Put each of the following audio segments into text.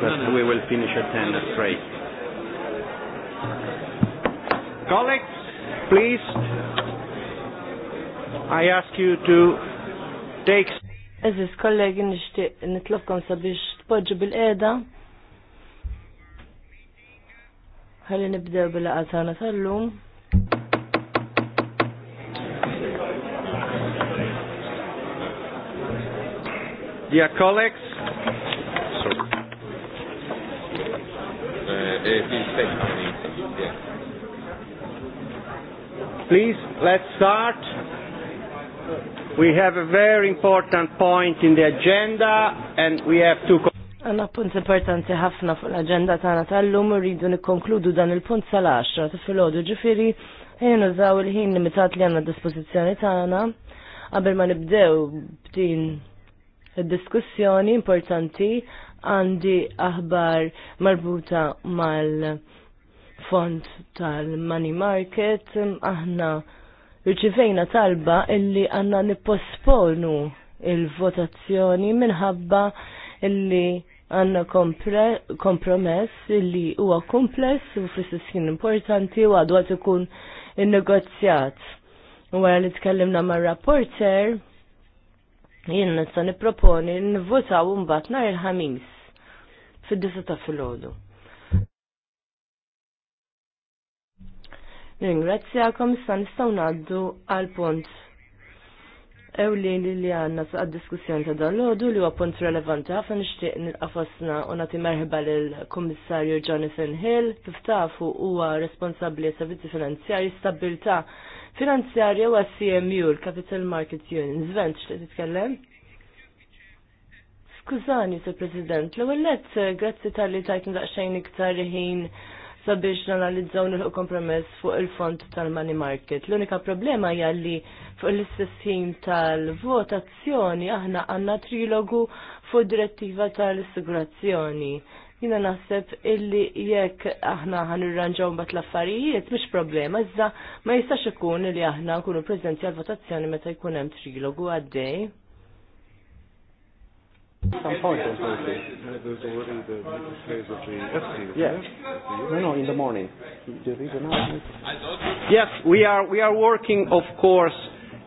but we will finish at 10 at straight. Colleagues, please, I ask you to take... Eżis, kollegi, nishtiq nitlofkom sabiex tpoġġu bil-qeda. Ħalli nibdew bil-qazana tal-lum. Dear colleagues, Eh, Please, let's start. We have a very important point in the agenda and we have to... Għanna punt importanti ħafna fuq l-agenda tagħna tal-lum rridu nikkonkludu dan il-punt sal-10 ta' filgħodu ġifieri ħin użaw il-ħin limitat li għandna dispożizzjoni tagħna qabel ma nibdew b'din id-diskussjoni importanti għandi aħbar marbuta mal fond tal-money market, aħna rċifejna talba illi għanna nipposponu il-votazzjoni minħabba illi għanna kompromess illi huwa kumpless u fl-istessin importanti u għadu għat ikun il-negozjat. Wara li tkellimna mar rapporter jien nista' nipproponi nivvotaw imbagħad nhar il-ħamis fid-disa ta' filgħodu. Ringrazzjakom issa nistgħu ngħaddu għal punt ewlin li għanna sa' diskussjoni ta' dan l-ħodu li huwa punt relevanti ħafna nixtieq nilqafosna u nagħti merħba lil kummissarju Jonathan Hill kif tafu huwa responsabbli servizzi finanzjarji stabilta' finanzjarja u CMU, l-Capital Market Union. Zvent, xta titkellem? Skużani, Sir President, l għallet, grazzi tal-li tajt daqsxejn iktar ħin sabiex nanalizzaw nilħu kompromess fuq il-fond tal-money market. L-unika problema hija li fuq l-istess ħin tal-votazzjoni aħna għandna trilogu fuq direttiva tal-assigurazzjoni jina naħseb illi jekk aħna ħan irranġaw bat l-affarijiet mhix problema, izza ma jistax ikun illi aħna kunu prezenti għal votazzjoni meta jkun hemm trilogu għaddej. Some point there's already the phase of the FC. Yeah. No, no, in the morning. Yes, we are we are working, of course.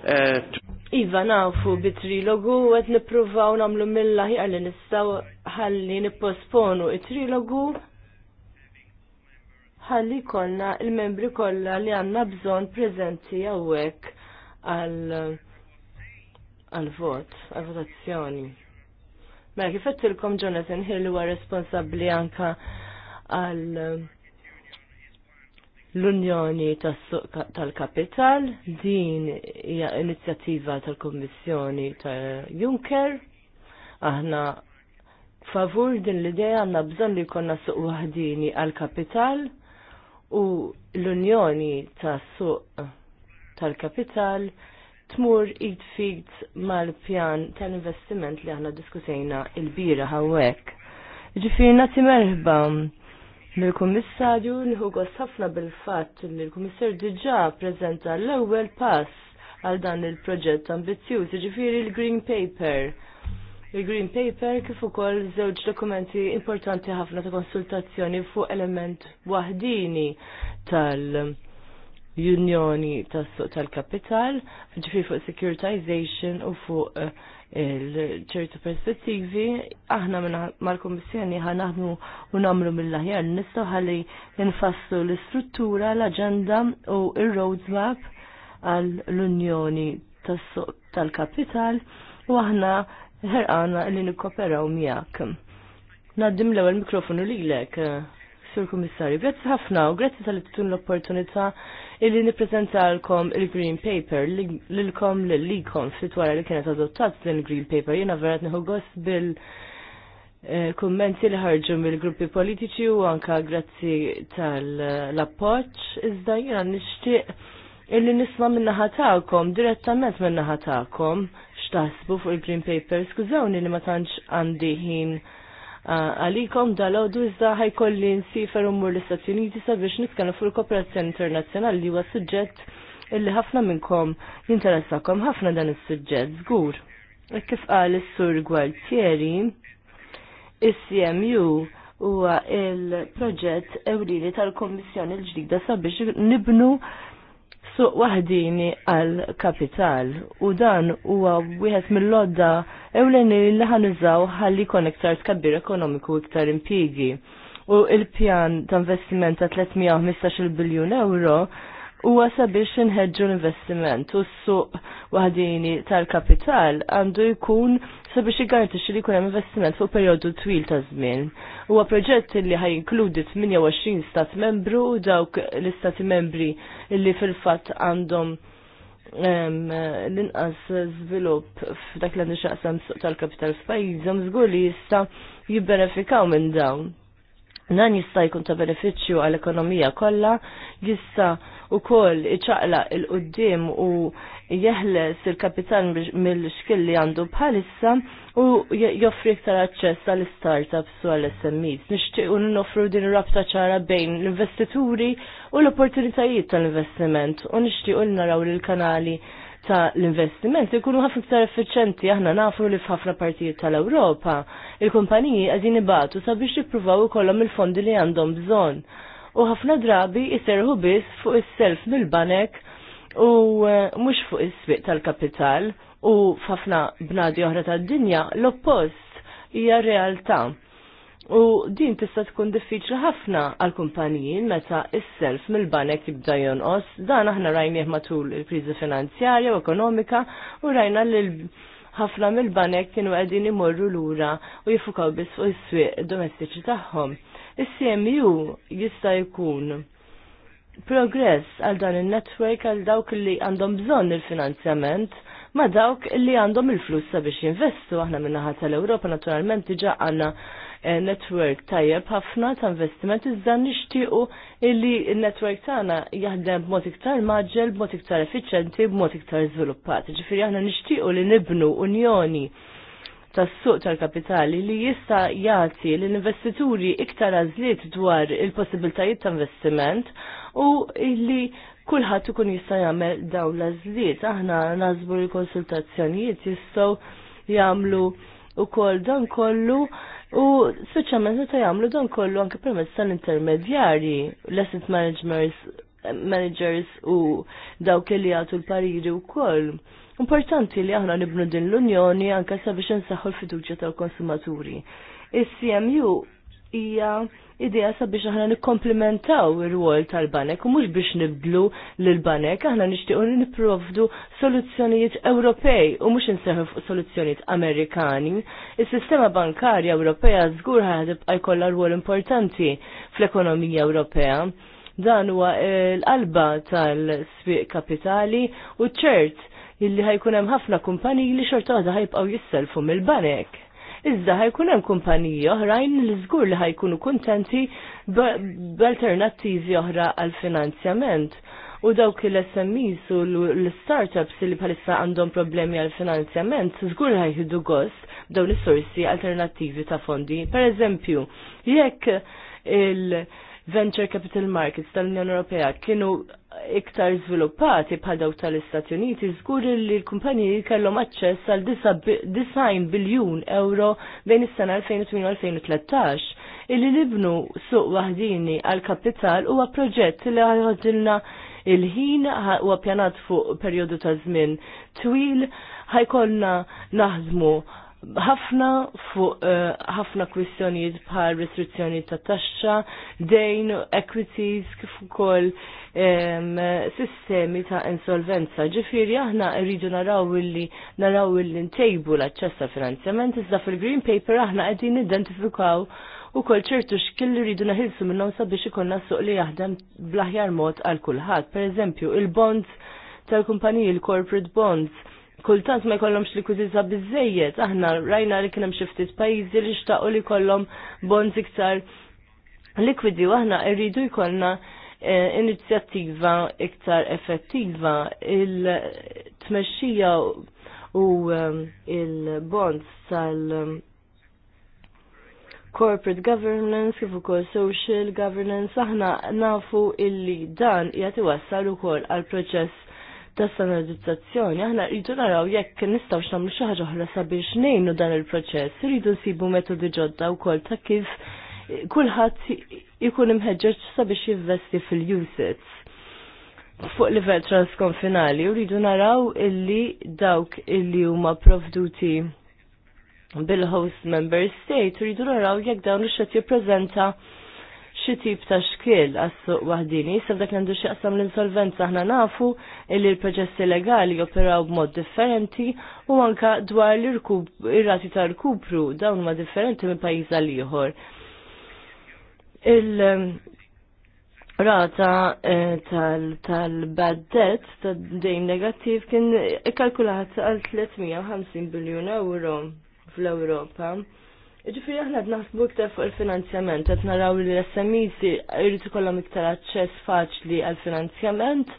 Uh, to Iva nafu bit-trilogu għet nipruvaw namlu milla ħjar għalli nistaw ħalli nipposponu it-trilogu ħalli kolna il-membri kolla li għanna bżon prezenti għawek għal-vot, għal-votazzjoni. Mela kifettilkom Jonathan Hill huwa responsabli anka għal l-Unjoni tas-Suq tal-Kapital, din hija inizjattiva tal-Kummissjoni ta' Juncker. Aħna favur din l-idea għandna bżonn li jkollna suq waħdini għal-kapital u l-Unjoni tas-Suq tal-Kapital tmur id fit mal-pjan tal-investiment li aħna diskutejna il-bira hawnhekk. Ġifieri nagħti merħba mill-Kummissarju nħu ħafna bil-fatt li l-Kummissar diġà prezenta l-ewwel pass għal dan il-proġett ambizzjuż, jiġifieri l-Green Paper. Il-Green Paper kif ukoll żewġ dokumenti importanti ħafna ta' konsultazzjoni fuq element waħdini tal- Unjoni tas-suq tal-kapital, ġifir fuq securitization u fuq uh, ċertu perspettivi, aħna mal-Komissjoni ħanaħnu naħdmu u namlu mill laħjar nistgħu ħalli nfasslu l-istruttura, l-aġenda u il roadmap għall-Unjoni tal-Kapital u aħna ħerqana li nikkoperaw miegħek. Naddim l-ewwel mikrofonu lilek, Sur Kummissarju. Grazzi ħafna u grazzi tal-li l-opportunità illi għalkom il-Green Paper lilkom lilkom fit wara li kienet adottat din il-Green Paper jiena verrat neħu gost bil- eh, kummenti li ħarġu mill-gruppi politiċi u anka grazzi tal-appoċ, iżda jena nishtiq illi nisma minnaħa ta'kom, direttament minnaħa ta'kom, xtaħsbu fuq il-Green Paper, skużawni li ma tantx għandi ħin Ah, għalikom dal-għodu iżda ħajkolli nsifer umur l-Istati Uniti sabiex nitkellem fuq il-kooperazzjoni internazzjonali li huwa suġġett illi ħafna minnkom jinteressakom ħafna dan is-suġġett żgur. E kif qal is-Sur Gualtieri, is-CMU huwa il-proġett ewlieni tal-Kommissjoni l-ġdida sabiex nibnu suq waħdini għal kapital u dan huwa wieħed mill-lodda ewleni li iżaw ħalli jkun iktar tkabbir ekonomiku iktar impigi. U il-pjan ta' investiment ta' 315 biljun euro huwa sabiex nħedġu l-investiment u s-suq waħdini tal-kapital għandu jkun sabiex jgarantixxi li jkun hemm investiment fuq perjodu twil ta' żmien. Huwa proġett li ħaj inkludi 28 stat membru u dawk l-istati membri li fil-fatt għandhom l-inqas żvilupp f'dak l-għandu xaqsam tal-kapital f'pajjiżhom żgur li jista' jibbenefikaw minn dawn. Dan jista' jkun ta' benefiċċju għall-ekonomija kollha, jista' ukoll iċaqla il-qudiem u jeħles il-kapital mill-xkill li għandu bħalissa u joffri iktar aċċess għall startups u għall SMEs. Nixtiequ noffru din rabta ċara bejn l-investituri u l-opportunitajiet tal-investiment u nixtiequ naraw l-kanali ta' l-investiment ikunu ħafna iktar effiċenti aħna nafu li f'ħafna partijiet tal-Ewropa il-kumpaniji qegħdin ibatu sabiex jippruvaw ikollhom il-fondi li għandhom bżonn. U ħafna drabi jserħu biss fuq is-self mill-banek u eh, mhux fuq is-swieq tal-kapital u f'ħafna bnadi oħra tad-dinja l-oppost hija realtà. U din tista' tkun diffiċli ħafna għal kumpaniji meta is-self mill-banek jibda jonqos, dan aħna rajnieh matul il-kriżi finanzjarja u ekonomika u rajna l ħafna mill-banek kienu qegħdin imorru lura u jifukaw biss fuq is-swieq domestiċi tagħhom. Is-CMU jista' jkun progress għal dan il-network għal dawk li għandhom bżonn il-finanzjament ma dawk li għandhom il-flus sabiex jinvestu aħna minnaħat tal-Ewropa naturalment diġa għanna Eh, network tajjeb ħafna ta' investiment iżda nixtiequ illi n-network tagħna jaħdem b'mod iktar maġġel, b'mod iktar effiċenti, b'mod iktar żviluppat. Ġifieri aħna nixtiequ li nibnu unjoni tas-suq tal-kapitali li jista' jagħti l-investituri iktar għażliet dwar il-possibiltajiet ta' investiment u illi kulħadd ikun jista' jagħmel dawn l-għażliet. Aħna nażbu l-konsultazzjonijiet jistgħu jagħmlu ukoll dan kollu U speċjalment meta jagħmlu dan kollu anke permezz tal-intermedjarji, l-asset managers, managers u dawk li jagħtu l-pariri wkoll. Importanti li aħna nibnu din l-Unjoni anke sabiex insaħħu l-fiduċja tal-konsumaturi. Is-CMU hija idea sabiex aħna nikkomplimentaw ir-rwol tal-banek u mhux biex nibdlu lill banek aħna nixtiequ nipprovdu soluzzjonijiet Ewropej u mhux inseħħu fuq soluzzjonijiet Amerikani. Is-sistema bankarja Ewropea żgur ħadibqa' jkollha rwol importanti fl-ekonomija Ewropea. Dan huwa l-qalba tal-swieq kapitali u ċert illi ħajkun hemm ħafna kumpaniji li xorta waħda ħajbqgħu jisselfu mill-banek iżda ħajkun hemm kumpaniji oħrajn li żgur li ħajkunu kuntenti b'alternattivi oħra għal finanzjament. U dawk il smes u l-startups li bħalissa għandhom problemi għal finanzjament, żgur li ħajħidu gost dawn is-sorsi alternattivi ta' fondi. Per eżempju, jekk il- venture capital markets tal-Unjoni Ewropea kienu iktar żviluppati bħal dawk tal-Istati Uniti, żgur li l-kumpaniji kellhom aċċess għal 9 biljun euro bejn is-sena 2008-2013 illi libnu suq waħdini għal kapital huwa proġett li ħadilna il-ħin huwa pjanat fuq perjodu ta' żmien twil ħajkollna naħdmu ħafna fuq eh, ħafna kwistjonijiet bħal restrizzjoni ta' taxxa, dejn, equities, kif ukoll sistemi ta' insolvenza. Ġifieri aħna rridu naraw illi naraw illi ntejbu l-aċċess ta' finanzjament iżda fil-Green Paper aħna qegħdin nidentifikaw ukoll ċertu xkill li rridu naħilsu minnhom sabiex ikollna suq li jaħdem bl-aħjar mod għal kulħadd. Pereżempju, il-bonds tal-kumpaniji, il-corporate bonds kultant ma jkollhomx li kużiża biżejjed, aħna rajna li kien hemm xi ftit pajjiżi li xtaqgħu li jkollhom bonds iktar likwidi u aħna rridu jkollna eh, inizjattiva iktar effettiva il-tmexxija u um, il-bonds tal- um, corporate governance, kif ukoll social governance, aħna nafu illi dan jagħti wassal ukoll għal proċess ta' standardizzazzjoni, aħna rridu naraw jekk nistgħu nagħmlu xi ħaġa oħra sabiex ngħinu dan il-proċess, irridu nsibu metodi ġodda wkoll ta' kif kulħadd ikun imħeġġeġ sabiex jivvesti fil-usits fuq livell transkonfinali uridu naraw illi dawk illi huma provduti bil-host member state uridu naraw jekk dawn ix-xed jippreżenta xi tip ta' xkiel għas-suq waħdini, sa dak għandu x'jaqsam l-insolvenza aħna nafu li l-proċessi legali operaw b'mod differenti u anka dwar ir-rati ta' rkupru dawn huma differenti minn pajjiż għal ieħor. Il-rata ehm, eh, tal-bad debt, tad-dejn negattiv, kien ikkalkulat għal 350 biljun euro fl-Ewropa. Ġifiri aħna qed naħsbu iktar fuq il-finanzjament, qed naraw li l-SMEs irid ikollhom iktar aċċess faċli għall finanzjament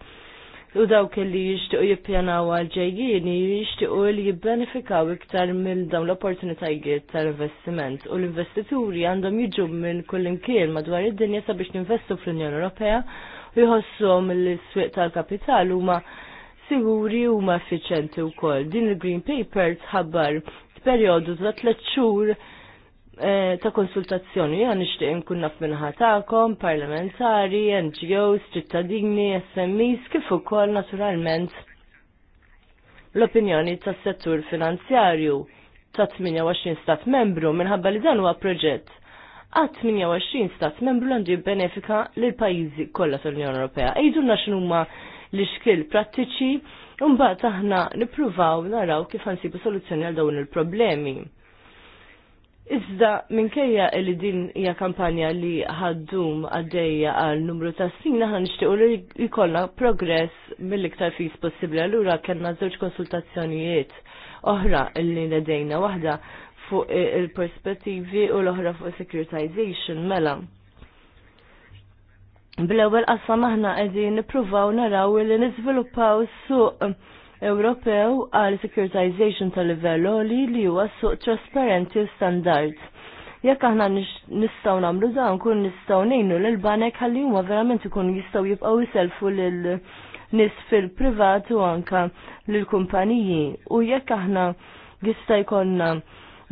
u dawk li jixtiequ jippjanaw għal ġejjieni jixtiequ li jibbenefikaw iktar mill dawn l-opportunitajiet tal-investiment u l-investituri għandhom jiġu minn kullimkien madwar id-dinja sabiex ninvestu fl-Unjoni Ewropea u jħossuhom l swiq tal-kapital huma siguri huma effiċjenti wkoll. Din il-Green Paper tħabbar periodu ta' tliet xhur Eh, ta' konsultazzjoni. Jan nixtieq nkun naf minnħatakom, parlamentari, NGOs, ċittadini, SMEs, kif ukoll naturalment l-opinjoni tas settur finanzjarju ta' 28 stat membru minħabba li dan huwa proġett għat 28 stat membru għandu jibbenefika lil pajjiżi kollha tal-Unjoni Ewropea. Ejdulna x'numa l-ixkil prattiċi u mbagħad aħna nippruvaw naraw kif ħansibu soluzzjoni għal dawn il-problemi. Iżda minkejja li din hija kampanja li ħaddum għaddejja għal numru ta' snin aħna nixtiequ li jkollna progress mill-iktar fis possibbli. Allura kellna żewġ konsultazzjonijiet oħra li nedejna waħda fuq il-perspettivi u l-oħra fuq securitization mela. Bl-ewwel qasam aħna qegħdin nippruvaw naraw li niżviluppaw suq Ewropew għal securitization tal-livell li li huwa suq trasparenti u standard. Jekk aħna nistgħu nagħmlu dan kun nistgħu ngħinu lil banek ħalli huma verament ikun jistgħu jibqgħu jiselfu lil nis fil-privat u anka lil kumpaniji U jekk aħna jista' jkollna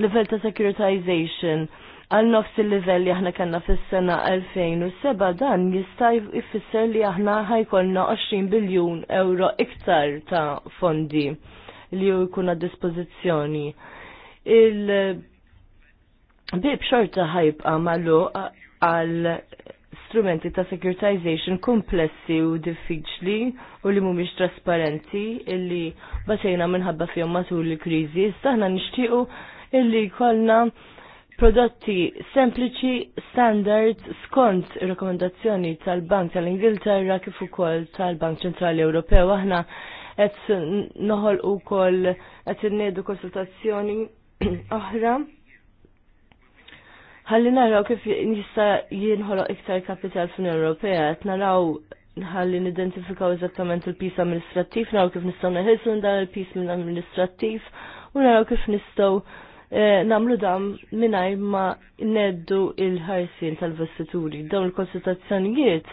level ta' securitization għal nofs il level li aħna kanna fis-sena 2007 dan jista' jfisser li aħna ħajkolna 20 biljun euro iktar ta' fondi li jkun għad dispożizzjoni. Il bib xorta ħajbqa' għamalu għal strumenti ta' securitization komplessi u diffiċli u li mhumiex trasparenti illi batejna minħabba fihom matul il-kriżi, iżda aħna nixtiequ illi kollna prodotti sempliċi standard skont rekomendazzjoni tal-Bank tal-Ingilterra kif ukoll tal-Bank Ċentrali Ewropew. Aħna qed noħol ukoll qed innedu konsultazzjoni oħra. Ħalli naraw kif jista' jinħoloq iktar kapital fin Ewropea, qed naraw ħalli nidentifikaw eżattament il-pis amministrattiv, naraw kif nistgħu neħilsu dan il-pis mill-amministrattiv u naraw kif nistgħu Eh, namlu dam minnaj ma neddu il-ħarsin tal-vestituri. Dawn il-konsultazzjonijiet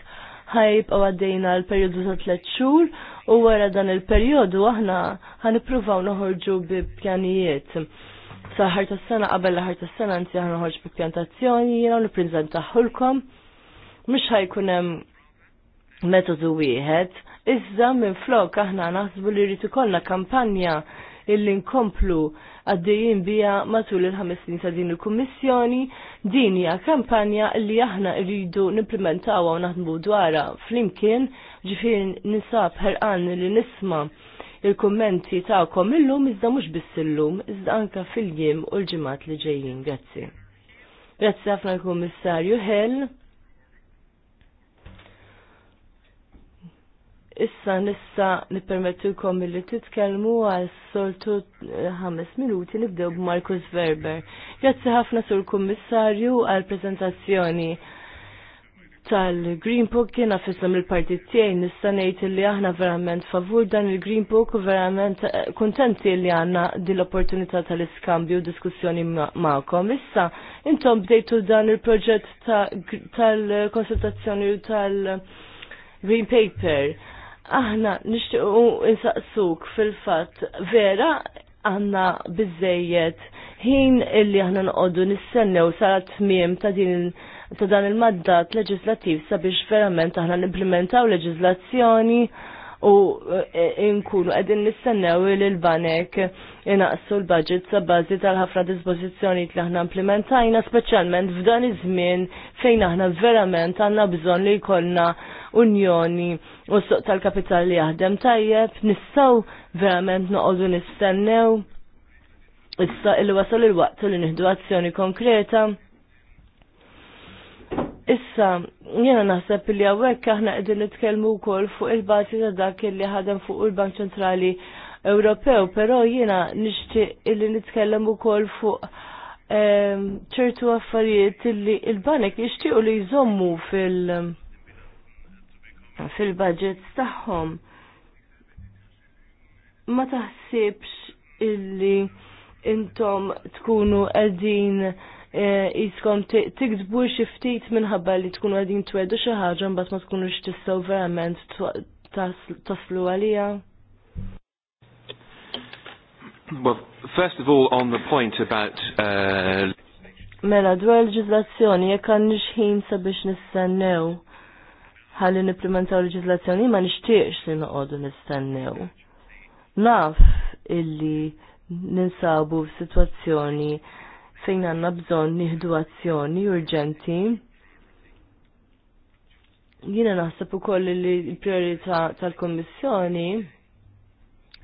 ħajb għaddejna l-periodu ta' tlet xhur u wara dan il-periodu aħna ħanippruvaw noħorġu bi pjanijiet. Saħar ta' sena qabel l-ħar ta' sena nti ħana noħorġ bi pjantazzjoni jiena u Mhux ħajkun hemm metodu wieħed, iżda minn flok aħna naħsbu li rrid ikollna kampanja illi nkomplu għaddejjien bija matul il-ħames snin ta' din il-Kummissjoni, din hija kampanja li aħna rridu nimplementawha u naħdmu dwarha flimkien ġifieri nisab ħerqan li nisma' il-kummenti tagħkom illum iżda mhux biss illum, iżda anka fil-jiem u l-ġimgħat li ġejjin. Grazzi. Grazzi ħafna l-Kummissarju Hell. issa nista nippermettilkom li titkellmu għal soltu eh, ħames minuti nibdew b'Markus Verber. Grazzi ħafna sur kummissarju għal prezentazzjoni tal-Green Book Kien fissam il-partit tiegħi nista' ngħid li aħna verament favur dan il-Green Book u verament eh, kuntenti li għandna din l-opportunità tal-iskambju u diskussjoni magħkom. Issa intom bdejtu dan il-proġett tal-konsultazzjoni tal-Green Paper Aħna nishtiqu insaqsuk fil-fatt vera għanna bizzejiet ħin illi aħna nqoddu nissennew sarat tmiem ta' din ta' dan il-maddat leġislattiv sabiex verament aħna nimplementaw leġislazzjoni u e, e, nkunu qegħdin nistennew li l-banek inaqsu l-budget sa' bazi tal-ħafna dispozizjoni li aħna implementajna speċjalment f'dan iż-żmien fejn aħna verament għandna bżonn li jkollna unjoni u suq tal-kapital li jaħdem tajjeb, nissaw verament noqogħdu nistennew issa il wasal il-waqt li nieħdu azzjoni konkreta. Issa, jena naħseb li għawek aħna qegħdin nitkellmu wkoll fuq il-bażi ta' dak li ħadem fuq il-Bank Ċentrali Ewropew, però jiena nixtieq illi nitkellem ukoll fuq ehm, ċertu affarijiet illi il-banek jixtiequ li jżommu fil- fil-budgets tagħhom. Ma taħsibx illi intom tkunu qegħdin e, jiskom tiktbu xi ftit minħabba li tkunu qegħdin twedu xi ħaġa mbagħad ma tkunux tistgħu verament taslu għalija? Well, first of all, on the point about... Uh... Mela, dwar l-ġizlazzjoni, jek għan nixħin sabiex nistennew ħalli nipplimentaw l-ġizlazzjoni ma nixtieqx li noqogħdu nistennew. Naf illi ninsabu f'sitwazzjoni fejn għandna bżonn nieħdu azzjoni urġenti. Jiena naħseb ukoll li l-priorità tal-Kommissjoni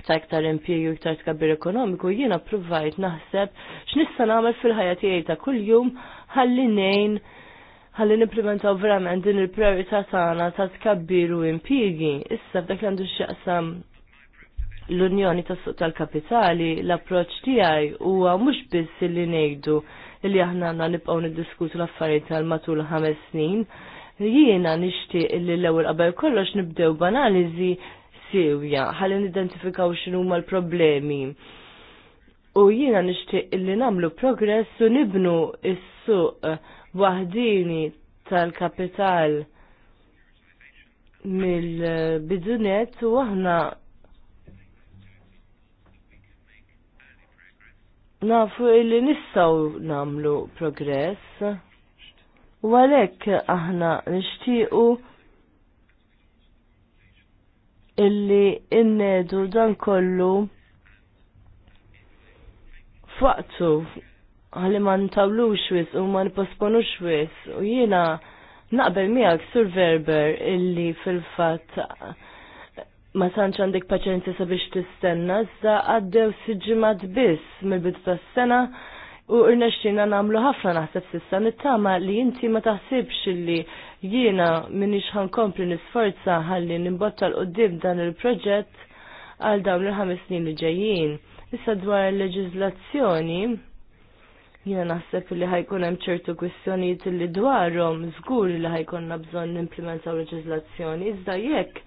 ta' iktar impjegi u iktar tkabbir ekonomiku, jiena provajt naħseb x'nista' nagħmel fil-ħajja tiegħi ta' kuljum ħalli ngħin ħalli nimplementaw verament din il-priorità tagħna ta' tkabbiru impjiegi. Issa f'dak li għandu x'jaqsam l-Unjoni tas-Suq tal-Kapitali, l-approċċ tiegħi huwa mhux biss li ngħidu li aħna għandna nibqgħu niddiskutu l-affarijiet tal-matul ħames snin. Jiena nixtieq li l-ewwel qabel kollox nibdew b'analiżi sewja ħalli nidentifikaw x'inhuma l-problemi u jiena nixtieq li nagħmlu progress u nibnu is-suq waħdini tal-kapital mill-bidunet u aħna nafu illi nistaw namlu progress u għalek aħna nishtiqu illi innedu dan kollu faqtu għalli ma ntawlux wis u ma nposponux wis u jiena naqbel miegħek Sur Verber illi fil-fatt ma tantx għandek paċenzja sabiex tistenna, iżda għaddew siġimat biss mill-bidu tas-sena u rnexxina nagħmlu ħafna naħseb sissa nittama li inti ma taħsibx illi jiena minix ħankompli nisforza ħalli nimbotta l dib dan il-proġett għal dawn il-ħames snin li ġejjin. Issa dwar il-leġiżlazzjoni, jina naħseb li ħajkun hemm ċertu kwistjonijiet li dwarhom żgur li ħajkonna bżonn nimplementaw leġiżlazzjoni, iżda jekk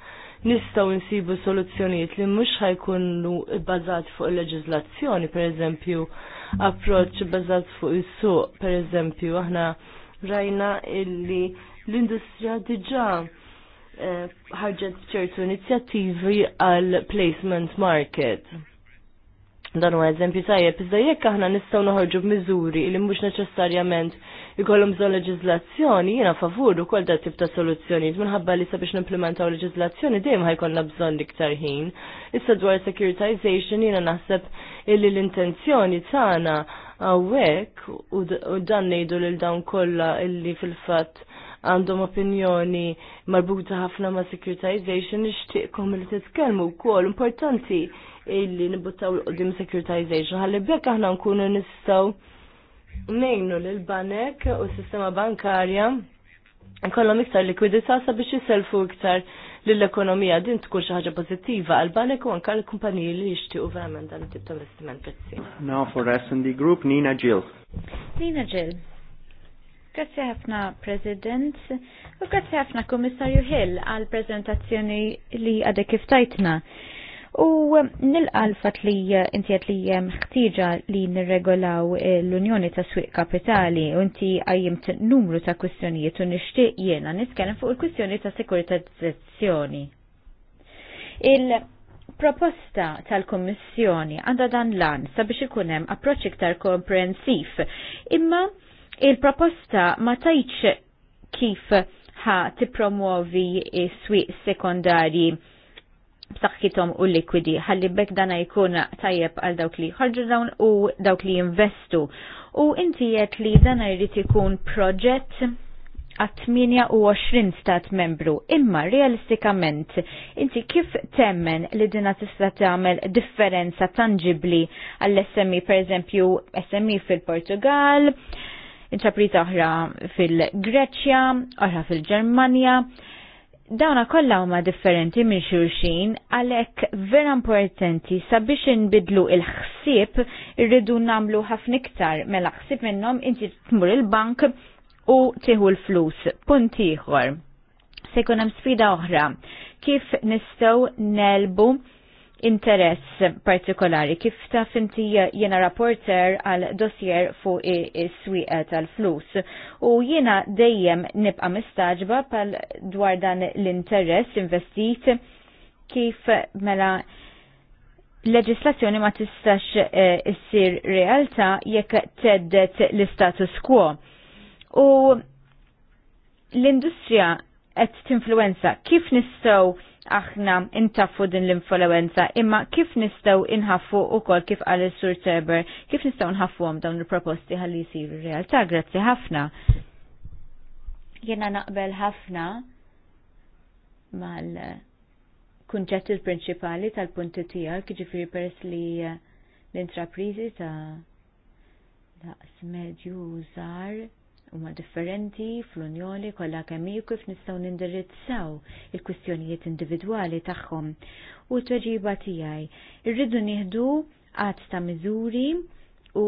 nistgħu nsibu soluzzjonijiet li mhux ħajkunu bbażati fuq il-leġiżlazzjoni, pereżempju approċċ bbażat fuq is-suq, pereżempju aħna rajna illi l-industrija diġà eh, ħarġet ċertu inizjattivi għal placement market Dan u eżempju tajjeb, iżda jekk aħna nistgħu noħorġu b'miżuri li mhux neċessarjament ikollhom bżonn leġiżlazzjoni, jiena favur ukoll dat tip ta' soluzzjonijiet minħabba li sabiex nimplementaw leġiżlazzjoni dejjem ħajkollna bżonn iktar ħin. Issa dwar securitization jiena naħseb illi l-intenzjoni tagħna hawnhekk u dan ngħidu lil dawn kollha illi fil-fatt għandhom opinjoni marbuta ħafna ma' securitization nixtieqkom li titkellmu wkoll importanti illi nibuttaw l-qoddim securitization. Għalli bjekk aħna nkunu nistaw nejnu l-banek u s-sistema bankarja kollom iktar likwidita' sabiex jiselfu iktar l-ekonomija din tkun xi ħaġa pożittiva għal banek u anke l-kumpaniji li jixtiequ verament dan it-tip ta' investiment prezzi. Now for S&D Group, Nina Gill. Nina Gill. Grazzi ħafna President u grazie ħafna Kummissarju Hill għal prezentazzjoni li għadek kif U um, nil-qalfat li uh, intiet li um, ħtiġa li nirregolaw uh, l-Unjoni ta' Swiq Kapitali u inti għajjimt numru ta' kwistjonijiet u nishtiq jena nitkellem fuq il kustjoni ta' sekuritizzazzjoni. Il-proposta tal-Kommissjoni għandha dan lan sabiex ikun hemm approċċ iktar komprensiv, imma il-proposta ma tajċ kif ħa tipromuovi s-swiq sekondarji b'saħħithom u likwidi ħalli bekk dana jkun tajjeb għal dawk li ħarġu dawn u dawk li jinvestu. U inti qed li dana jrid ikun proġett għat 28 stat membru. Imma realistikament, inti kif temmen li dina tista' tagħmel differenza tangibli għall-SMI, e, per eżempju, SMI e fil-Portugal, intrapriż oħra fil-Greċja, oħra fil-Ġermanja, dawna kollha huma differenti minn xulxin għalhekk vera importanti sabiex inbidlu il-ħsieb irridu nagħmlu ħafna iktar mela ħsieb minnhom inti tmur il-bank u tieħu l-flus. Punt ieħor. Se jkun hemm sfida oħra. Kif nistgħu nelbu interess partikolari. Kif taf inti jena rapporter għal dossier fuq is-swieqa tal-flus u jena dejjem nibqa' mistaġba pal dwar dan l-interess investit kif mela leġislazzjoni ma tistax eh, issir realtà jekk teddet l-status quo. U l-industrija qed tinfluenza kif nistgħu aħna intaffu din l-influenza, imma kif nistaw inħaffu u kol kif għal sur Terber, kif nistaw inħaffu għam dawn il-proposti għalli jisiru realtà, grazzi ħafna. Jena naqbel ħafna mal kunċett il-prinċipali tal-punti tijak, ġifiri peress li l-intraprizi ta' daqs medju użar huma differenti fl-Unjoni kollha kemm hiju kif nistgħu nindirizzaw il-kwistjonijiet individwali tagħhom. U t-tweġiba tiegħi rridu nieħdu qatt ta' miżuri u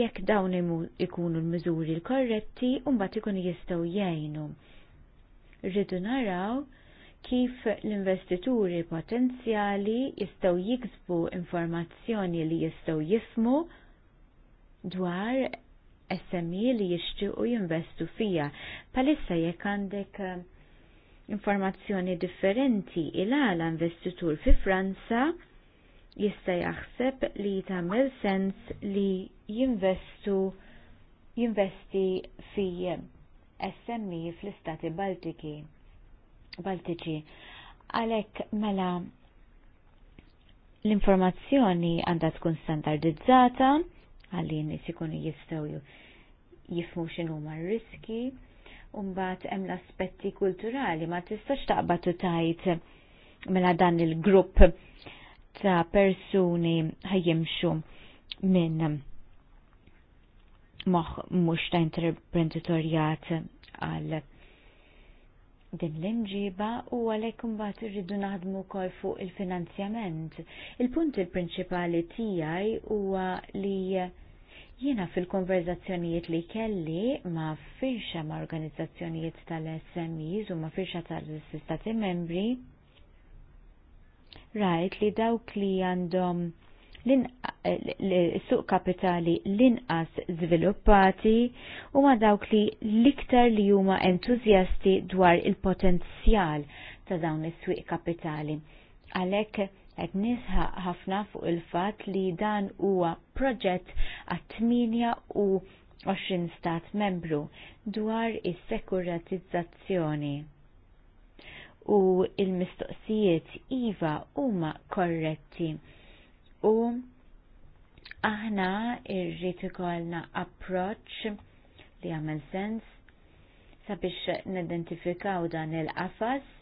jekk dawn ikunu l-miżuri l-korretti mbagħad ikunu jistgħu jgħinu. Rridu naraw kif l-investituri potenzjali jistgħu jiksbu informazzjoni li jistgħu jismu dwar SMI e li jixtiequ jinvestu fija. Palissa jekk għandek eh, informazzjoni differenti il-għala investitur fi Franza jista' jaħseb li tagħmel sens li jinvestu jinvesti fi SMI e fl-Istati Baltiki. Baltiċi. Għalek mela l-informazzjoni għandha tkun standardizzata, għallin jisikun jistaw jifmu xinu ma riski Umbat hemm l-aspetti kulturali ma tistax taqbad u tajt mela dan il-grupp ta' persuni ħajjimxu minn moħ mux ta' interpretatorjat għal din l-imġiba u għalek mbagħad irridu naħdmu kol fuq il-finanzjament. Il-punt il-prinċipali tiegħi huwa li Jiena fil-konverzazzjonijiet li kelli ma firxa ma' organizzazzjonijiet tal-SMEs u ma' firxa tal-istati membri, rajt li dawk li għandhom l-suq eh, kapitali l-inqas zviluppati u ma dawk li l-iktar li huma entuzjasti dwar il-potenzjal ta' dawn is-suq kapitali. Għalhekk Qed nisħaq ħafna fuq il-fat li dan huwa proġett għat-8 u 20 stat membru dwar is-sekuratizzazzjoni. U il-mistoqsijiet IVA huma korretti u aħna irrid ikollna approċċ li għamel sens sabiex nidentifikaw dan il-qafas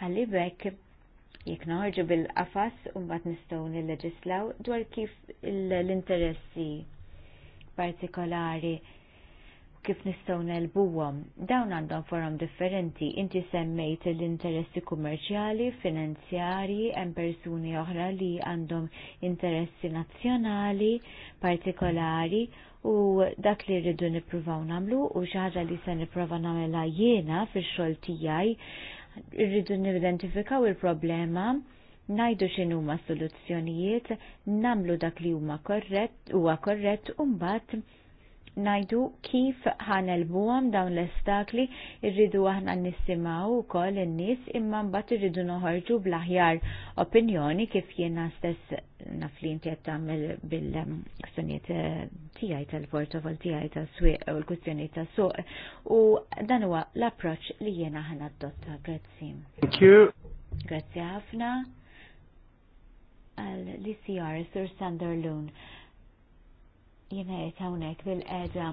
għalli bekk Jekk noħorġu bil-qafas u mbagħad nistgħu nilleġislaw dwar kif l-interessi partikolari u kif nistgħu nelbuhom. Dawn għandhom forom differenti. Inti semmejt l-interessi kummerċjali, finanzjarji, hemm persuni oħra li għandhom interessi nazzjonali partikolari u dak li rridu nippruvaw namlu u xaħġa li se nipprova namela jiena fix xogħol tijaj, irridu nidentifikaw il-problema, najdu xinu ma soluzzjonijiet, namlu dak li huma korrett, huwa korrett, u mbagħad najdu kif ħanelbuhom dawn l estakli irridu aħna nissimaw kol in-nies imma mbagħad irridu noħorġu bl-aħjar opinjoni kif jiena stess naf li inti qed bil kustjoniet eh, tiegħi tal-portofol tiegħi tas-swieq u l kustjoniet tas-suq u dan huwa l-approċċ li jiena ħana d-dotta. Grazzi. Thank you. Grazzi ħafna għal l-ICR Sir Sander Loon jena għawnek bil-edha.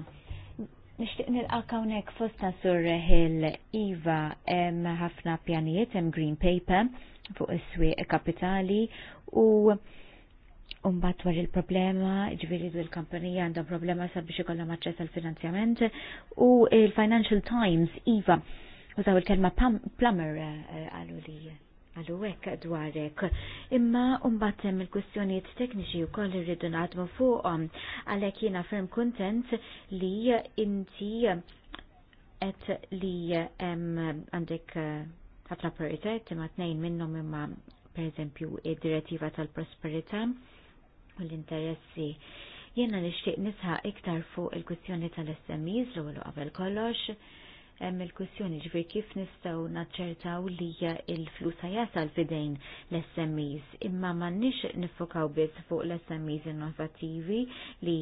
Nishtiq nil-għak hawnhekk fost sur Hill Iva hemm ħafna pjanijiet hemm Green Paper fuq is-swieq kapitali u Umbat war il-problema, ġviri il kampanija għandhom problema sabiex ikollhom aċċess għal finanzjament u il-Financial Times, Iva, użaw il-kelma plumber eh, għalu li għallu hekk dwarek. Imma mbagħad hemm il-kwistjonijiet tekniċi wkoll irridu naħdmu fuqhom għalhekk jiena ferm kuntent li inti et li hemm għandek eh, ħafna prioritet imma tnejn minnhom imma pereżempju id-direttiva tal-prosperità u l-interessi Jiena nixtieq nisħaq iktar fuq il-kwistjoni tal-SMEs l-ewwel qabel kollox hemm il-kwestjoni ġifier kif nistgħu naċċertaw li il-flus jasal fidejn l-SMEs imma m'għandniex nifokaw biss fuq l-SMEs innovattivi li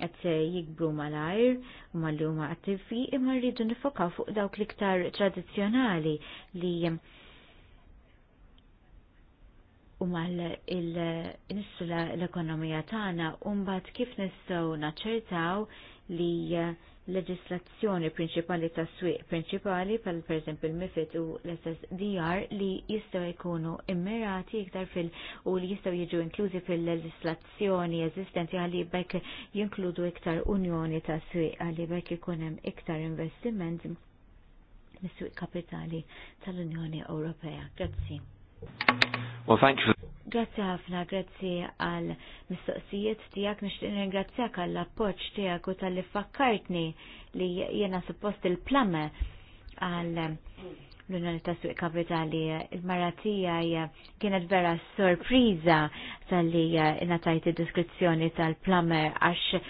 qed jikbru mal-ajr u mal huma attivi imma rridu nifokaw fuq dawk l-iktar tradizzjonali li u mal il l-ekonomija tagħna u mbagħad kif nistgħu naċċertaw li leġislazzjoni prinċipali tas swieq prinċipali pal per il-MIFID u l-SSDR li jistaw jkunu immirati iktar fil- u li jistaw jiġu inklużi fil-leġislazzjoni eżistenti għalli bekk jinkludu iktar unjoni ta' swieq għalli bekk ikunem iktar investiment mis-swieq kapitali tal-Unjoni Ewropea. Grazzi. Well, thank you. Grazzi ħafna, grazie għal mistoqsijiet tijak, nishtin ringrazzjak għall appoċ tijak u tal-li fakkartni li jena suppost il-plamme għal l-Unjoni ta' Suq Kapitali il-maratija kienet vera sorpriza tal-li natajt id-diskrizzjoni tal-plamer għax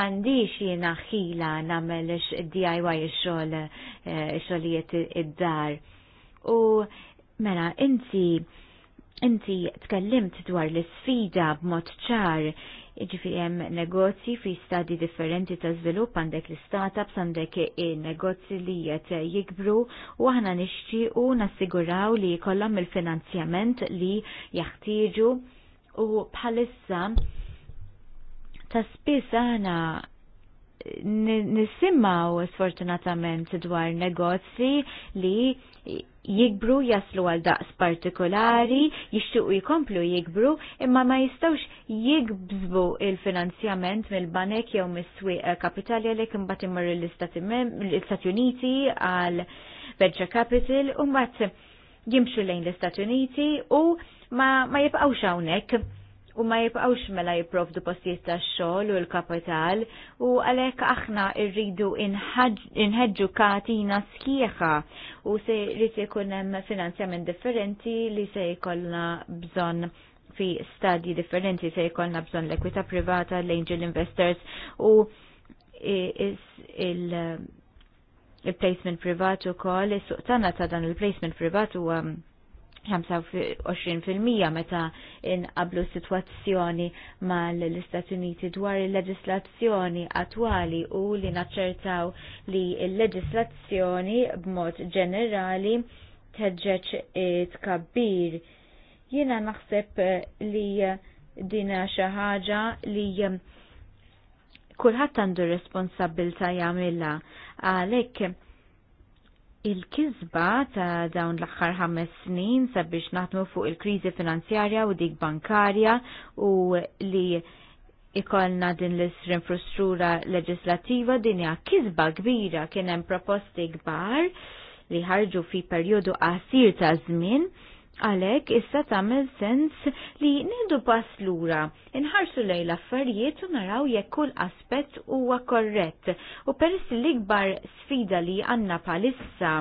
mandiċ jena ħila namel DIY xol xolijiet id-dar. U Mela, inti inti tkellimt dwar l-sfida b'mod ċar ġifiri hemm negozji fi stadi differenti ta' żvilupp għandek l-startups għandek negozji li qed jikbru u aħna nixtiequ nassiguraw li jkollhom il-finanzjament li jaħtieġu u bħalissa ta' spiss aħna nisimaw sfortunatament dwar negozji li jikbru jaslu għal daqs partikolari, jixtiequ jikomplu jikbru, imma ma jistawx jikbżbu il-finanzjament mill-banek jew mis swi eh, kapitali għalek imbagħad immar l-Istati Uniti għal venture capital u mbagħad jimxu lejn l-Istati Uniti u ma, ma jibqgħux hawnhekk u ma jibqawx mela jiprovdu postijiet ta' xogħol u l-kapital u għalhekk aħna rridu inħeġġu katina sħiħa u se jrid ikun hemm finanzjament differenti li se jkollna bżonn fi stadji differenti se jkollna bżonn l-ekwita privata, l-angel investors u il-placement privat ukoll, is-suqtana ta' dan il-placement privat u um, 25% meta inqablu situazzjoni mal l-Istati Uniti dwar il-leġislazzjoni attwali u li naċċertaw li il-leġislazzjoni b'mod ġenerali teġġeġ tkabbir. Jiena naħseb li dina xi ħaġa li kulħadd għandu responsabilta jagħmilha għalhekk Il-kizba ta' dawn l-axħar ħames snin sabiex naħdmu fuq il-krizi finanzjarja u dik bankarja u li ikolna din l-infrastruttura leġislativa din hija kizba kbira kien hemm proposti kbar li ħarġu fi perjodu qasir ta' żmien Għalek, issa tamil sens li nidu pass lura, inħarsu lej l-affarijiet u naraw jekk kull aspett huwa korrett u peress l-ikbar sfida li għanna palissa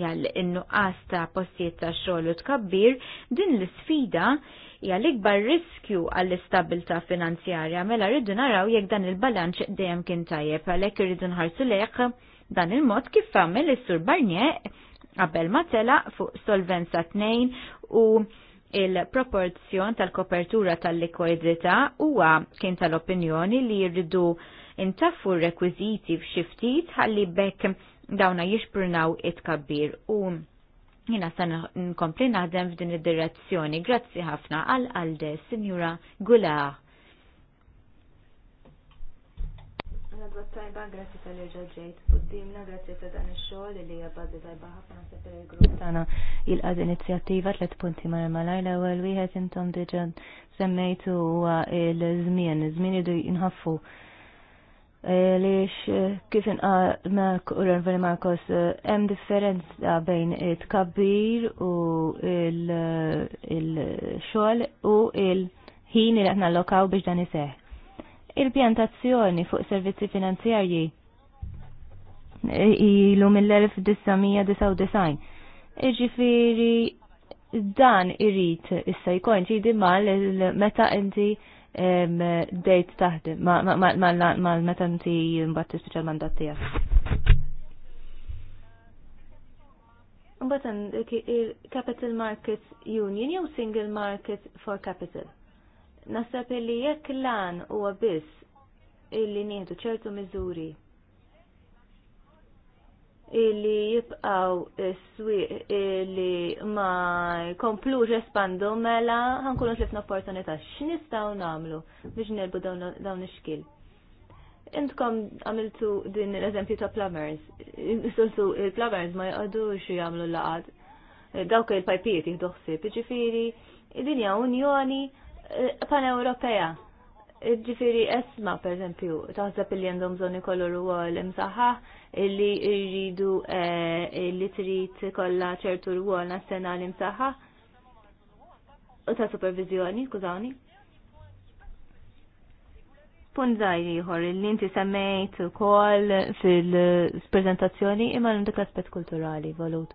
jgħal innu ta' postijiet ta' xogħol u tkabbir, din l-sfida hija l-ikbar riskju għall istabilta finanzjarja mela rridu naraw jekk dan il-balanċ dejjem kien tajjeb għalhekk irridu nħarsu lejh dan il-mod kif għamil is-Sur Barnier qabel ma tela fuq solvenza 2 u il-proporzjon tal-kopertura tal-likwidità huwa kien tal-opinjoni li jridu intaffu r-rekwiziti f'xiftit ftit ħalli bekk dawna jixprunaw it-kabbir u jina san nkompli naħdem f'din id-direzzjoni. Grazzi ħafna għal-għalde, Signora Gular. Lodwa tajba, grazzi tal-irġa ġejt. Uddimna, grazzi ta' dan il-xol li hija tajba ħafna se per il-grupp tagħna għad inizjattiva tliet punti mar malaj l-ewwel wieħed intom diġà semmejtu huwa l-żmien, żmien idu jinħaffu e, lix kif inqal ma kuran veri Marcos e, hemm differenza bejn it-kabbir u il-xogħol u il-ħin li aħna lokaw biex dan iseħħ il-pjantazzjoni fuq servizzi finanzjarji ilu mill-1999. Iġifiri dan irrit issa jkun ġidi mal meta inti dejt taħdem, mal meta inti mbagħad tispiċċa mandat tiegħek. il Capital Markets Union jew Single Market for Capital. Nasab li jekk lan huwa biss illi nieħdu ċertu miżuri illi jibqaw s swi illi ma jkomplux espandu mela ħankunu tlifna opportunità x'nistgħu nagħmlu biex nilbu dawn iċkil. Intkom għamiltu din l-eżempju ta' plumbers. Sultu il-plumbers ma jgħadux jagħmlu laqad. Dawk il-pajpiet jieħdu ħsieb, Ġifiri, id-dinja unjoni pan-Ewropea. Ġifiri esma, per eżempju, taħseb li għandhom bżon u għol imsaħħa illi jridu eh, illi trid kollha ċertu rwol nazzjonali imsaħħa u ta' supervizjoni, kużawni. Punt zaħir ieħor li inti semmejt ukoll fil-prezentazzjoni imma l-dik l-aspett kulturali volut.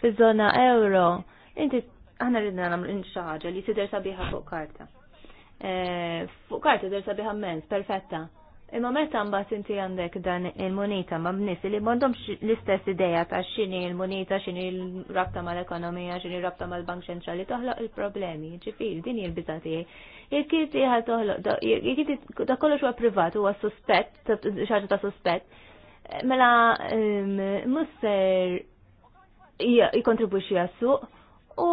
Fiż-żona euro inti aħna ridna nagħmlu xi li tidher sabiħa fuq karta. E, fuq karta tidher sabiħa mens, perfetta. Imma meta mbagħad inti għandek dan il munita ma' b'nies li m'għandhomx l-istess idea ta' x'inhi l munita x'inhi l-rabta mal-ekonomija, x'inhi rabta mal-Bank Ċentrali toħloq il-problemi. Ġifieri din hi l-biża tiegħi. Jekk inti toħloq jekk inti da kollox huwa privat huwa suspett, xi ta' suspett, mela musser ehm, jikontribuxi għas-suq u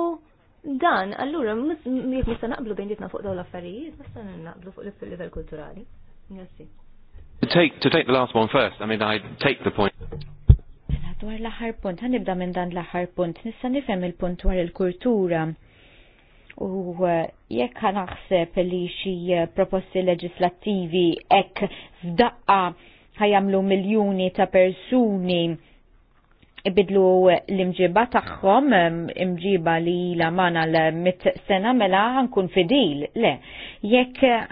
Dan, allura, jek nista naqblu bejn ditna fuq daw l-affarijiet, mista naqblu fuq l-level kulturali. Grazzi. To take, to take the last one first, I mean, I take the point. Mela, dwar l-aħħar punt, għan nibda minn dan l-aħħar punt, nista nifhem il-punt dwar il-kultura. U eh, jekk naħseb li xi eh, proposti leġislattivi ek f'daqqa ħajamlu miljuni ta' persuni ibidlu l-imġiba tagħhom ah. imġiba li la mana l-mit sena mela ħankun fidil. Le, jekk eh,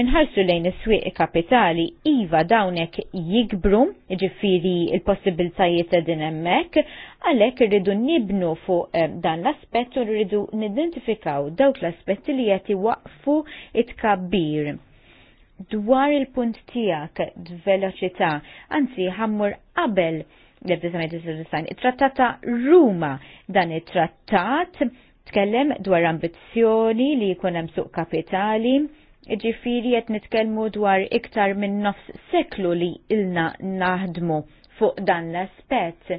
minħarsu lejn is-swieq kapitali iva dawnek jikbru, ġifiri il-possibiltajiet din hemmhekk, għalhekk irridu nibnu fuq eh, dan l-aspett u rridu nidentifikaw dawk l-aspetti li qed iwaqfu it-kabbir. Dwar il-punt tiegħek d-veloċità, anzi ħammur qabel 1999. It-trattat ta' Ruma dan it-trattat tkellem dwar ambizzjoni li jkun hemm suq kapitali, ġifiri qed nitkellmu dwar iktar minn nofs seklu li ilna naħdmu fuq dan l-aspett.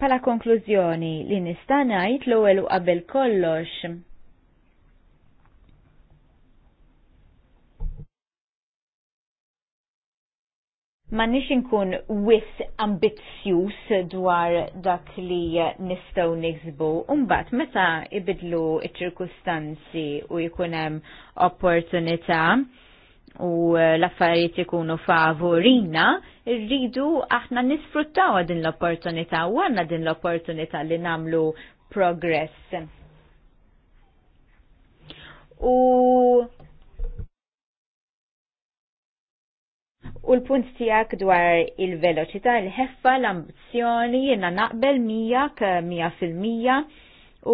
Pala konklużjoni li nista' ngħid l-ewwel qabel kollox ma nix inkun wis ambizzjuż dwar dak li nistaw nixbu. unbat meta ibidlu iċ-ċirkustanzi u jikunem opportunità u l-affarijiet ikunu favorina, rridu aħna nisfruttaw din l-opportunità u għanna din l-opportunità li namlu progress. U U l-punt tijak dwar il-veloċità, il-ħeffa, l-ambizjoni, jenna naqbel mijak, mija fil-mija,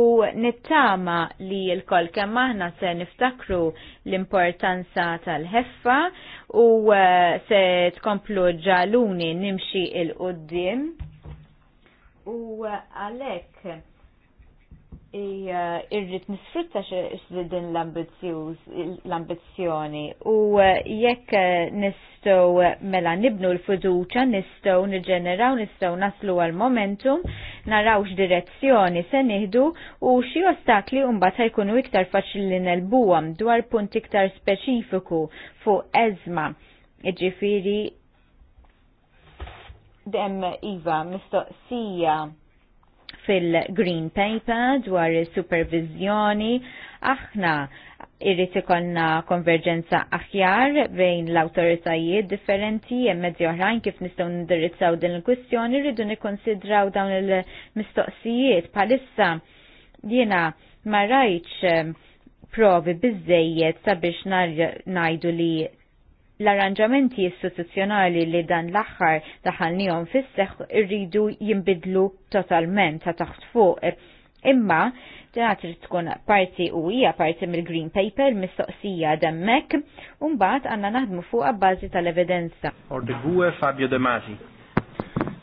u nittama li l-kol kemm aħna se niftakru l-importanza tal-ħeffa u uh, se tkomplu ġaluni nimxi il-qoddim. U uh, għalek, irrit nisfrutta din l-ambizjoni u eh, jekk eh, nistow eh, mela nibnu l fuduċa nistow nġeneraw, nistow naslu għal-momentum, naraw x-direzzjoni se nihdu u xie ostakli umbat ħajkunu iktar faċli buwam dwar punt iktar speċifiku fuq ezma. Iġifiri, dem Iva, mistoqsija fil-Green Paper dwar il-supervizjoni, aħna irrit ikonna konverġenza aħjar bejn l-autoritajiet differenti e mezzi oħrajn kif nistgħu nindirizzaw din il-kwistjoni rridu nikkonsidraw dawn il-mistoqsijiet bħalissa jiena ma rajtx eh, provi biżejjed sabiex ngħidu li l-arranġamenti istituzzjonali li dan l-axħar daħalnijom fisseħ irridu jimbidlu totalment ta' taħt fuq. Imma, ġenat tkun parti u hija parti mill-Green Paper mistoqsija demmek, un-bat għanna naħdmu fuq bażi tal-evidenza. Or the e, Fabio De Masi.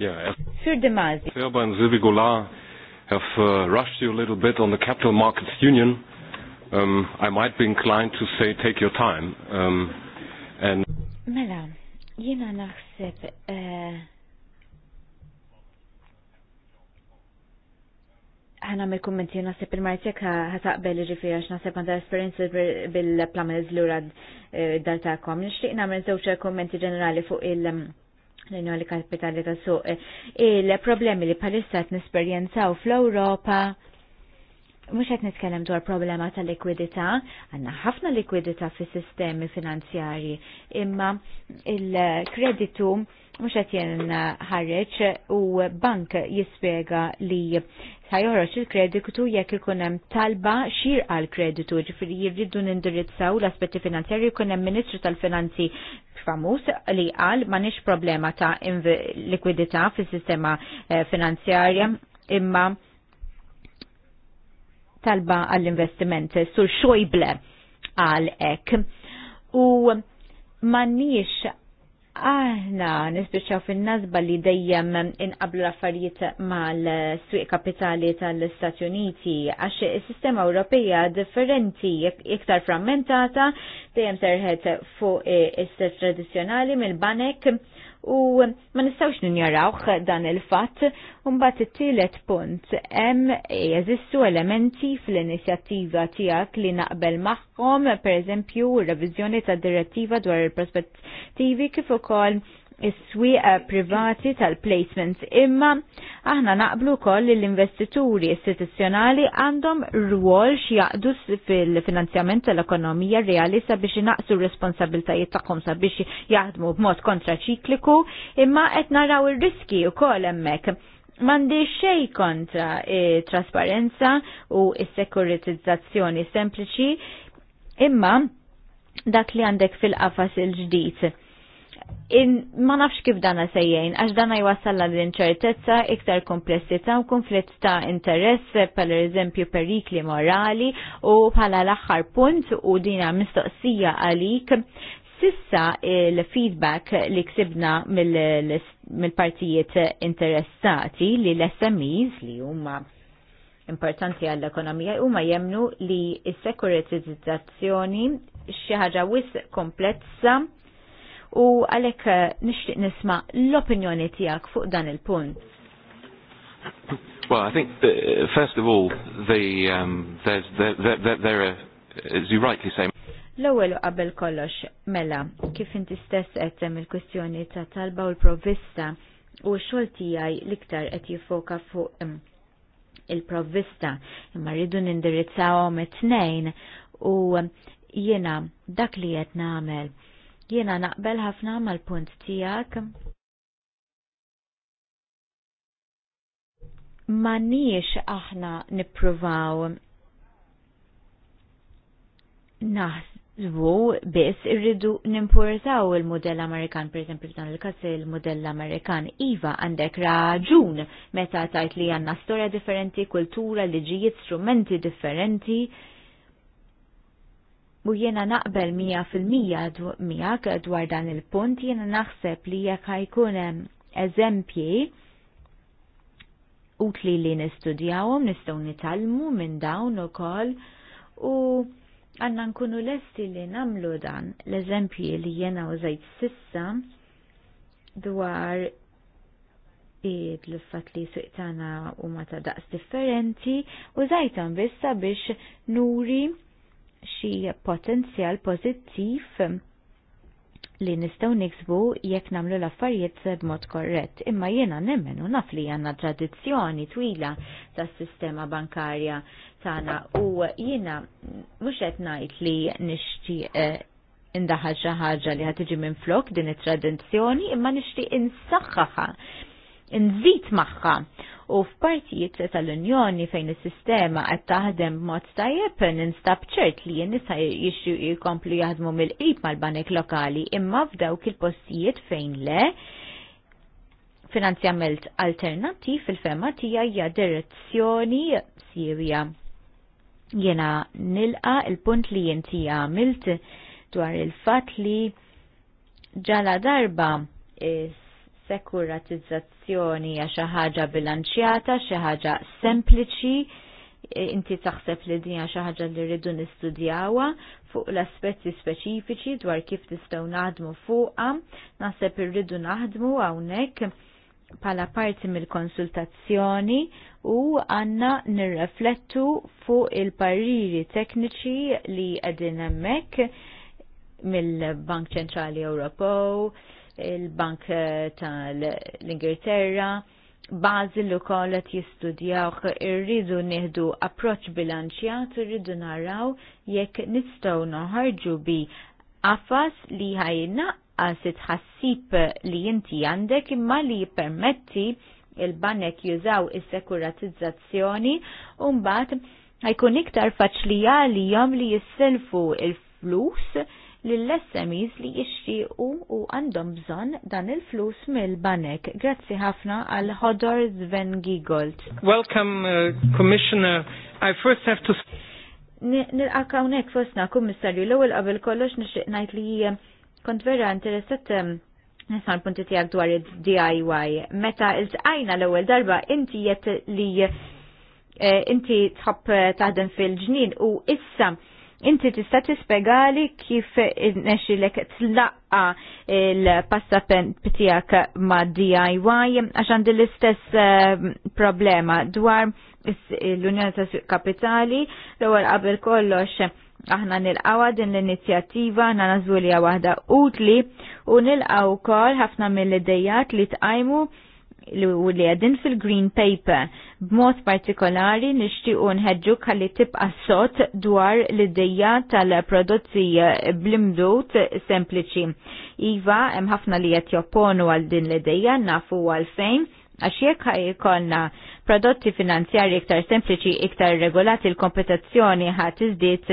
Yeah. Sir De Masi. Ferber and Sylvie Goulart have uh, rushed you a little bit on the Capital Markets Union. Um, I might be inclined to say take your time. Um, And... Mela, jiena naħseb eh, ħana mill kummenti naħseb il-martek ħataqbel ġifiri għax naħseb għanda esperienzi bil-plamels l-ura eh, dar kom. Nishtiq namel zewċa kommenti ġenerali fuq il- mm, l-injoli kapitali ta' suq. Eh, il-problemi li palissat nisperienzaw fl-Europa mux għet nitkellem dwar problema ta' likwidita, għanna ħafna likwidita fi sistemi finanzjari, imma il-kreditu mux għet jen ħarreċ u bank jispiega li joħroċ il-kreditu jekk ikunem talba xir għal kreditu ġifri jirridu nindirizzaw l-aspetti finanzjari jkunem ministru tal-finanzi famus li għal manix problema ta' likwidita fi sistema eh, finanzjarja imma talba għall-investiment sur xojble għal ek u manniex aħna nispiċaw fin-nazba li dejjem inqablu l-affarijiet mal-swieq kapitali tal-Istati Uniti għax is-sistema Ewropea differenti iktar frammentata dejjem serħet fuq is-sess tradizzjonali mill-banek u ma nistawx ninjarawx dan il-fatt, unbat it-tielet punt, hemm jeżistu elementi fl-inizjattiva tiegħek li naqbel magħhom, pereżempju r-reviżjoni ta' direttiva dwar il-prospettivi kif ukoll is-swieqa privati tal-placements imma aħna naqblu koll li l-investituri istituzzjonali għandhom rwol x'jaqdu fil-finanzjament tal-ekonomija reali sabiex inaqsu r-responsabiltajiet tagħhom sabiex jaħdmu b'mod kontraċikliku imma qed naraw ir-riski wkoll hemmhekk. Mandi xej kontra trasparenza u s-sekuritizzazzjoni sempliċi imma dak li għandek fil-qafas il-ġdid ma nafx kif dana sejjejn, għax dana jwassalla l-inċertezza, iktar komplessità u konflitt ta' interess, per eżempju perikli morali u bħala l-axħar punt u dina mistoqsija għalik sissa il-feedback li ksibna mill-partijiet interessati li l-SMEs li huma importanti għall-ekonomija huma jemnu li s-sekuritizzazzjoni xi ħaġa wis komplezza u għalhekk eh, nixtieq nisma' l-opinjoni tiegħek fuq dan il-punt. Well, I think that, uh, first of all, the um, there's there, there, there are, as you rightly say. L-ewwel qabel kollox mela kif inti stess qed il-kwistjoni ta' talba u l-provvista u x-xogħol tiegħi l-iktar qed jifoka fuq mm, il-provvista imma rridu nindirizzawhom it-tnejn u jiena dak li qed nagħmel Jiena naqbel ħafna mal-punt tijak. Ma nix aħna nipruvaw naħsbu biss irridu nimpurtaw il-modell Amerikan, per esempio, f'dan il-kas il-modell Amerikan. Iva, għandek raġun meta tajt li għanna storja differenti, kultura, liġijiet, strumenti differenti u jiena naqbel 100% miegħek dwar dan il-punt jiena naħseb li jekk ħajkun hemm eżempji utli li nistudjawhom nistgħu nitalmu minn dawn ukoll u għanna nkunu lesti li namlu dan l-eżempji li jiena użajt sissa dwar l-fat li suqtana u ma ta' daqs differenti u zajtan bissa biex nuri xi potenzjal pożittiv li nistgħu niksbu jekk nagħmlu l-affarijiet b'mod korrett. Imma jiena nemmen u naf li għandna tradizzjoni twila tas-sistema bankarja tagħna u jiena mhux qed ngħid li nixtieq eh, indaħal xi ħaġa li ħad minn flok din it-tradizzjoni imma nixtieq insaħħaħa, nżid magħha u f'partijiet tal-Unjoni fejn is-sistema qed taħdem b'mod tajjeb ninstab ċert li n-nisa jixxu jkomplu jaħdmu mill-qrib mal-banek lokali imma f'dawk il-postijiet fejn le finanzjament alternattiv fil-fema tija hija direzzjoni sirja. Jena nilqa il-punt li jinti għamilt dwar il-fat li ġala darba sekuratizzazzjoni għax xi ħaġa bilanċjata, xi ħaġa sempliċi, e, inti taħseb li din xi ħaġa li rridu nistudjawha fuq l-aspetti speċifiċi dwar kif nistgħu naħdmu fuqha, naħseb irridu naħdmu hawnhekk pala parti mill-konsultazzjoni u għanna nirreflettu fuq il-parriri tekniċi li għedin hemmhekk mill-Bank Ċentrali Ewropew, il-Bank eh, tal-Ingilterra, bazi l koll qed jistudjawh irridu nieħdu approċċ bilanċjat irridu naraw jekk nistgħu noħarġu bi għafas li ħajna it-ħassib li inti għandek imma li jippermetti il-banek jużaw is-sekuratizzazzjoni u mbagħad ħajkun iktar faċli jom li jisselfu il-flus lill-SMEs li jixtiequ u għandhom bżonn dan il-flus mill-banek. Grazzi ħafna għal Hodor Sven Giegold. Welcome, uh, Commissioner. I first have to... Nil-għaka unek fosna, kummissarju, l-ewel qabel kollox nixtieq ngħid li kont vera interesat um, nisma l-punti tijak dwar il-DIY. Meta il-tqajna l-ewel darba, inti jett li eh, inti tħobb eh, taħdem fil-ġnien u issa inti tista' tispjegali kif nexilek tlaqqa il-passapent tiegħek ma' DIY għax għandi l-istess eh, problema dwar l-Unjoni ta' Kapitali l-ewwel qabel kollox aħna nilqawa din l-inizjattiva aħna nażwilja waħda utli u nilqaw kol ħafna mill-idejat li tqajmu u li għedin fil-Green Paper. B'mod partikolari nishtiqu nħedġu kalli tibqa sot dwar l-ideja tal-prodotti blimdut sempliċi. Iva, hemm ħafna li qed jopponu għal din l-ideja nafu għal fejn għax jekk ħajkolna prodotti finanzjari iktar sempliċi, iktar regolati l-kompetizzjoni ħat iżdiet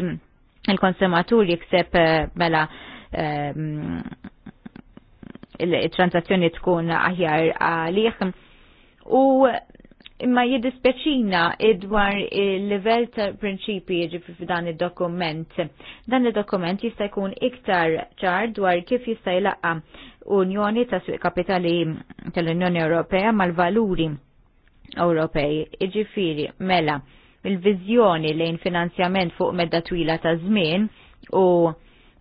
il-konsumatur jikseb eh, mela eh, il-transazzjoni tkun aħjar għalih. U imma jiddispeċina idwar il-level ta' prinċipi ġifi jiġifieri f'dan il-dokument. Dan il-dokument jista' jkun iktar ċar dwar kif jista' jlaqqa Unjoni ta' Suq Kapitali tal-Unjoni Ewropea mal-valuri Ewropej. Iġifiri, mela, il-vizjoni lejn finanzjament fuq medda twila ta' żmien u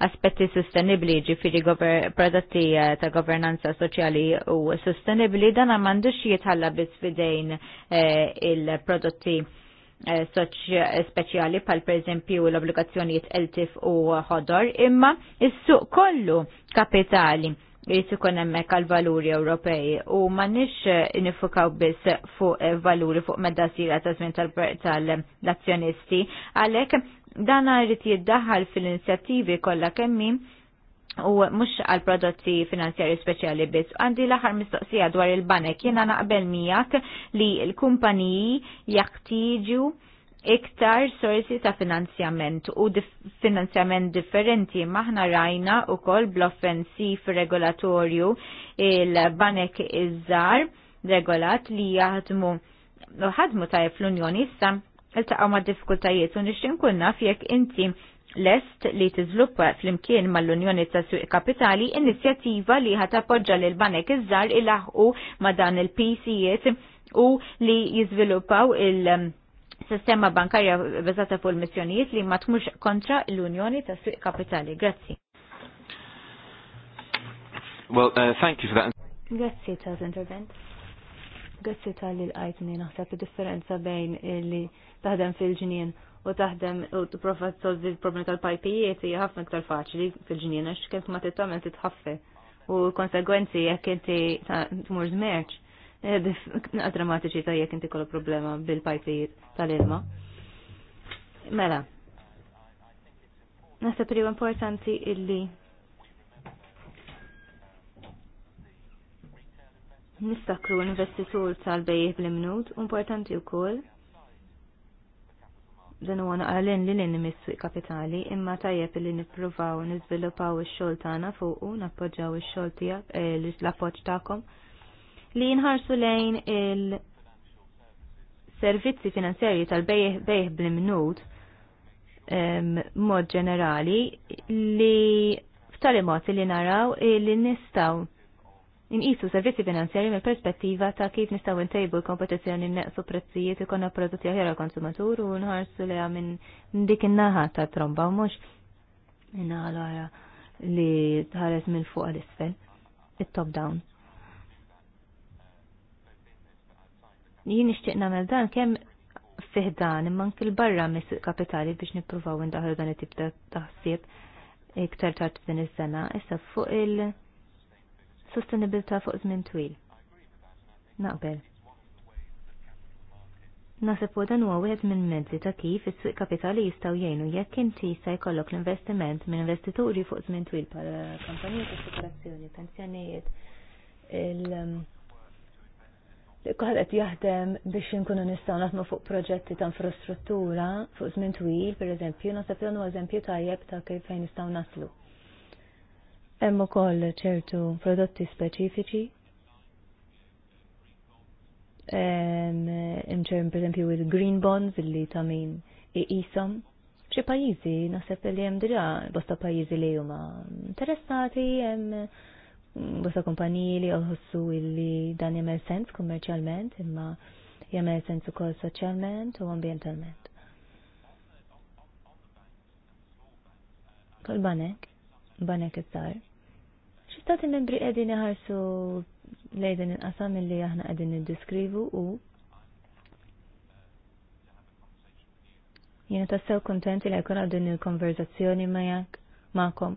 aspetti sostenibli ġifiri prodotti eh, ta' governanza soċjali u sostenibli dan m'għandux jitħalla biss fidejn eh, il-prodotti eh, speċjali pal per eżempju l-obbligazzjonijiet eltif u ħodor imma is-suq kollu kapitali jrid ikun hemmhekk għal valuri Ewropej u m'għandniex nifukaw biss fuq valuri fuq medda sira ta' żmien tal-azzjonisti għalhekk Dan rrit jiddaħħal fil-inizjattivi kollha kemmi u mhux għal prodotti finanzjari speċjali biss. Għandi l-aħħar mistoqsija dwar il-banek Jena naqbel miegħek li l-kumpaniji jaqtiġu iktar sorsi ta' finanzjament u dif finanzjament differenti maħna rajna u kol bl-offensif regolatorju il-banek iż-żar regolat li jaħdmu ħadmu ta' fl-Unjoni issa il-taqaw ma' diffikultajiet u nixtin kunna fjek inti lest li tiżluppa fl-imkien mal-Unjoni ta' Suq Kapitali inizjattiva li ħatappoġġa lil banek iż-żar ilaħqu ma' dan il-PCiet u li jizviluppaw il- um, sistema bankarja beżata fuq il-missjonijiet li ma tmux kontra l-Unjoni ta' Suq Kapitali. Grazzi. Well, uh, thank you for that. Grazzi tal intervent. Grazzi tal l-għajt għajtni naħseb differenza bejn li taħdem fil-ġinien u taħdem u t-profa t-solvi l-problemi tal-pajpijiet hija ħafna iktar faċli fil-ġinien għax kif ma tittamel titħaffi u konsegwenzi jekk inti tmur żmerġ eh, drammatiċi ta' jekk inti kollha problema bil-pajpijiet tal-ilma. Mela, naħseb li importanti illi nistakru investitur tal-bejjeħ bl-imnud, importanti u koll dan huwa naqalen li l-in fuq kapitali imma tajjeb li nippruvaw niżviluppaw ix-xogħol tagħna fuq u nappoġġaw ix-xogħol tiegħek eh, l-appoġġ tagħkom li jinħarsu lejn il-servizzi finanzjarji tal-bejħ bl-imnud mod ġenerali li f'tali mod li naraw eh, li nistgħu inqisu servizzi finanzjari mill perspettiva ta' kif nistgħu ntejbu l-kompetizzjoni neqsu prezzijiet ikonna prodotti aħjar għal-konsumatur u nħarsu leha minn dik in-naħa ta' tromba u mhux inħalora li tħares minn fuq għal-isfel, it-top down. Jien nixtieq nagħmel dan kemm fiħdan imma anke barra mis kapitali biex nippruvaw indaħlu dan it-tip ta' taħsieb iktar tard din is-sena, issa fuq il- sostenibilità fuq żmien twil. Naqbel. Nasib dan huwa wieħed minn mezzi ta' kif is-suq kapitali jistgħu jgħinu jekk inti jista' jkollok l-investiment minn investituri fuq żmien twil bħala kampaniji ta' assikurazzjoni, pensjonijiet, il um, qed jaħdem biex inkunu nistgħu naħdmu fuq proġetti ta' infrastruttura fuq żmien twil, pereżempju, naħseb dan huwa eżempju tajjeb ta' kif fejn nistgħu naslu hemm ukoll ċertu prodotti speċifiċi imċerm per esempio il-green bonds li tamin i iqisom. Xi pajjiżi naħseb li hemm diġà bosta pajizi li huma interessati hemm bosta kumpaniji li jħossu illi dan jagħmel sens kummerċjalment imma jagħmel sens ukoll soċjalment u ambientalment. Kol banek, banek iż-żgħar. L-istati membri qegħdin iħarsu lejden inqasam illi aħna qegħdin niddiskrivu u jiena tassew kontenti li jkun għadin il-konverzazzjoni miegħek magħkom.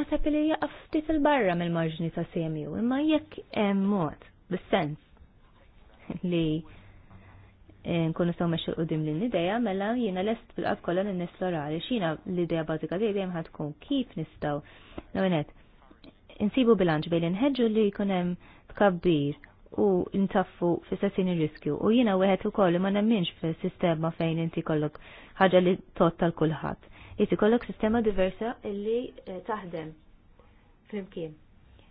Nasab li hija ftit barra mill-marġni ta' CMU, imma jekk hemm mod bis-sens li nkunu sew l-qudim l idea mela jiena lest fil-qab kolla n-nislorali xina l-idea bażika li dejjem ħad tkun kif nistgħu l-għonet insibu bilanċ bejn nħedġu li jkun hemm tkabbir u ntaffu fis-sessin riskju u jiena wieħed ukoll ma nemminx fis-sistema fejn inti kollok ħaġa li tot tal-kulħadd. Inti kollok sistema diversa li eh, taħdem. Flimkien.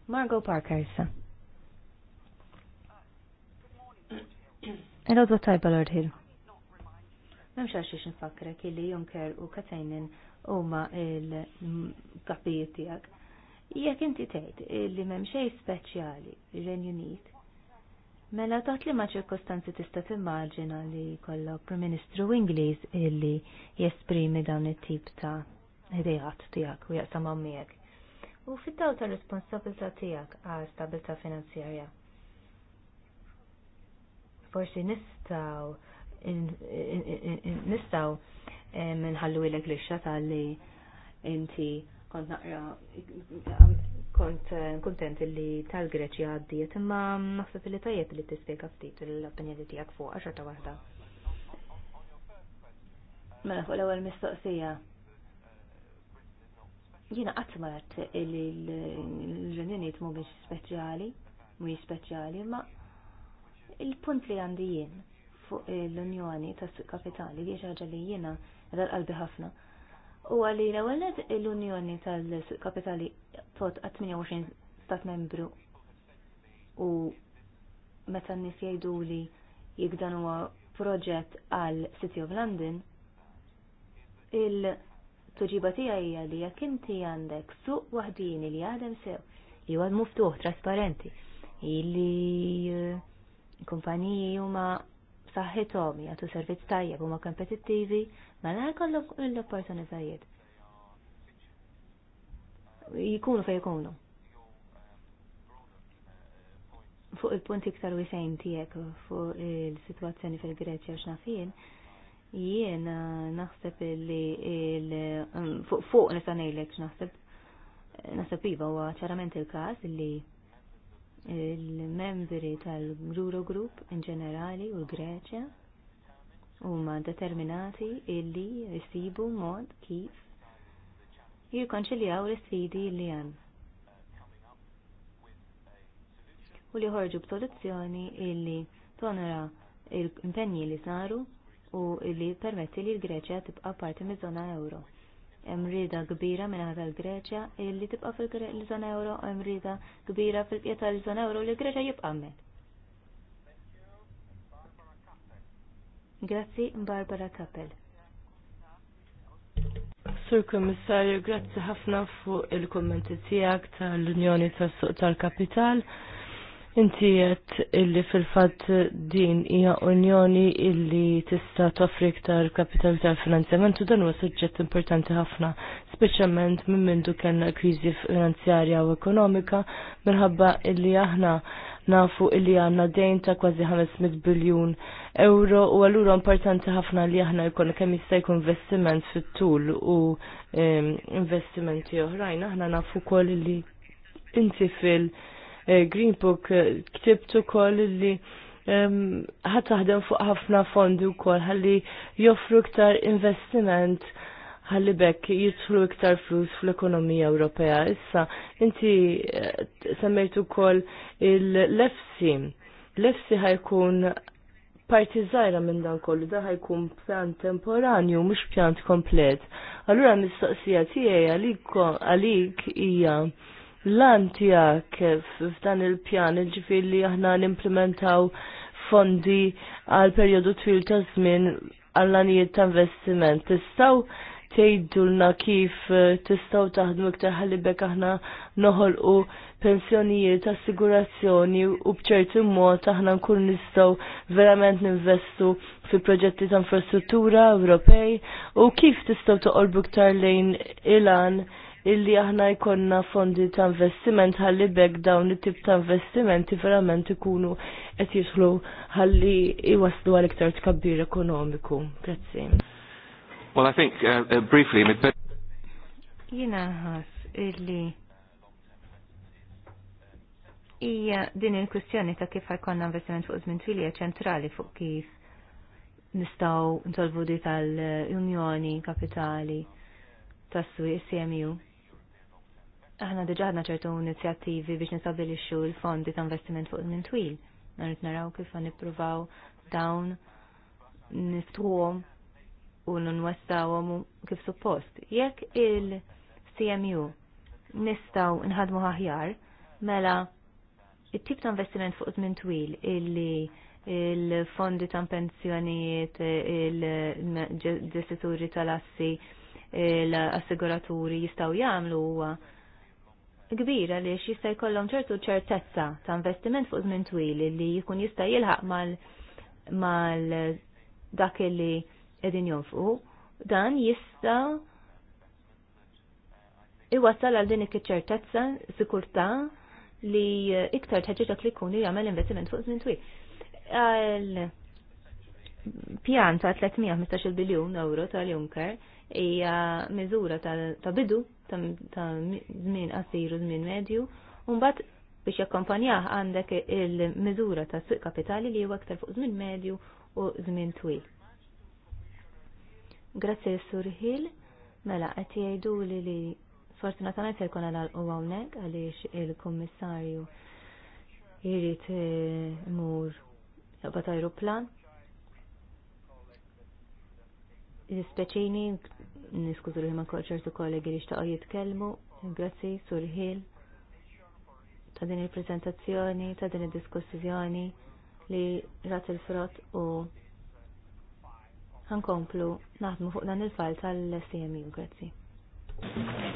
Margot Parker issa. Ero għodwa tajba Lord Hill. Memx għaxiex nfakrek kelli Junker u Katajnin huma il-kapijiet tiegħek. Jekk inti tgħid li m'hemm xejn speċjali ir-Renju Unit, mela taħt li maċi kostanzi tista' timmaġina li kollo Prim Ministru Ingliż illi jesprimi dawn it-tip ta' idejat tiegħek u jaqsam miegħek. U fit daw ta' responsabilta tiegħek għal stabilta finanzjarja forsi nistaw nistaw minħallu ilek li tal li inti kont naqra kont eh, kontent li tal-Greċja għaddiet imma naħseb li tajjeb li tispjega ftit l-opinjoni tiegħek fuq għaxarta waħda. Mela fuq l-ewwel mistoqsija. Jiena qatt ma li l-ġenjeniet mhumiex speċjali, mhijiex speċjali, ma Il-punt li għandi jien fuq l-Unjoni tas Suq Kapitali li ħaġa li jiena dal-qalbi ħafna. U għalli l-ewwel l-Unjoni tal-Suq Kapitali tot 28 stat membru u meta n-nies jgħidu li jikdan huwa proġett għal City of London, il-tuġiba tija hija li jekk inti għandek suq waħdini li għadem sew, li huwa muftuħ, trasparenti, li kumpaniji huma saħħithom jagħtu servizz tajjeb huma kompetittivi malajr kollok l-opportunitajiet. Jikunu fejn jikunu. Fuq il-punt iktar wisejn tiegħek fuq il-sitwazzjoni fil-Greċja x'nafien, jien naħseb li fuq fuq x'naħseb naħseb iva u ċarament il-każ li il-membri tal-Euro Group in ġenerali u l-Greċja huma determinati illi jisibu mod kif jirkonċiljaw l-istidi li hemm. U li ħorġu b'soluzzjoni illi tonora l impenni li saru u li permetti li l-Greċja tibqa' parti miż-żona euro emrida kbira minn tal-Greċja illi tibqa' fil-żona euro emrida kbira fil-qiegħ tal-żona euro li l-Greċja jibqa' hemmhekk. Grazzi Barbara Kappel. Sur Kommissarju, grazzi ħafna fuq il-kommenti tiegħek tal-Unjoni tas-Suq tal-Kapital. tal unjoni tal kapital Inti qed illi fil-fatt din hija unjoni illi tista' toffri iktar kapital iktar finanzjament u dan huwa suġġett importanti ħafna, speċjalment minn mindu kellna kriżi finanzjarja u ekonomika minħabba illi aħna nafu illi għanna dejn ta' kważi 500 biljun euro u għallura importanti ħafna li aħna jkun kemm jista' jkun investiment fit-tul u ehm, investimenti oħrajn aħna nafu wkoll li inti fil- Eh, Green Book eh, ktibtu kol li ħat taħdem fuq ħafna fondi u kol ħalli joffru iktar investiment ħalli bekk jidħlu iktar flus fl-ekonomija Ewropea. Issa, inti eh, semmejtu kol il-lefsi. Lefsi ħajkun parti zaħira minn dan kollu, da ħajkun pjan temporanju, mux pjan komplet. Allura mistaqsija tijaj għalik hija lan tijak f'dan il-pjan il-ġifir li aħna n-implementaw fondi għal periodu twil ta' żmien għal lanijiet ta' investiment. Tistaw tgħidulna kif tistaw taħdmu iktar ħalibek aħna noħolqu pensjonijiet, assigurazzjoni u bċerti mod aħna nkun nistgħu verament ninvestu fi proġetti ta' infrastruttura Ewropej u kif tistaw toqolbu iktar lejn ilan illi aħna jkonna fondi ta' investiment ħalli bekk dawn it-tip ta' investimenti verament ikunu qed jidħlu ħalli iwaslu għal iktar tkabbir ekonomiku. Grazzi. Well, I think uh, uh, briefly, jina ħas illi hija din il-kwistjoni ta' kif ħajkonna investiment fuq żmien twil hija ċentrali fuq kif nistgħu ntolbu di tal-Unjoni Kapitali tas swiss CMU. E aħna diġa ħadna ċertu inizjattivi biex nistabilixxu l-fondi ta' investiment fuq minn twil. Narit naraw kif ma nippruvaw dawn niftuhom u n-nwestawhom kif suppost. Jekk il-CMU nistgħu nħadmu aħjar mela it-tip ta' investiment fuq minn twil illi il-fondi ta' pensjonijiet, il-ġestituri tal-assi, l-assiguraturi jistaw jagħmlu huwa kbira li jista' jkollhom ċertu ċertezza ta' investiment fuq żmien twil li jkun jista' jilħaq mal mal dak li qegħdin jonfqu, dan jista' iwassal għal din iċ-ċertezza, sikurtà li iktar tħeġġeġ li jkun jagħmel investiment fuq żmien twil. Għal pjan ta' 315 biljun euro tal junker hija miżura ta' bidu ta' żmien qasir u żmien medju, u mbagħad biex jakkompanjah għandek il-miżura ta' suq kapitali li huwa aktar fuq żmien medju u żmien twil. Grazzi Sur Hill, mela qed jgħidu li li sfortunatament se jkun għal u hawnhekk għaliex il-kummissarju jrid eh, mur jaqbad aeroplan Jispeċini, niskużu li ma su kollegi li xtaqo jitkelmu, grazzi, surħil, ta' din il-prezentazzjoni, ta' din il-diskussizjoni li rat il-frott u ħankomplu naħdmu fuq dan il-fajl tal-SCMU, grazzi. Thank you.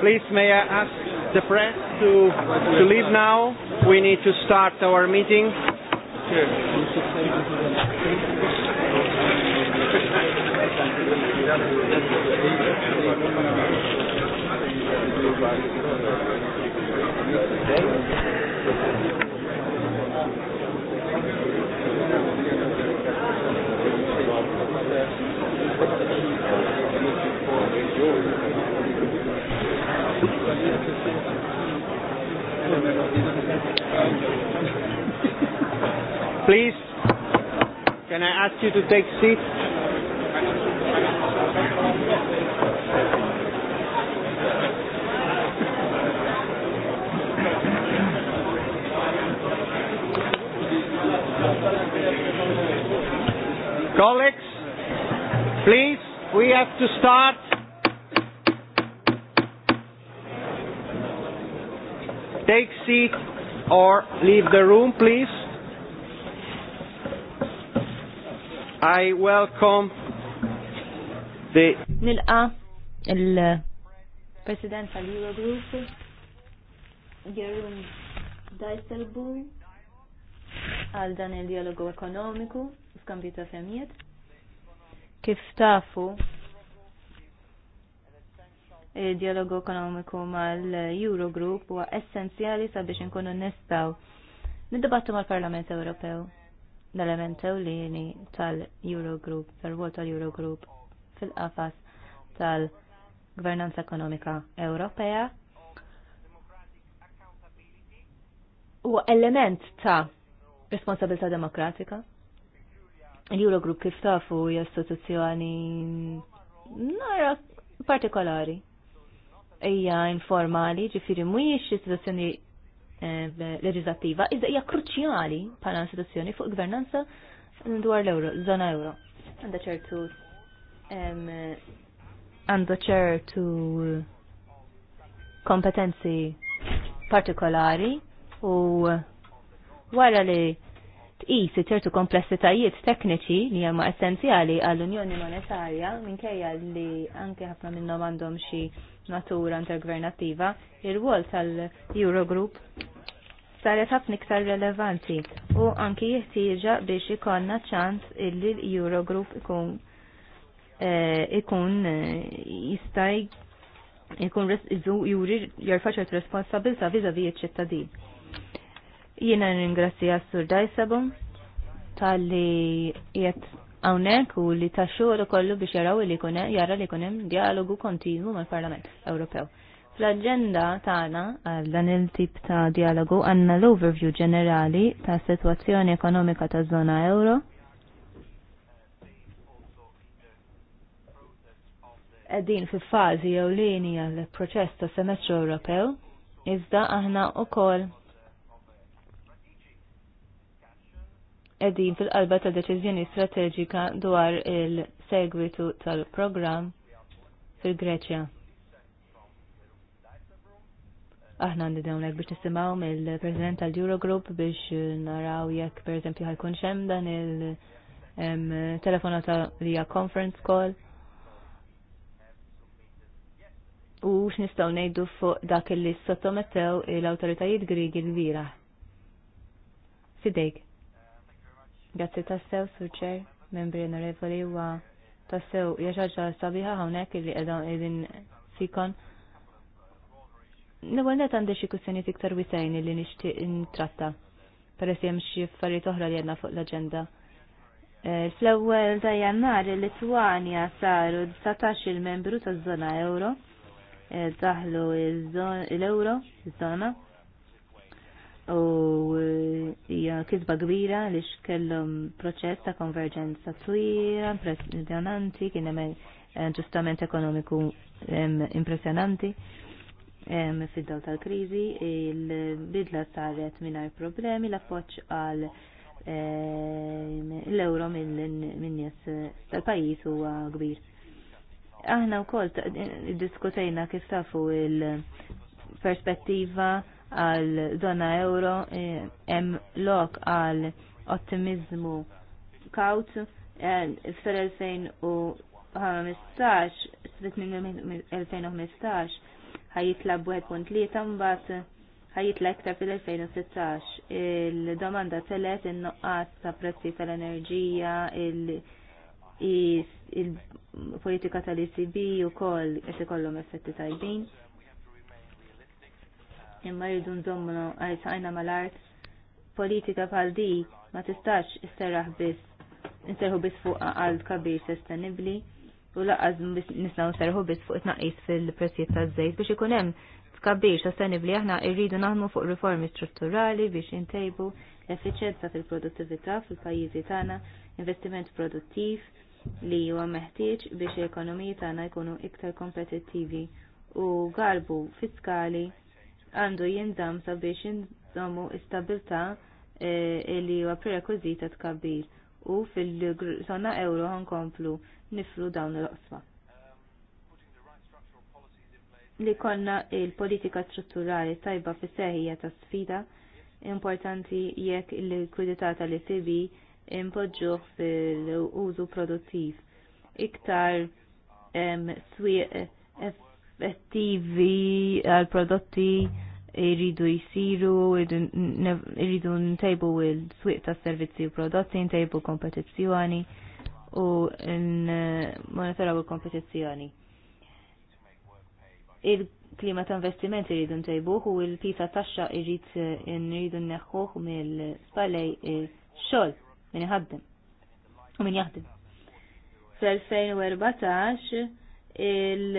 Please may I ask the press to, to leave now? We need to start our meeting. Thank you. Please, can I ask you to take seats? Colleagues, please, we have to start. Take seat or leave the room, please. I welcome the... Nilqa il-President tal-Eurogroup, Jeroen Dijsselboom, għal dan il-dialogu ekonomiku, skambita ta' Kif tafu, E, dialogu ekonomiku mal-Eurogroup huwa essenzjali sabiex inkunu nistaw niddibattu mal-Parlament Ewropew l-element ewlieni tal-Eurogroup, tal-wol tal-Eurogroup fil-qafas tal-Gvernanza Ekonomika Ewropea huwa element ta' responsabilità demokratika. L-Eurogroup kif tafu hija istituzzjoni nara partikolari hija informali, ġifiri mhijiex istituzzjoni eh, leġislattiva, iżda hija kruċjali bħala istituzzjoni fuq gvernanza dwar l-euro, zona euro. Għandha ċertu għandha ċertu kompetenzi partikolari u wara li Tqisi ċertu komplessitajiet tekniċi li huma essenzjali għall-Unjoni Monetarja minkejja li anke ħafna minnhom għandhom xi natura intergvernattiva, ir-rwol tal-Eurogroup saret ħafna iktar relevanti u anki jeħtieġa biex ikonna ċans illi l-Eurogroup ikun eh, ikun eh, jistaj ikun juri jarfaċ responsabilta vizavi ċittadin Jiena ringrazzja Sur Dajsabum tal-li jett għawnek u li ta' xogħol kollu biex jaraw li kunem jara li kunem dialogu kontinwu mal-Parlament Ewropew. Fl-agenda tagħna għal dan il-tip ta' dialogu għandna l-overview ġenerali ta' sitwazzjoni ekonomika ta' zona euro. din fi fażi ewlieni għal proċess ta' semestru Ewropew, iżda aħna wkoll edin fil-qalba ta' deċiżjoni strateġika dwar il-segwitu tal-programm fil-Greċja. Aħna għandi dawnek biex nisimaw mill-President tal-Eurogroup biex naraw jekk per eżempju ħajkun xem dan il-telefonata li hija conference call. U nistaw ngħidu fuq dak li sottomettew l-awtoritajiet Grigi l vira Sidejk. Grazzi tassew, suċer, membri onorevoli wa tassew jaxaġa sabiħa hawnhekk illi qegħdin qegħdin fikon. Newwel net għandi xi kussjoni iktar wisajn li nixtieq intratta. per hemm xi affarijiet oħra li għedna fuq l-aġenda. Eh, fl-ewwel ta' Jannar il lituania saru 19 il-membru taż-żona euro eh, daħlu l-euro, iż-żona u eh, hija kisba kbira li kellhom proċess ta' konverġenza twira, impressjonanti, kien hemm eh, ġustament ekonomiku impressjonanti fid-dawl tal-kriżi, il-bidla saret mingħajr problemi l-appoġġ għal eh, l-euro minn nies tal-pajjiż huwa kbir. Aħna wkoll diskutejna kif tafu il-perspettiva għal zona euro hemm lok għal ottimizmu kaut fil-2015 2015 ħajitlab 1.3 mbagħad ħajitla iktar fil-2016 il-domanda telet in-nuqqas ta' prezzi tal-enerġija il-politika tal-ECB u koll qed ikollhom effetti tajbin imma jridu nżommu sajna mal-art politika bħal di ma tistax isserraħ biss inserħu biss fuq għal kabir sostenibli u laqqaz nisna nserħu biss fuq it fil-prezzijiet taż-żejt biex ikun hemm tkabbir sostenibli aħna rridu naħdmu fuq riformi strutturali biex intejbu efficienza fil-produttività fil-pajjiżi tagħna, investiment produttiv li huwa meħtieġ biex l-ekonomiji tagħna jkunu iktar kompetittivi u galbu fiskali għandu jindam sabiex jinżommu istabilta e, li huwa prerekwizita tkabbir u fil-zona euro ħankomplu niflu dawn l-osma. Li konna il-politika strutturali tajba fis seħija ta' sfida importanti jekk il-likwidità tal-ECB impoġġuh fil-użu produttiv. Iktar swieq effettivi għal prodotti iridu jisiru, iridu ntejbu il-swiq ta' servizzi u prodotti, ntejbu kompetizzjoni u monitoraw il-kompetizzjoni. Il-klima ta' investiment iridu tejbu u il-pisa taxxa irid n neħħuħ mill-spallej xol minn jħaddim u minn jaħdem. Fl-2014 il-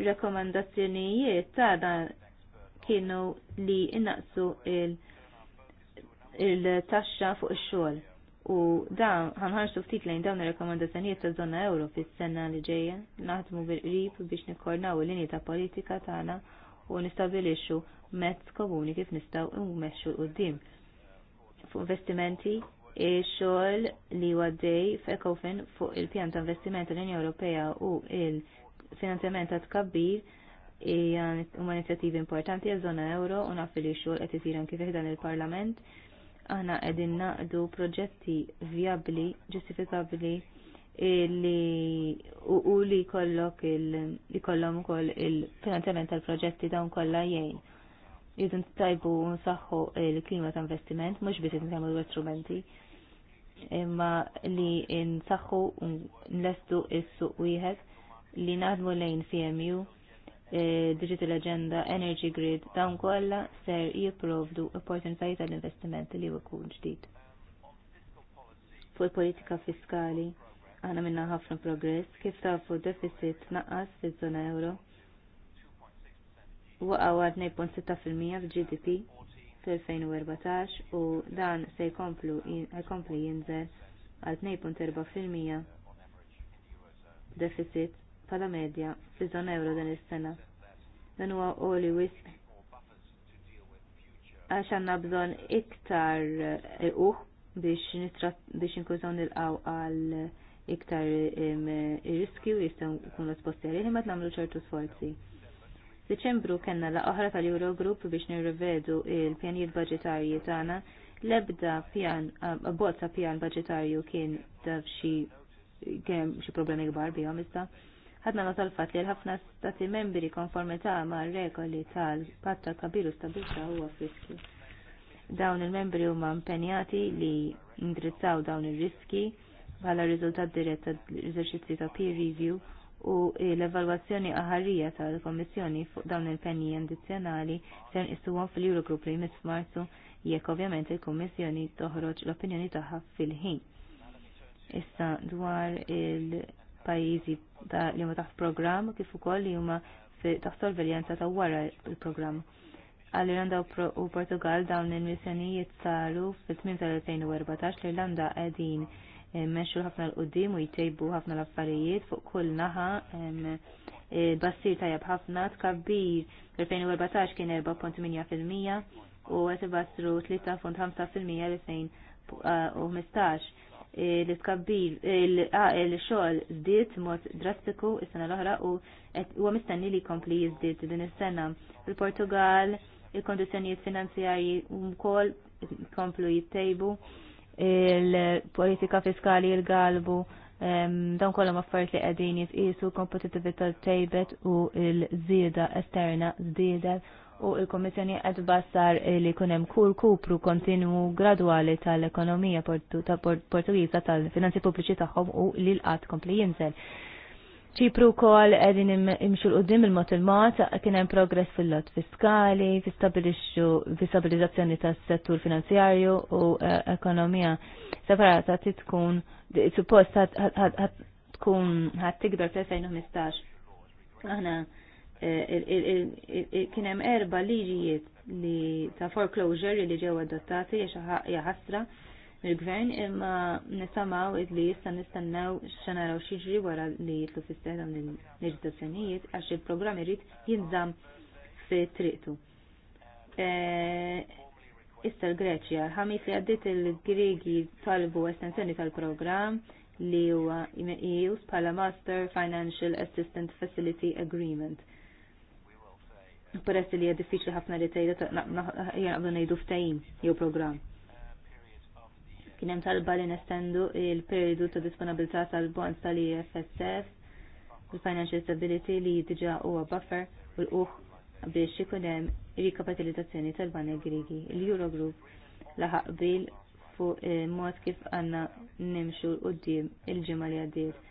rekomendazzjonijiet tagħna kienu li innaqsu il-taxxa fuq ix-xogħol u dan ħanħarsu ftit lejn dawn ir-rekomendazzjonijiet ta' żona euro fis-sena li ġejja naħdmu bil-qrib biex nikkornaw il-linji ta' politika tagħna u nistabilixxu mezz komuni kif nistgħu nmexxu quddiem. Fuq investimenti, ix-xogħol li għaddej f'Ecofin fuq il-pjan ta' investimenti l-Unjoni Ewropea u il- finanzjament ta' tkabbir hija huma inizjattivi importanti għaż-żona euro u naf li xogħol qed isir anke fih dan il-Parlament. Aħna qegħdin naqdu proġetti vjabbli, ġustifikabbli li u li kollok il-kollom ukoll il-finanzjament tal-proġetti dawn kollha jgħin. Jidun tajbu nsaħħu il-klima ta' investiment, mhux biss insemmu l-istrumenti, imma li nsaħħu nlestu il suq wieħed li naħdmu lejn CMU, eh, Digital Agenda, Energy Grid, dawn kollha ser jipprovdu opportunitajiet tal-investiment li jkun ġdid. Fuq il-politika fiskali, aħna minna ħafna progress kif tafu deficit naqas fiż-żona euro. Waqgħu għal 2.6% fil-GDP fil-2014 u dan se jkomplu jinżel għal 2.4% deficit bħala medja fi żona euro dan is-sena. Dan huwa oli wisq għax għandna bżonn iktar eh, uħ biex il nilqaw għal iktar riskju jistgħu jkunu esposti għalih ma t-namlu ċertu sforzi. Deċembru kellna la oħra tal-Eurogroup biex nirrivedu il-pjanijiet budġetarji tagħna l-ebda pjan, eh, bozza pjan budġetarju kien taf xi kemm xi problemi kbar bihom issa ħadna nota l-fat li l-ħafna stati membri konformità ma' regoli tal-patta kabiru stabilta huwa għafiski. Dawn il-membri huma impenjati li indrizzaw dawn ir-riski bħala riżultat dirett tal-eżerċizzju ta' peer review u l-evalwazzjoni aħarrija tal-Komissjoni fuq dawn il-penji addizzjonali ser nqisuhom fil-Eurogroup li jmiss Marzu jekk ovvjament il-Kummissjoni toħroġ l-opinjoni tagħha fil-ħin. Issa dwar il- pajjiżi li huma taħt programm kif ukoll li huma taħt sorveljanza ta' wara il-programm. Għall-Irlanda u Portugal dawn il-missjonijiet saru fil-8 tal-2014 l-Irlanda qegħdin eh, meċu ħafna l-qoddim u jtejbu ħafna l-affarijiet fuq kull naħa eh, bassir tajab ħafna tkabbir 2014 kien 4.8% u għet basru 3.5% l-2015 E, l-iskabbil il-xogħol e, e, zdiet mod drastiku is-sena l-oħra u huwa mistenni li jkompli jiżdied din is-sena. Il-Portugal il-kondizzjonijiet finanzjarji wkoll komplu jittejbu il-politika fiskali il-galbu dawn kollu affarijiet li qegħdin jitqisu kompetitività tejbet u l-żieda esterna żdiedet u il-Komissjoni qed bassar li jkun hemm kur kupru kontinwu gradwali tal-ekonomija Portugiża tal-finanzi pubbliċi tagħhom u li l-qatt kompli jinżel. ċipru kol edin imxu l-qoddim il-mot il-mot, kien hemm progress fil-lot fiskali, fil-stabilizzazzjoni tas-settur finanzjarju u e, ekonomija separata tkun suppost tkun ħad tikdor 2015. Aħna kien hemm erba liġijiet li ta' foreclosure li ġew adottati hija ħasra mill-gvern imma nisamaw li issa nistennew x'naraw xiġri wara li jitlu fis-seħ dawn il-leġiżlazzjonijiet għax il-programm irid jinżamm fi triqtu. E, issa l-Greċja, ħamis li għaddit il-Gregi talbu estensjoni tal-programm li huwa jus e bħala Master Financial Assistance Facility Agreement Peress li hija diffiċli ħafna li tgħidha jaqbdu ngħidu f'tehim jew programm. Kien hemm talba li nestendu il-periodu ta' disponibilità tal-bonds tal-IFSF, il-Financial Stability li diġà huwa buffer u l-uħ biex ikun hemm rikapitalizzazzjoni tal banja Grigi. Il-Eurogroup laħaq bil fuq eh, mod kif għandna nimxu l-qudiem il-ġimgħa li għaddiet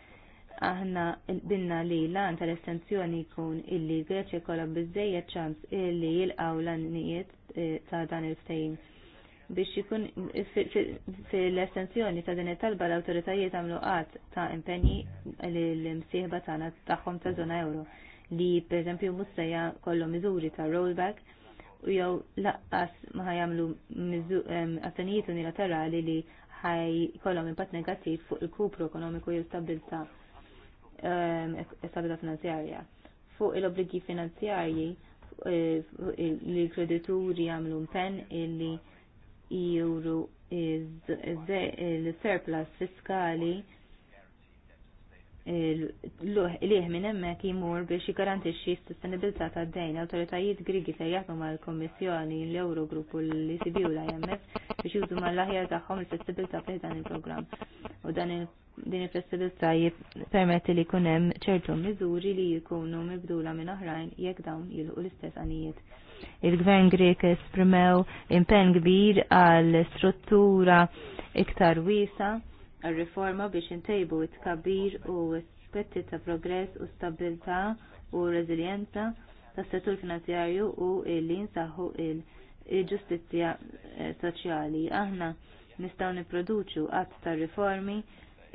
aħna binna li lan tal-estenzjoni jkun illi Greċja kolla bizzeja ċans illi jilqaw l-annijiet eh, ta' dan il fejn biex jikun fil-estenzjoni ta' din it-talba l-autoritajiet għamlu qatt ta' impenji l-msieħba tagħna tagħhom ta' żona euro li pereżempju mussejja kollu miżuri ta' rollback u jew laqqas ma ħajamlu azzjonijiet unilaterali li ħaj kollhom impatt negativ fuq il-kupru ekonomiku jew stabilta' Ehm, stabilità finanzjarja. Fuq il-obbligi finanzjarji eh, li l-kredituri għamlu mpen illi juru l-surplus fiskali l-uħ minn hemmhekk jimur biex jiggarantixxi s-sostenibilità tad-dejn. Awtoritajiet Grigi se jaħdmu mal-Kommissjoni l-Eurogrupp u l-ECB u l-IMF biex jużu mal-aħjar tagħhom il-flessibilità fih dan il-programm. U dan din il-flessibilità jippermetti li jkun hemm ċertu miżuri li jkunu mibdula minn oħrajn jekk dawn jilħu l-istess għanijiet il-gvern Grek esprimew impenn kbir għal struttura iktar wisa riforma biex intejbu it-kabir u aspetti ta' progress u stabilta u reżiljenza tas settur finanzjarju u li saħħu il-ġustizzja eh, soċjali. Aħna nistgħu nipproduċu għadd ta' riformi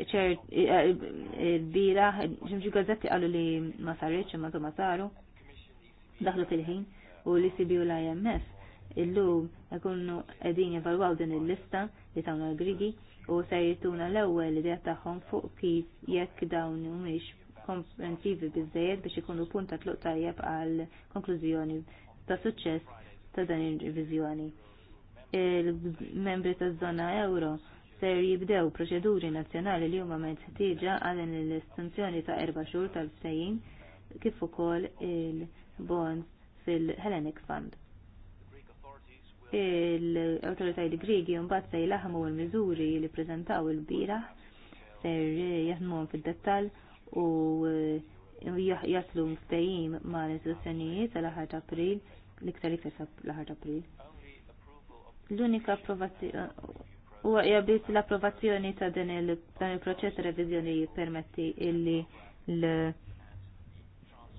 eh, il-bira, ġimġi gazzetti qalu li ma sarriċ, ma ma saru, daħlu fil-ħin, u li si u l-IMF, illum jkunu qegħdin jivalwaw din il-lista li tawna l-Grigi, u se jirtuna l-ewwel idea tagħhom fuq kif jekk dawn mhumiex komprensivi biżejjed biex ikunu punta tluq tajjeb għal konklużjoni ta' suċċess ta' dan ir-riviżjoni. Il-membri taż-żona euro ser jibdew proċeduri nazzjonali li huma meħtieġa għal l-estinzjoni ta' erba' xhur tal-ftehim kif ukoll il-bonds fil-Hellenic Fund l il li Grigi mbagħad se jilaħmu l-miżuri li prezentaw il-bieraħ ser jaħdmuhom fid-dettall u eh, jaslu mftejim ma' l-istituzzjonijiet l aħħar April, l-iktar iktar l-aħħar April. L-unika approvazzjoni huwa jabit l-approvazzjoni ta' dan il-proċess ta' permetti jippermetti illi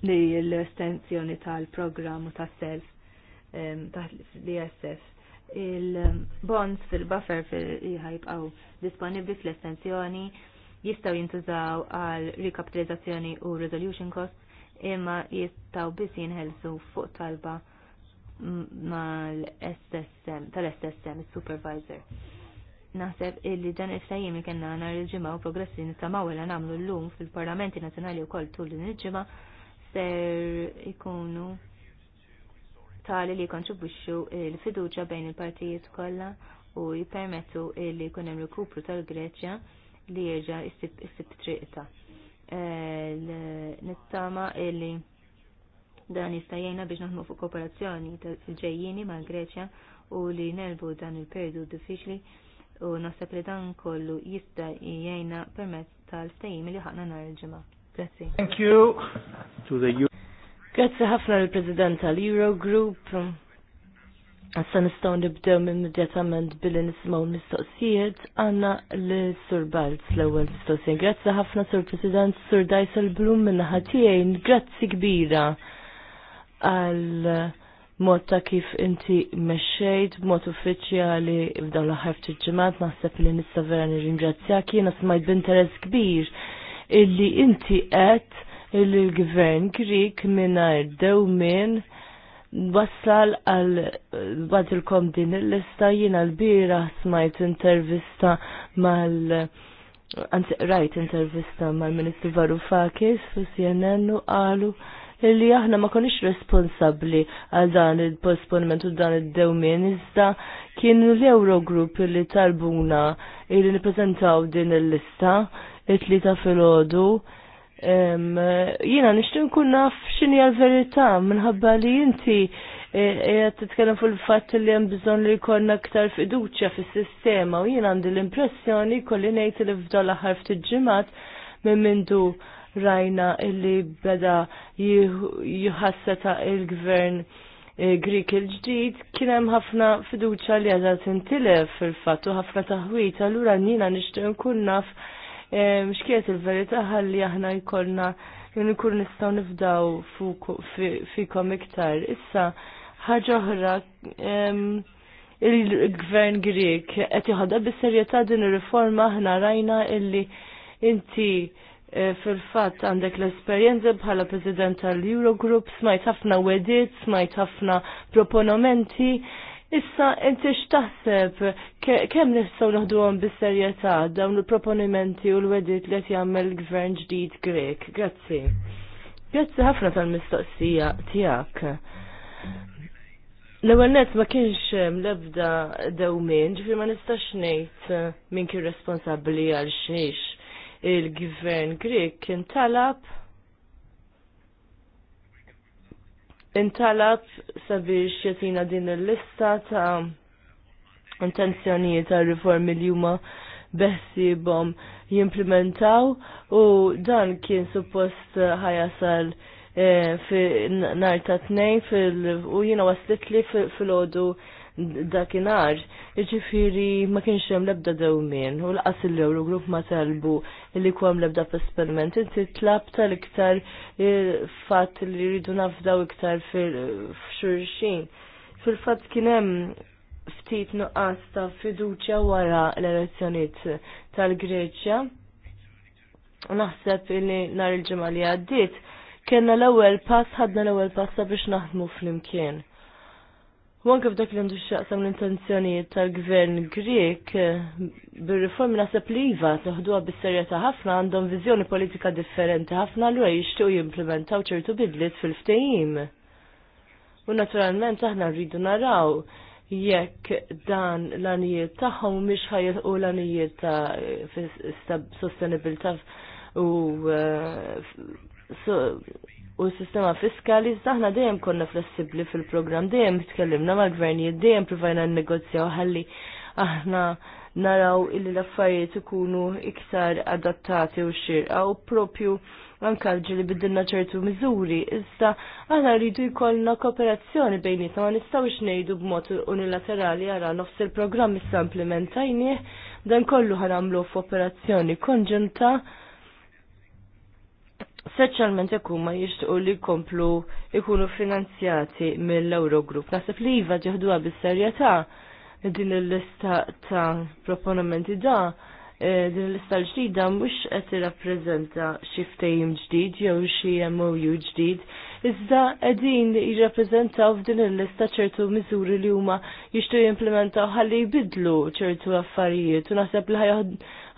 l- estensjoni tal programmu u tas-self taħt l-ISF. Il-bonds fil-buffer fil-ħajbqaw disponibli fl-estensjoni jistaw jintużaw għal rikapitalizzazzjoni u resolution cost imma jistaw biss jinħelsu fuq talba mal-SSM, tal-SSM, il-supervisor. Naħseb illi dan il-ftajim li kena għana il-ġimma u progressi nisamaw għal għamlu l-lum fil-Parlamenti Nazjonali u koll tul din il-ġimma ser ikunu tali li kontribuxxu l-fiduċa bejn il-partijiet kollha u jippermettu li jkun hemm rikupru tal-Greċja li jerġa' jsib triqta. Eh, nittama li dan jista' jgħinna biex naħdmu fuq kooperazzjoni tal-ġejjini mal-Greċja u li nelbu dan il-perdu diffiċli u naħseb li dan kollu jista' jgħinna permezz tal-stejjim li ħaqna nhar il-ġimgħa. Grazzi. Thank you to the Grazzi ħafna l-President tal-Eurogroup. Issa nistgħu nibdew immedjatament billi nismaw mistoqsijiet għandna li sur Balz l-ewwel mistoqsijiet. Grazzi ħafna Sur President Sur Dysel Blum minnaħa tiegħi, grazzi kbira għal mod ta' kif inti meċċejt, b'mod uffiċjali f'dawn l-aħħar ftit ġimgħat naħseb li nista' vera nirringrazzjak jiena smajt b'interess kbir illi inti qed il-gvern Grik mingħajr dewmien wassal għal badilkom din il-lista jina l-bira smajt intervista mal Anzi, rajt intervista mal-Ministru Varoufakis fu CNN u qalu li aħna ma konix responsabli għal dan il postponement u dan id-dewmien iżda kienu l-Eurogroup li talbuna illi niprezentaw din il-lista it-tlita fil-ħodu Jina nishtu nkun naf xini għal-verita minħabba li inti jgħat e, e, t-tkellem fil-fat li jem bżon li jkollna ktar fiduċja fil-sistema u jina għandi l-impressjoni kolli nejt li f'dolla ħarf t-ġimat minn mindu rajna illi beda juħasseta il-gvern e, Grik il-ġdid kien hemm ħafna fiduċja li għadha tintilef fil-fatt u ħafna taħwit allura nina nixtieq nkun naf Eh, x'kienet il-verità ħalli aħna jkollna jien kur nistgħu nifdaw fikom iktar. Issa ħaġa oħra il-gvern Grieg qed jħodha bis-serjetà din ir-riforma aħna rajna illi inti eh, fil-fat għandek l-esperienza bħala president tal-Eurogroup, smajt ħafna wedit, smajt ħafna proponomenti. Issa, inti x'taħseb kemm nistgħu naħduhom bis-serjetà dawn il-proponimenti u l-wedit li qed jagħmel gvern ġdid Grek. Grazzi. Grazzi ħafna tal-mistoqsija tiegħek. L-ewwel nett ma kienx ehm, l-ebda dewmien, ġifier ma nistax ngħid ehm, min kien responsabbli għal xiex il-gvern Grek kien talab intalab sabiex jatina din il-lista ta' intenzjonijiet ta' riformi li huma beħsibhom jimplementaw u dan kien suppost ħajasal eh, fi narta ta' tnejn u jina waslitli fil ħodu dakinhar, jiġifieri ma kienx hemm l-ebda dewmien u laqas il-Eurogroup ma talbu li kwam l-ebda f'esperiment. Inti tlab tal-iktar fatt li rridu nafdaw iktar f'xurxin. Fil-fatt kien hemm ftit nuqqas ta' fiduċja wara l-elezzjonijiet tal-Greċja. Naħseb li nhar il-ġimgħa li għaddiet kellna l-ewwel pass ħadna l-ewwel pass biex naħdmu flimkien. U anke dak li għandu xaqsam l-intenzjonijiet tal-gvern Grek bir-riformi nasab li iva taħduha bis serjeta ħafna għandhom viżjoni politika differenti ħafna għaj jixtiequ jimplementaw ċertu bidliet fil-ftehim. U naturalment aħna rridu naraw jekk dan l-anijiet tagħhom ħajet u l-anijiet ta' sostenibilità u eh, u s-sistema fiskali, aħna dejjem konna flessibli fil-programm, dejjem tkellimna mal-gvernijiet, dejjem provajna n negozja ħalli aħna naraw illi l-affarijiet ikunu iktar adattati u xirqa u propju għankalġi li biddilna ċertu miżuri. Issa aħna rridu jkollna kooperazzjoni bejnietna ma nistgħux ngħidu b'mod unilaterali għara nofs il-programm issa implementajnieh dan kollu ħanamlu f'operazzjoni konġunta Specialment ikun ma jixtiequ li jkomplu ikunu finanzjati mill-Eurogroup. Naħseb li iva ġieħduha bis-serjetà din il-lista ta' proponimenti da' eh, din il lista l-ġdida mhux qed irrappreżenta xi ftehim ġdid jew xi MOU ġdid, iżda qegħdin jirrappreżentaw f'din il-lista ċertu miżuri li huma jixtru jimplementaw ħalli jbidlu ċertu affarijiet u naħseb li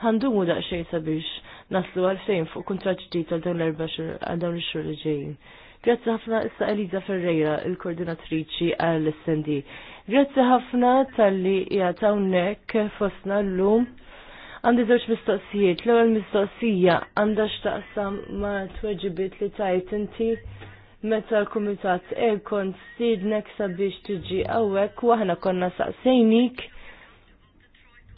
ħandumu daqsxejn sabiex naslu għal għal-fejn fuq kontrat ġdid għal dawn l-erba' għal dawn ix-xhur li ġejjin. Grazzi ħafna issa Eliza Ferreira, il-koordinatriċi għall-SND. Grazzi ħafna tal-li jgħatawnek fosna l-lum. Għandi żewġ mistoqsijiet, l-ewwel mistoqsija għandha x'taqsam ma' tweġibiet li tajt inti meta l-Kumitat kont sidnek sabiex tiġi hawnhekk u aħna konna saqsejnik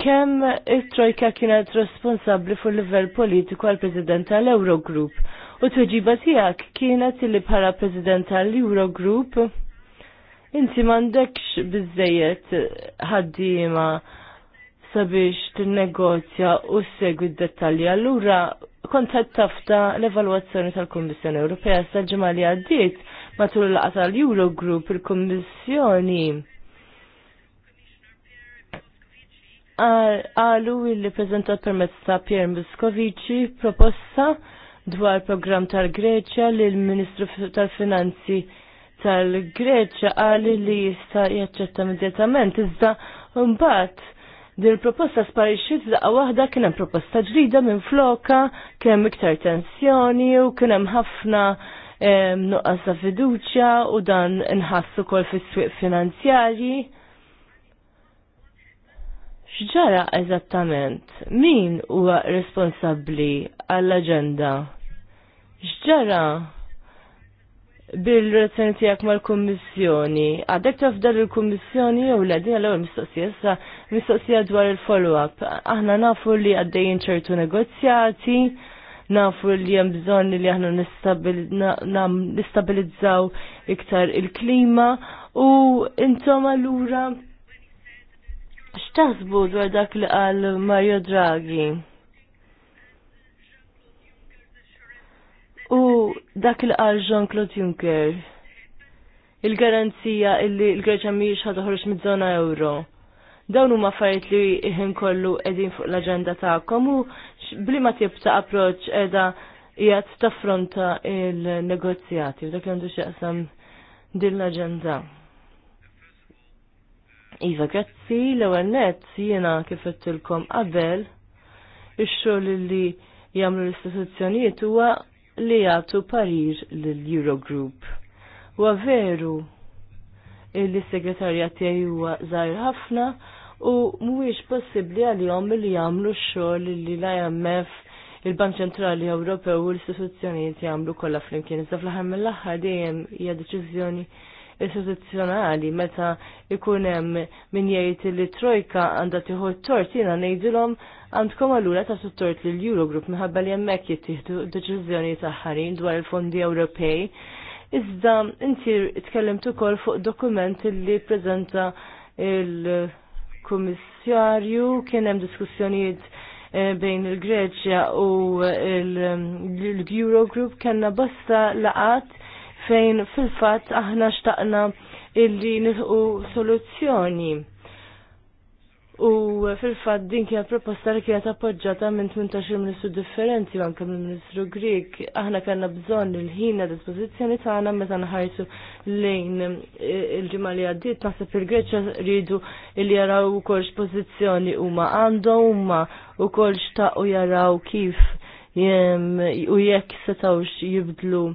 kemm it-trojka kienet responsabbli fuq livell politiku għal president tal-Eurogroup. U tweġiba tiegħek kienet li bħala president tal-Eurogroup inti m'għandekx biżejjed ħaddiema sabiex tinnegozja u segwi d-dettalji. Allura kont qed tafta l-evalwazzjoni tal-Kummissjoni Ewropea sal ġimgħa li għaddiet matul l-laqgħa tal-Eurogroup il-Kummissjoni għalu illi prezentat permezz ta' Pier Muskovici proposta dwar program tal-Greċja li l-Ministru tal-Finanzi tal-Greċja għali li jista' jaċċetta immedjatament iżda mbagħad din proposta sparixxiet daqqa waħda kien hemm proposta ġdida minn floka, kien hemm iktar tensjoni u kien hemm ħafna nuqqas ta' fiduċja u dan inħassu kol fis-swieq finanzjarji. X'ġara eżattament? Min huwa responsabbli għall-aġenda? X'ġara bil-relazzjoni tiegħek mal-Kummissjoni? Għadek taf dan il-Kummissjoni jew le din għal mistoqsija issa mistoqsija dwar il-follow-up. Aħna nafu li għaddejjin ċertu negozjati, nafu li hemm bżonn li aħna nistabilizzaw iktar il-klima u intom allura X'taħsbu dwar dak li qal Mario Draghi? U dak li qal Jean-Claude Juncker? Il-garanzija illi l-Greċa mhijiex ħad mid-żona euro. Dawn huma affarijiet li jħin kollu qegħdin fuq l-aġenda tagħkom u bli ma ta' approċċ qiegħda qiegħed taffronta il-negozjati u dak li għandu x'jaqsam din l-aġenda. Iva, grazzi, l-ewel net jiena kif għettilkom qabel ix-xogħol li jagħmlu l-istituzzjonijiet huwa li jagħtu parir lill-Eurogroup. Huwa veru li s-segretarja tiegħi huwa żgħir ħafna u mhuwiex possibbli għalihom li jagħmlu x-xogħol li l-IMF il-Bank Ċentrali Ewropew u l-istituzzjonijiet jagħmlu kollha flimkien. Iżda fl-aħħar mill-aħħar dejjem hija deċiżjoni istituzzjonali meta ikun hemm min jgħid li trojka għandha tieħu t-tort jiena ngħidilhom għandkom allura ta' tort l Eurogroup minħabba li hemmhekk jittieħdu deċiżjonijiet ħarin dwar il-fondi Ewropej. Iżda inti tkellimt ukoll fuq dokument li preżenta il-Kummissarju kien hemm diskussjonijiet eh, bejn il-Greċja u l-Eurogroup kellna bosta laqat fejn fil-fatt aħna xtaqna illi nilħu soluzzjoni. U fil-fat din kienet proposta li kienet appoġġata minn 18 ministru differenti anke mill ministru Grieg. Aħna kellna bżonn il-ħin għad dispożizzjoni tagħna meta nħarsu lejn il-ġimgħa li għaddiet naħseb il-Greċja rridu li jaraw ukoll x'pożizzjoni huma għandhom huma wkoll xtaqgħu jaraw kif u jekk setawx jibdlu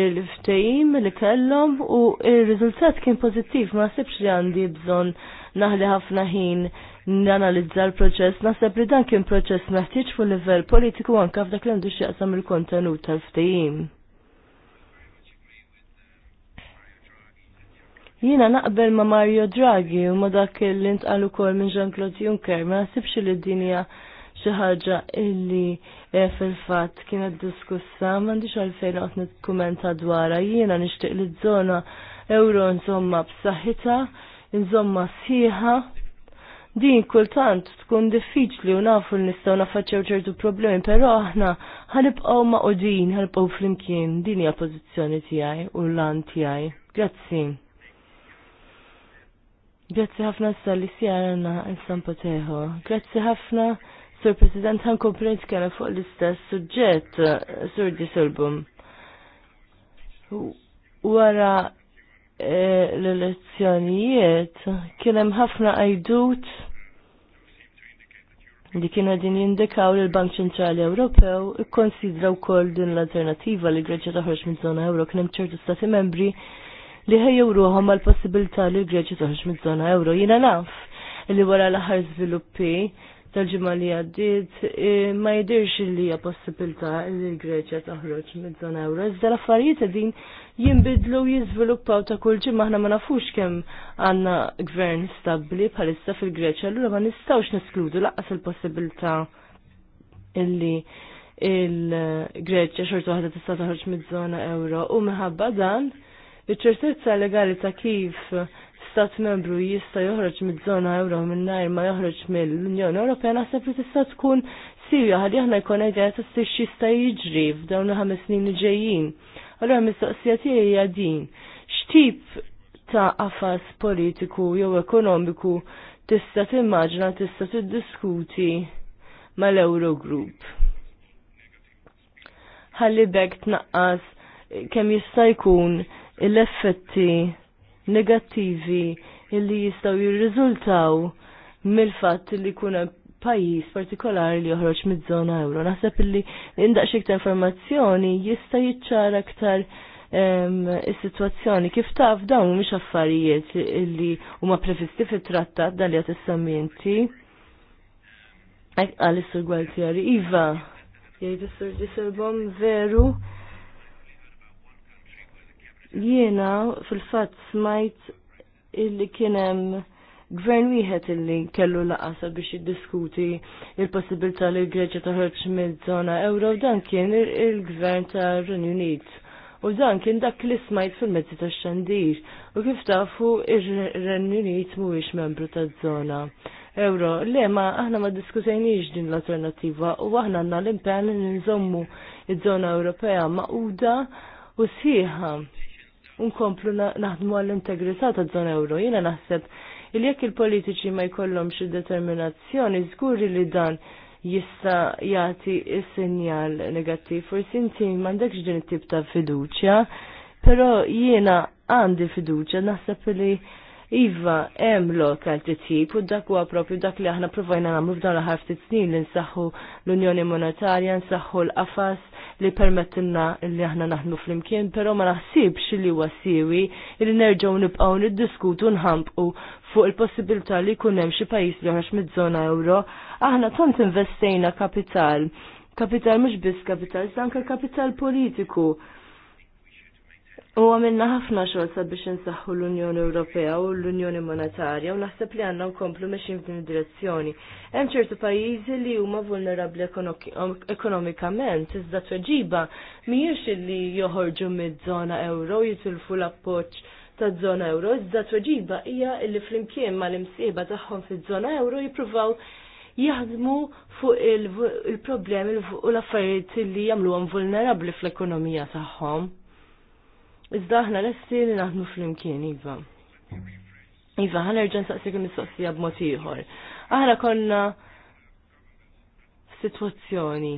il-ftejim li kellhom u il-riżultat kien pożittiv ma sebx li għandi bżonn naħli ħafna ħin nanalizza l-proċess, naħseb li dan kien proċess meħtieġ fuq livell politiku anke f'dak li għandu x'jaqsam il-kontenut tal-ftejim. Jina naqbel ma Mario Draghi u ma dak li ntqalu kol minn Jean-Claude Juncker, ma nasibx li d-dinja xi ħaġa illi E, fil-fatt kienet diskussa m'għandix għalfejn qed nikkumenta dwarha jiena nixtieq li żona euro insomma b'saħħitha, nżomma sħiħa. Din kultant tkun diffiċli u nafu li nistgħu nafaċċew ċertu problemi, però aħna ħanibqgħu maqudin, ħanibqgħu flimkien. Din hija pożizzjoni tiegħi u l-lan tiegħi. Grazzi. Grazzi ħafna Sali li sjarna il-sampoteħo. Grazzi ħafna. Sur President, għan komprens kena fuq l-istess suġġett, Sur Disolbum. Wara eh, l-elezzjonijiet, kienem ħafna għajdut li kienu din jindikaw li l-Bank Ċentrali Ewropew ikkonsidra wkoll din l-alternativa li Greċja toħroġ minn żona euro kien hemm ċertu stati membri li ħejjew ruħhom għal possibilità li l-Greċja toħroġ minn żona euro. Jiena naf li wara l-aħħar żviluppi tal-ġimma li għaddit e, ma jidirx li hija possibilità li l-Greċja taħroġ mid-żona euro. Iżda l-affarijiet din jinbidlu jiżviluppaw ta' kull ġimma aħna ma nafux kemm għandna gvern stabbli bħalissa fil-Greċja, allura ma nistgħux neskludu laqas il-possibilità illi il-Greċja xorta waħda tista' taħroġ mid-żona euro u minħabba dan iċ-ċertezza legali ta' kif stat membru jista' joħroġ miż-żona euro minnajr ma joħroġ mill-Unjoni Ewropea naħseb li tista' tkun sirja ħalli aħna jkun idea ta' ssir xista jiġri f'dawn il-ħames snin li ġejjin. Allura mistoqsija tiegħi hija din. X'tip ta' qafas politiku jew ekonomiku tista' timmaġna tista' tiddiskuti mal-Eurogroup. Ħalli bekk tnaqqas kemm jista' jkun l-effetti negattivi illi jistaw jirriżultaw mill-fatt li kuna pajis partikolari li joħroġ mid-żona euro. Naħseb illi indaq iktar informazzjoni jista' jiċċara aktar is-sitwazzjoni kif taf dawn mhumiex affarijiet illi huma previsti fit-trattat dan li qed issemmi inti. Għal sur Gualtieri, Iva, jgħid is-sur veru Jiena fil-fatt smajt illi kienem gvern wieħed illi kellu laqasa biex jiddiskuti il-possibilità li l-Greċja toħroġ mill-żona euro dan kien il-gvern ta' Renju Unit. U dan kien dak li smajt fil-mezzi ta' xandir. U kif tafu ir-Renju Unit mhuwiex membru taż-żona. Euro, le ma aħna ma diskutejniex din l-alternativa u aħna għandna l impen li nżommu iż-żona Ewropea maquda u sħiħa unkomplu naħdmu għall-integrità ta' zon euro. Jina naħseb il jekk il-politiċi ma jkollhomx id-determinazzjoni, żguri li dan jista' jagħti s-sinjal negattiv. Forsi inti m'għandekx din it-tip ta' fiduċja, però jiena għandi fiduċja naħseb li Iva, hemm lokal titjib u dak huwa propju dak li aħna provajna nagħmlu f'dan l-ħar ftit snin li nsaħħu l-Unjoni Monetarja, nsaħħu l-qafas li permettilna li aħna naħnu flimkien, però ma naħsibx li huwa siwi li nerġgħu nibqgħu niddiskutu nħampqu fuq il-possibilità li jkun hemm xi pajjiż li ħax mid-żona euro, aħna tant investejna kapital kapital mhux biss kapital, anke kapital politiku U għamilna ħafna xogħol sabiex insaħħu l-Unjoni Ewropea u l-Unjoni Monetarja u naħseb li għandna nkomplu meċi f'din id-direzzjoni. Hemm ċertu pajjiżi li huma vulnerabbli ekonomikament, iżda tweġiba mhijiex li joħorġu mid-żona euro jitilfu l-appoġġ ta' żona euro, iżda tweġiba hija li flimkien mal-imsieba tagħhom fiż-żona euro jippruvaw jaħdmu fuq il-problemi u l-affarijiet li jagħmluhom vulnerabbli fl-ekonomija tagħhom. Iżda aħna lesti li naħdmu fl-imkien, Iva. Iva, ħana rġan saqsik mistoqsija b'mod ieħor. Aħna konna situazzjoni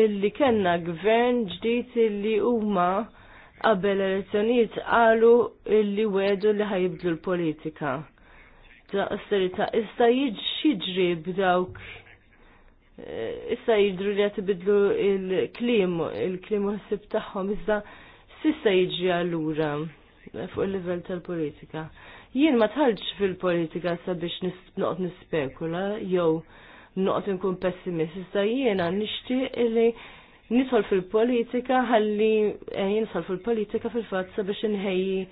illi kellna gvern ġdijt illi huma qabel elezzjonijiet qalu illi wedu li ħajibdu l-politika. ta' s-serita, issa jiġri b'dawk issa jidru li għatibidlu il-klim, il-klim għasib taħħom, issa sissa jidġi għallura fuq il-level tal-politika. Jien ma tħalġ fil-politika sabiex noqt nispekula, jew noqt nkun pessimist, issa jiena nishti li nisol fil-politika, ħalli jien eh, nisol fil-politika fil-fat sabiex nħeji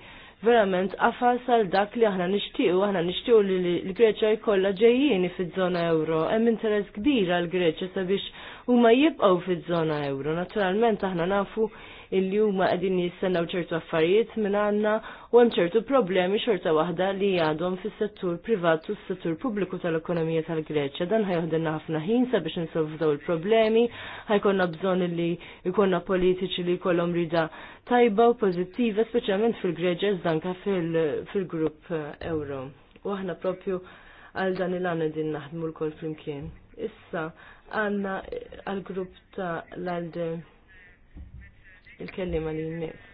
verament qafas għal dak li aħna nixtiequ, aħna nishtiq li l-Greċja jkollha ġejjini fiż zona euro, hemm interess kbir l Greċja sabiex huma jibqgħu fiż-żona euro. Naturalment aħna nafu illi huma qegħdin jistennew ċertu affarijiet minn għandna u hemm ċertu problemi xorta waħda li għadhom fis-settur privat u s-settur pubbliku tal-ekonomija tal-Greċja. Dan ħajħodilna ħafna ħin sabiex insolvu daw il-problemi, ħajkonna bżonn li jkollna politiċi li jkollhom rida tajba u pożittiva, speċjalment fil-Greċja żdanka fil-grupp eh, Euro. U aħna propju għal dan il għanna din naħdmu l-kol flimkien. Issa, għanna eh, għal-grupp ta' l-għalde il-kellima li jmiss.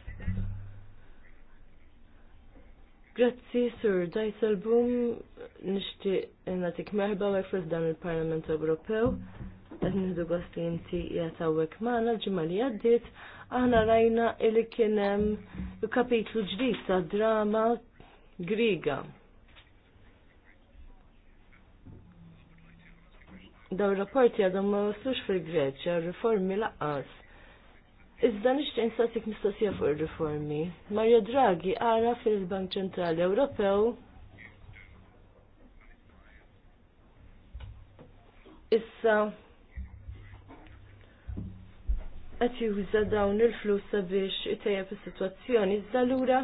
Grazzi, Sur Dijsselboom, nishti natik merħba għek fil dan il-Parlament Ewropew, għed nħidu għasti jinti jgħatawek maħna l-ġimma li għaddit, aħna rajna illi kienem kapitlu ġdid ta' drama griga. Daw rapporti għadhom ma waslux fil-Greċja, riformi laqqas Iżda nixtejn sasik mistoqsija fuq il riformi Mario Draghi ara fil-Bank Ċentrali Ewropew issa qed juża dawn il-flus sabiex itejjeb is-sitwazzjoni iżda lura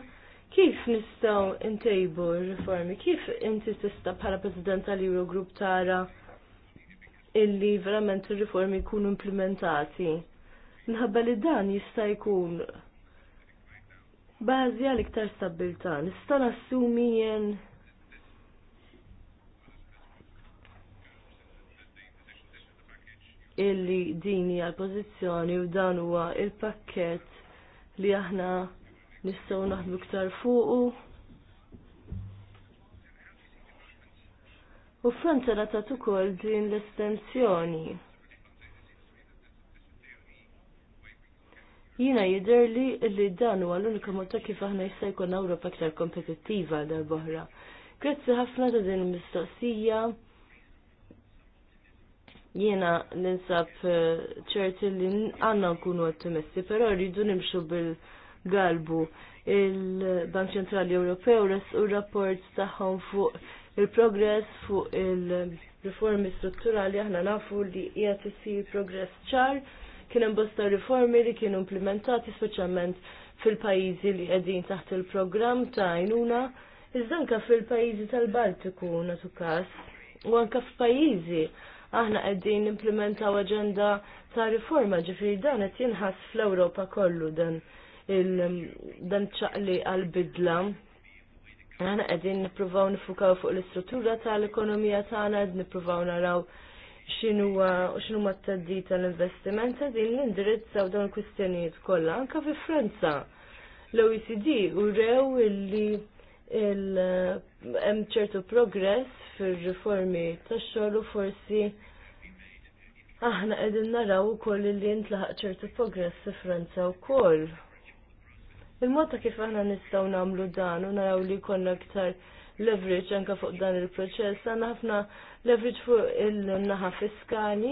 kif nistgħu ntejbu r-riformi? Kif inti tista' bħala President tal-Eurogroup tara illi verament ir-riformi jkunu implementati? minħabba li dan jista' jkun bażi għal iktar stabilta. Nista' nassumi jien illi dini għal pożizzjoni u dan huwa il-pakkett li aħna nistgħu naħdmu iktar fuqu. U Franza ratat ukoll din l-estensjoni. Jina jider li li dan huwa l-unika mod ta' kif aħna jista' jkun Ewropa aktar kompetittiva boħra. Grazzi ħafna ta' din il-mistoqsija. Jiena ninsab eh, ċerti li għanna nkunu ottimisti, però rridu nimxu bil-galbu il-Bank Ċentrali Ewropew u rapport tagħhom fuq il-progress fuq il-riformi strutturali aħna nafu li jgħat isir progress ċar Kien hemm bosta riformi li kienu implementati speċjalment fil-pajjiżi li qegħdin taħt il-programm ta' għajnuna, iżda anke fil-pajjiżi tal-Baltiku natu każ, u anke f'pajjiżi aħna qegħdin implementaw aġenda ta' riforma ġifieri dan qed jinħass fl-Ewropa kollu dan il-dan ċaqli għal-bidla. Għana għedin nipruvaw nifukaw fuq l-istruttura tal-ekonomija tagħna, għedin nippruvaw naraw x'inhuwa ma t-taddid tal-investiment din l-indirizzaw dawn il-kwistjonijiet kollha anke fi Franza. L-OECD u rew illi hemm ċertu progress fir-riformi tax-xogħol u forsi aħna qegħdin naraw ukoll li ntlaħaq ċertu progress fi Franza wkoll. Il-mod ta' kif aħna nistgħu nagħmlu dan u naraw li jkollna ktar leverage anka fuq dan il-proċess, għanna ħafna leverage fuq il-naħa fiskali.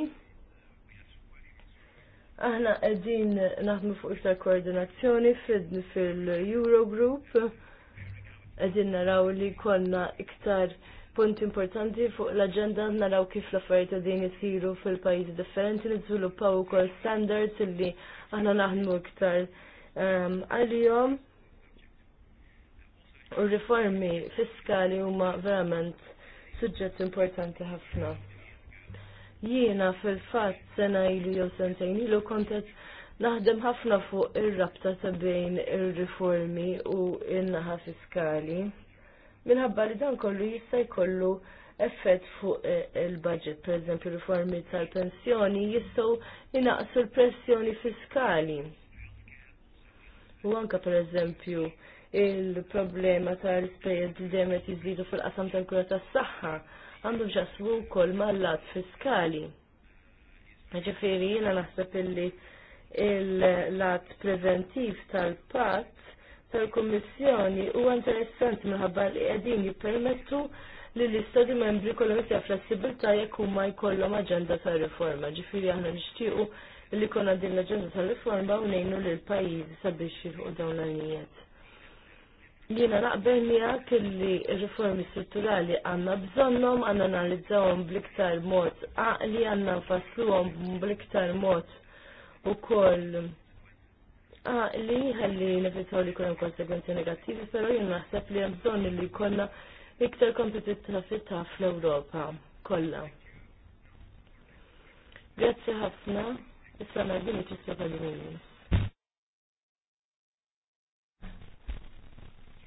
Aħna qegħdin naħdmu fuq iktar koordinazzjoni fil-Eurogroup, qegħdin naraw li konna iktar punt importanti fuq l-agenda naraw kif l-affarijiet din isiru fil-pajjiżi differenti niżviluppaw ukoll standards illi aħna naħdmu iktar ehm, għalihom u riformi fiskali huma verament suġġett importanti ħafna. Jiena fil-fatt sena ilu jew sentejn ilu kontet naħdem ħafna fuq ir-rabta ta' bejn ir-riformi u in-naħa fiskali. Minħabba li dan kollu jista' jkollu effett fuq il-budget, per eżempju riformi tal-pensjoni jistgħu jinaqsu l-pressjoni fiskali. U anka per eżempju il-problema tal-ispejjeż li dejjem qed jiżdiedu fil-qasam tal-kura tas-saħħa għandu ġaslu wkoll mal-lat fiskali. Ġifieri jiena naħseb illi il-lat preventiv tal-patt tal-Kummissjoni huwa interessanti minħabba li qegħdin jippermettu li l istadi membri kollhom isja flessibilità jekk huma jkollhom aġenda tal-riforma. Ġifieri aħna nixtiequ li konna din l-aġenda tal-riforma u ngħinu lill pajjiżi sabiex jirqu dawn l-għanijiet. Jiena naqbel miegħek li riformi strutturali għandna bżonnhom, għandna analizzawhom bliktar mod għaqli, għandna nfassluhom bliktar mod ukoll għaqli ħalli nifitħu li kunem konsekwenzi negattivi, però jien naħseb li hemm bżonn li jkollna iktar kompetittività fl-Ewropa kollha. Grazzi ħafna, issa ma' għadini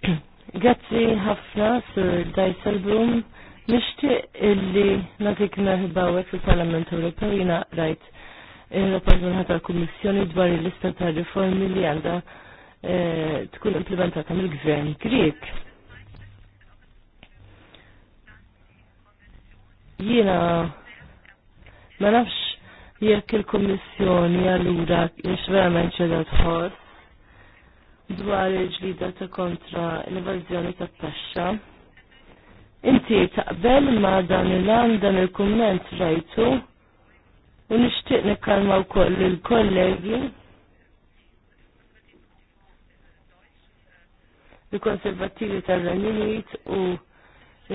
Grazzi ħafna sur Dijsselbloem. Nixtieq illi natik merħba hawnhekk fil-Parlament Ewropew jina rajt ir-rapport minn tal-Kummissjoni dwar il-lista ta' riformi li għandha eh, tkun implementata mill-Gvern Grieg. Jiena ma nafx jekk il-Kummissjoni allura x verament ċedha tħoss dwar il-ġlida ta' kontra l evazjoni ta' taxxa. Inti taqbel ma' dan il-għan dan il-komment rajtu u nixtieq nikkalma wkoll il-kollegi il-konservativi tal-Renjunit u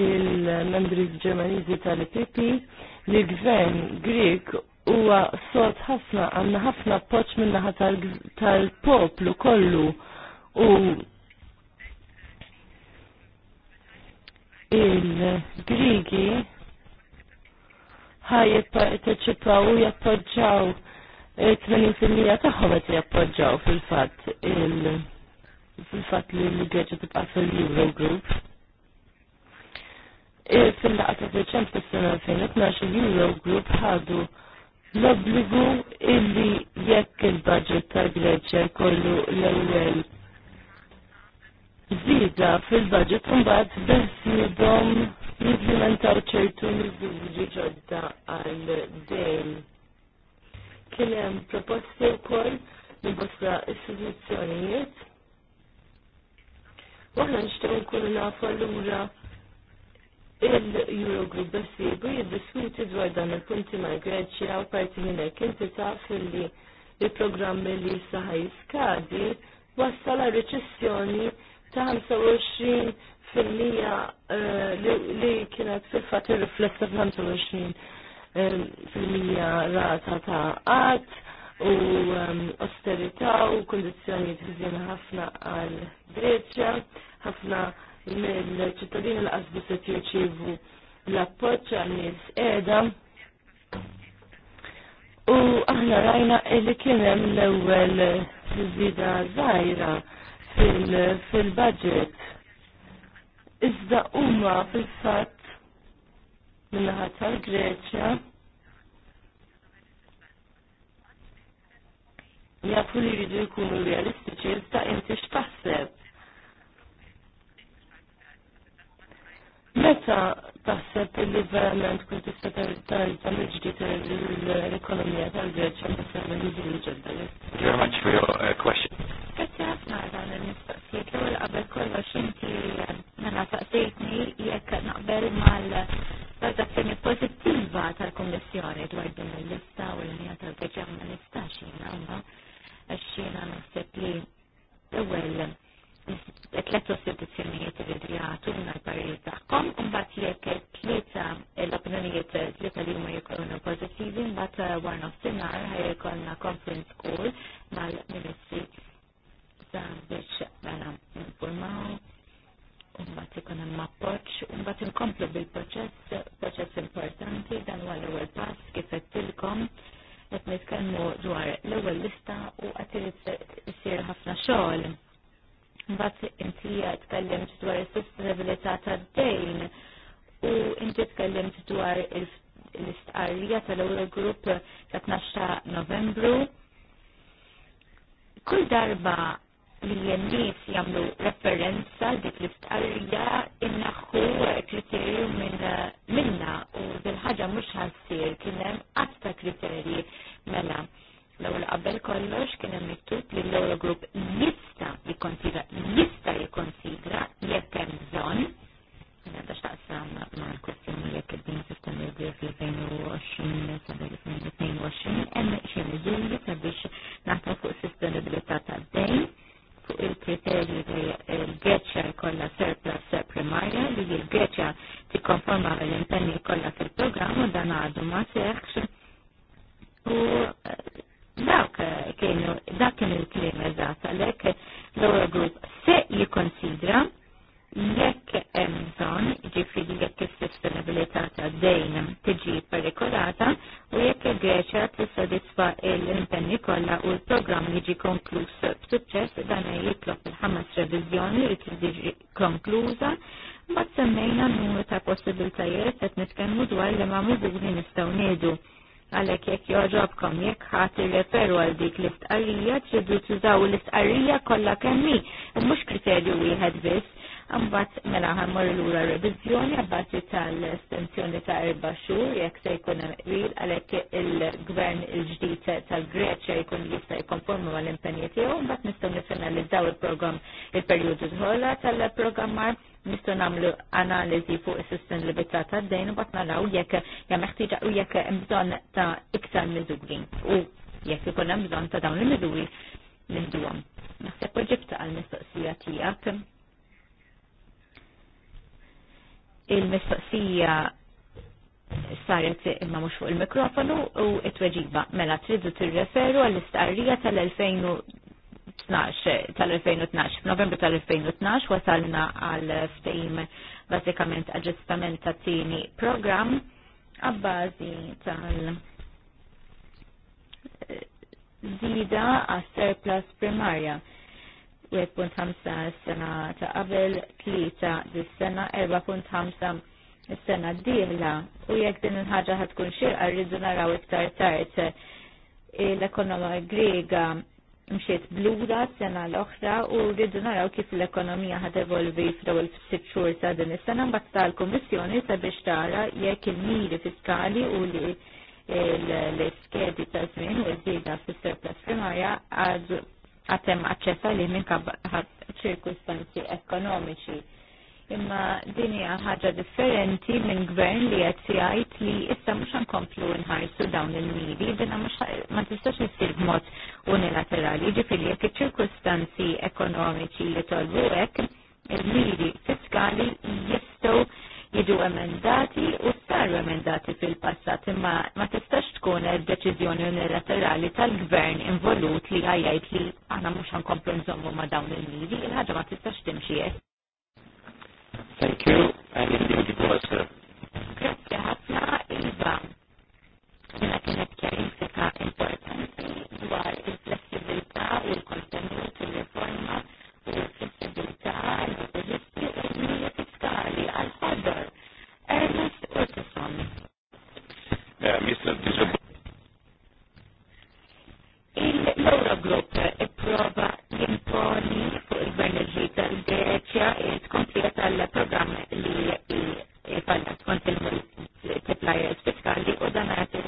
il-membri ġermaniżi tal-PP li gvern Grek huwa sort ħafna għandna ħafna poċ minnaħa tal-poplu kollu u il-Grigi ħaj jipparteċipaw u jappoġġaw 80% eh, tagħhom qed jappoġġaw fil-fatt il- fil-fatt li l-Greċja tibqa' fil-Eurogroup. Eh, Fil-laqgħa ta' Deċembru tas-sena 2012 il-Eurogroup ħadu l-obbligu illi jekk il-budget tal-Greċja kollu l-ewwel zida fil-budget mbagħad bezzidom implementaw ċertu miżuri ġodda għal dejn. Kien hemm proposti wkoll minn bosta istituzzjonijiet. Waħna nixtieq nkunu nafu allura il-Eurogroup besibu jiddiskuti dwar dan il-punti ma' Greċja u parti minnek inti taf li il-programmi li saħaj skadi wassal għal reċessjoni ta' 25 fil-mija eh, li kienet fil-fat riflessa b'25 ehm, fil-mija rata ta' qatt u ehm, austerità u kondizjoni ħażina ħafna għal Greċja, ħafna mill-ċittadini l-qasbu se jirċievu l-appoġġ għal nies qiegħda. U aħna rajna li kien hemm l-ewwel żida żgħira fil-budget. Iżda huma fil-fatt minnaħat tal-Greċja jafu li jridu jkunu realistiċi iżda inti x'taħseb. Meta taħseb li verament kull tista' tarita mill l-ekonomija tal-Greċja meta li ġodda. Thank you very much for your uh, question dawn il-mistoqsijiet l-ewwel qabel kollox inti nagħna mela, saqsejtni jekk naqbel mal-valutazzjoni pożittiva tal-Kummissjoni dwar din il-lista u l-linja tal-deġa ma nistax jiena imma għax jiena naħseb li l-ewwel tlet sostituzzjonijiet irridu jagħtu minn l-parijiet tagħhom, imbagħad jekk tlieta l-opinjonijiet tlieta li huma jkunu pożittivi, mbagħad wara nofsinhar ħajr ikollna conference call mal-Ministri iżda biex għana mela informaw, unbat ikun hemm appoġġ, unbat inkomplu bil-proċess, proċess importanti dan huwa l-ewwel pass kif qedtilkom qed nitkellmu dwar l-ewwel lista u qed isir ħafna xogħol. Mbagħad inti tkellimt dwar is-sustenabilità tad-dejn u inti tkellimt dwar l-istqarrija tal-ewwel grupp ta' 12 Novembru. Kull darba li n-nies jagħmlu referenza dik l-istqarrija innaħħu kriterju minn eh, minna u dil-ħaġa mhux ħassir kien hemm qatt ta' kriterji mela. L-ewwel qabel kollox kien hemm miktub li l-Eurogroup jista' jikonsidra jista' jikkonsidra jekk hemm bżonn mela, għadda xtaqsam ma' l-kwestjoni jekk id-din sistem jirdi fil-2020 sal-2022 hemm xi miżuri sabiex naħdmu fuq sostenibilità tad-dejn fuq il-kriterji li l-Greċja jkollha surplus primarja li l-Greċja tikkonforma mal-impenni jkollha fil-programm u dan għadu ma seħħx. U eh, dak eh, kienu dak kien il klim eżatt għalhekk l-ewwel grupp se jikkonsidra jekk hemm bżonn, ġifieri jekk is-sostenibilità tad-dejn tiġi perikolata u jekk il-Greċja tissodisfa l-impenni kollha u l-programm jiġi konkluż b'suċċess dan jitlob il-ħames reviżjoni li tiġi konkluża mbagħad semmejna n-numru ta' possibiltajiet qed nitkellmu dwar li ma' miżuri nistgħu ngħidu għalek jek joġobkom jek ħat referu għal dik l-istqarrija tridu tużaw l-istqarrija kollha kemmi, mux kriterju wieħed biss, Mbagħad mela ħammur lura reviżjoni għabbażi tal-estensjoni ta' erba' xhur jekk se jkun hemm għalek għalhekk il-gvern il-ġdid tal-Greċja jkun jista' jkonformu mal-impenji tiegħu mbagħad nistgħu nifinalizzaw il-programm il-perjodu żħola tal-programmar nistgħu nagħmlu analiżi fuq is-sistemibilità tad-dejn u mbagħad naraw jekk hemm u jekk hemm bżonn ta' iktar miżuri u jekk ikun hemm bżonn ta' dawn il-miżuri nieħduhom. Naħseb Naxsepp uġibta għal-mistoqsija tiegħek il-mistoqsija saret imma mhux fuq il-mikrofonu u it-tweġiba mela tridu tirreferu għall istarrija tal-2012 tal-2012 f'Novembru tal-2012 wasalna għal ftehim bażikament aġġustament ta' tieni programm għabbażi tal- zida għas surplus primarja 1.5 sena ta' qabel, 3 dis-sena, 4.5 sena d u jekk din il-ħaġa ħatkun xirqa rridu naraw iktar tard l-ekonomija Grega mxiet blura sena l-oħra u rridu naraw kif l-ekonomija ħad evolvi fl-ewwel ftit xhur ta' din is-sena mbagħad tal-Kummissjoni sabiex tara jekk il-miri fiskali u li l-iskedi ta' żmien u l-żieda fis-surplus primarja għad għatem għacċessa li minn kabħat ċirkustanzi ekonomiċi. Imma dini ħaġa differenti minn gvern li qed jgħid li issa mhux nkomplu nħarsu dawn il-miri, dinna mhux ma tistax issir b'mod unilaterali, Jiġifieri jekk iċ-ċirkustanzi ekonomiċi li tolbu hekk il-miri fiskali jistgħu Jidu emendati u saru emendati fil-passat imma ma tistax tkun deċiżjoni unilaterali tal-gvern involut li għajajt li għana mux għankomplu nżommu ma dawn il-miri, il-ħagġa ma tistax timxie. Thank you, and indeed it Grazie ħafna, Iva. Jena kienet kjarifika importanti dwar il-flessibilità u l-kontenut, il-reforma u l-flessibilità, l-oppożizzjoni u l-mijiet ġenerali għal ħadar. Ernest Urtason. Eh, Mr. Bishop. Il-Eurogroup prova jimponi fuq il-Gvern tal-Greċja tkompleta l-programm li fallat kont il-multipliers fiskali u dan għat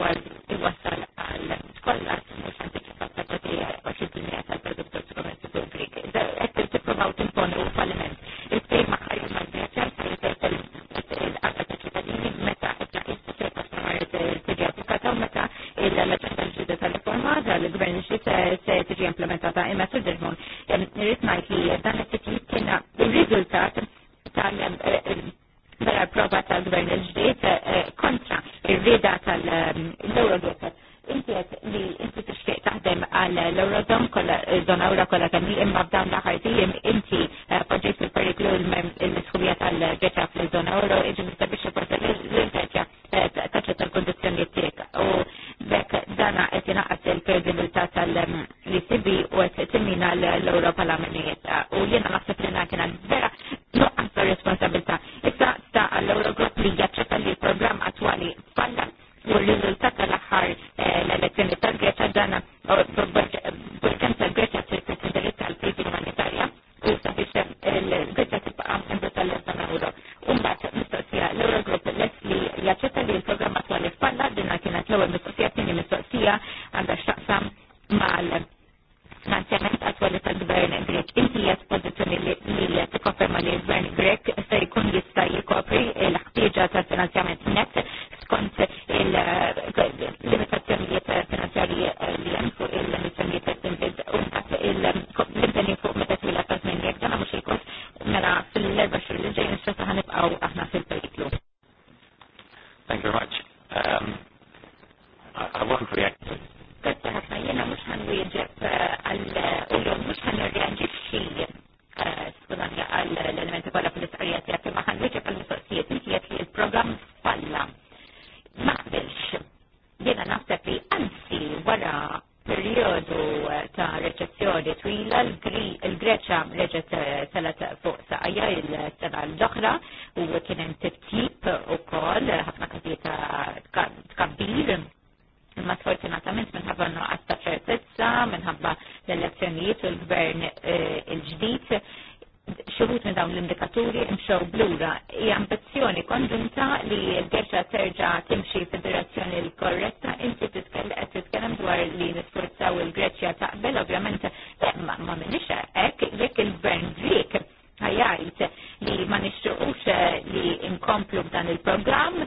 iwassal għal kollat mux antiċipat ta' 20% tal-produttor skomessu publik nippruvaw timponu falliment. Il-tema ħajma l-bieċer se il-qata ta' ċittadini meta it-taqis ċirkostanariet tiġi ta' meta l-leġenda ġdida tal-riforma tal-gvern ġdid se tiġi implementata imma fil-ġermun. Irrid ngħid li dan it-titjib kien ir-riżultat tal- vera prova tal-gvern il-ġdid kontra ir-rida tal-Eurogroup intiet li inti tixtieq taħdem għal l-Eurodom eh, zona ura kollha kemm imma b'dawn l-aħħar tiem inti eh, poġġejt fil-periklu l-isħubija tal-ġeċa fil-żona euro iġi sabiex forsi l-Greċja eh, taċċetta l-kondizzjonijiet tiegħek u bekk dana qed inaqqas il-kredibilità tal-ECB u qed timmina l-Ewropa l-għamilijiet u jiena naħseb li kien vera nuqqas ta' responsabilità. Issa sta għall-Eurogrupp li jaċċetta li l-programm attwali falla u l riżultat tal-elezzjoni tal-Greċa ġana korretta, inti titkellem qed titkellem dwar li nisforzaw il-Greċja taqbel, ovvjament eh, ma minix hekk jekk il-Gvern Grek ħajajt li ma nixtruqux eh, li inkomplu b'dan il-programm,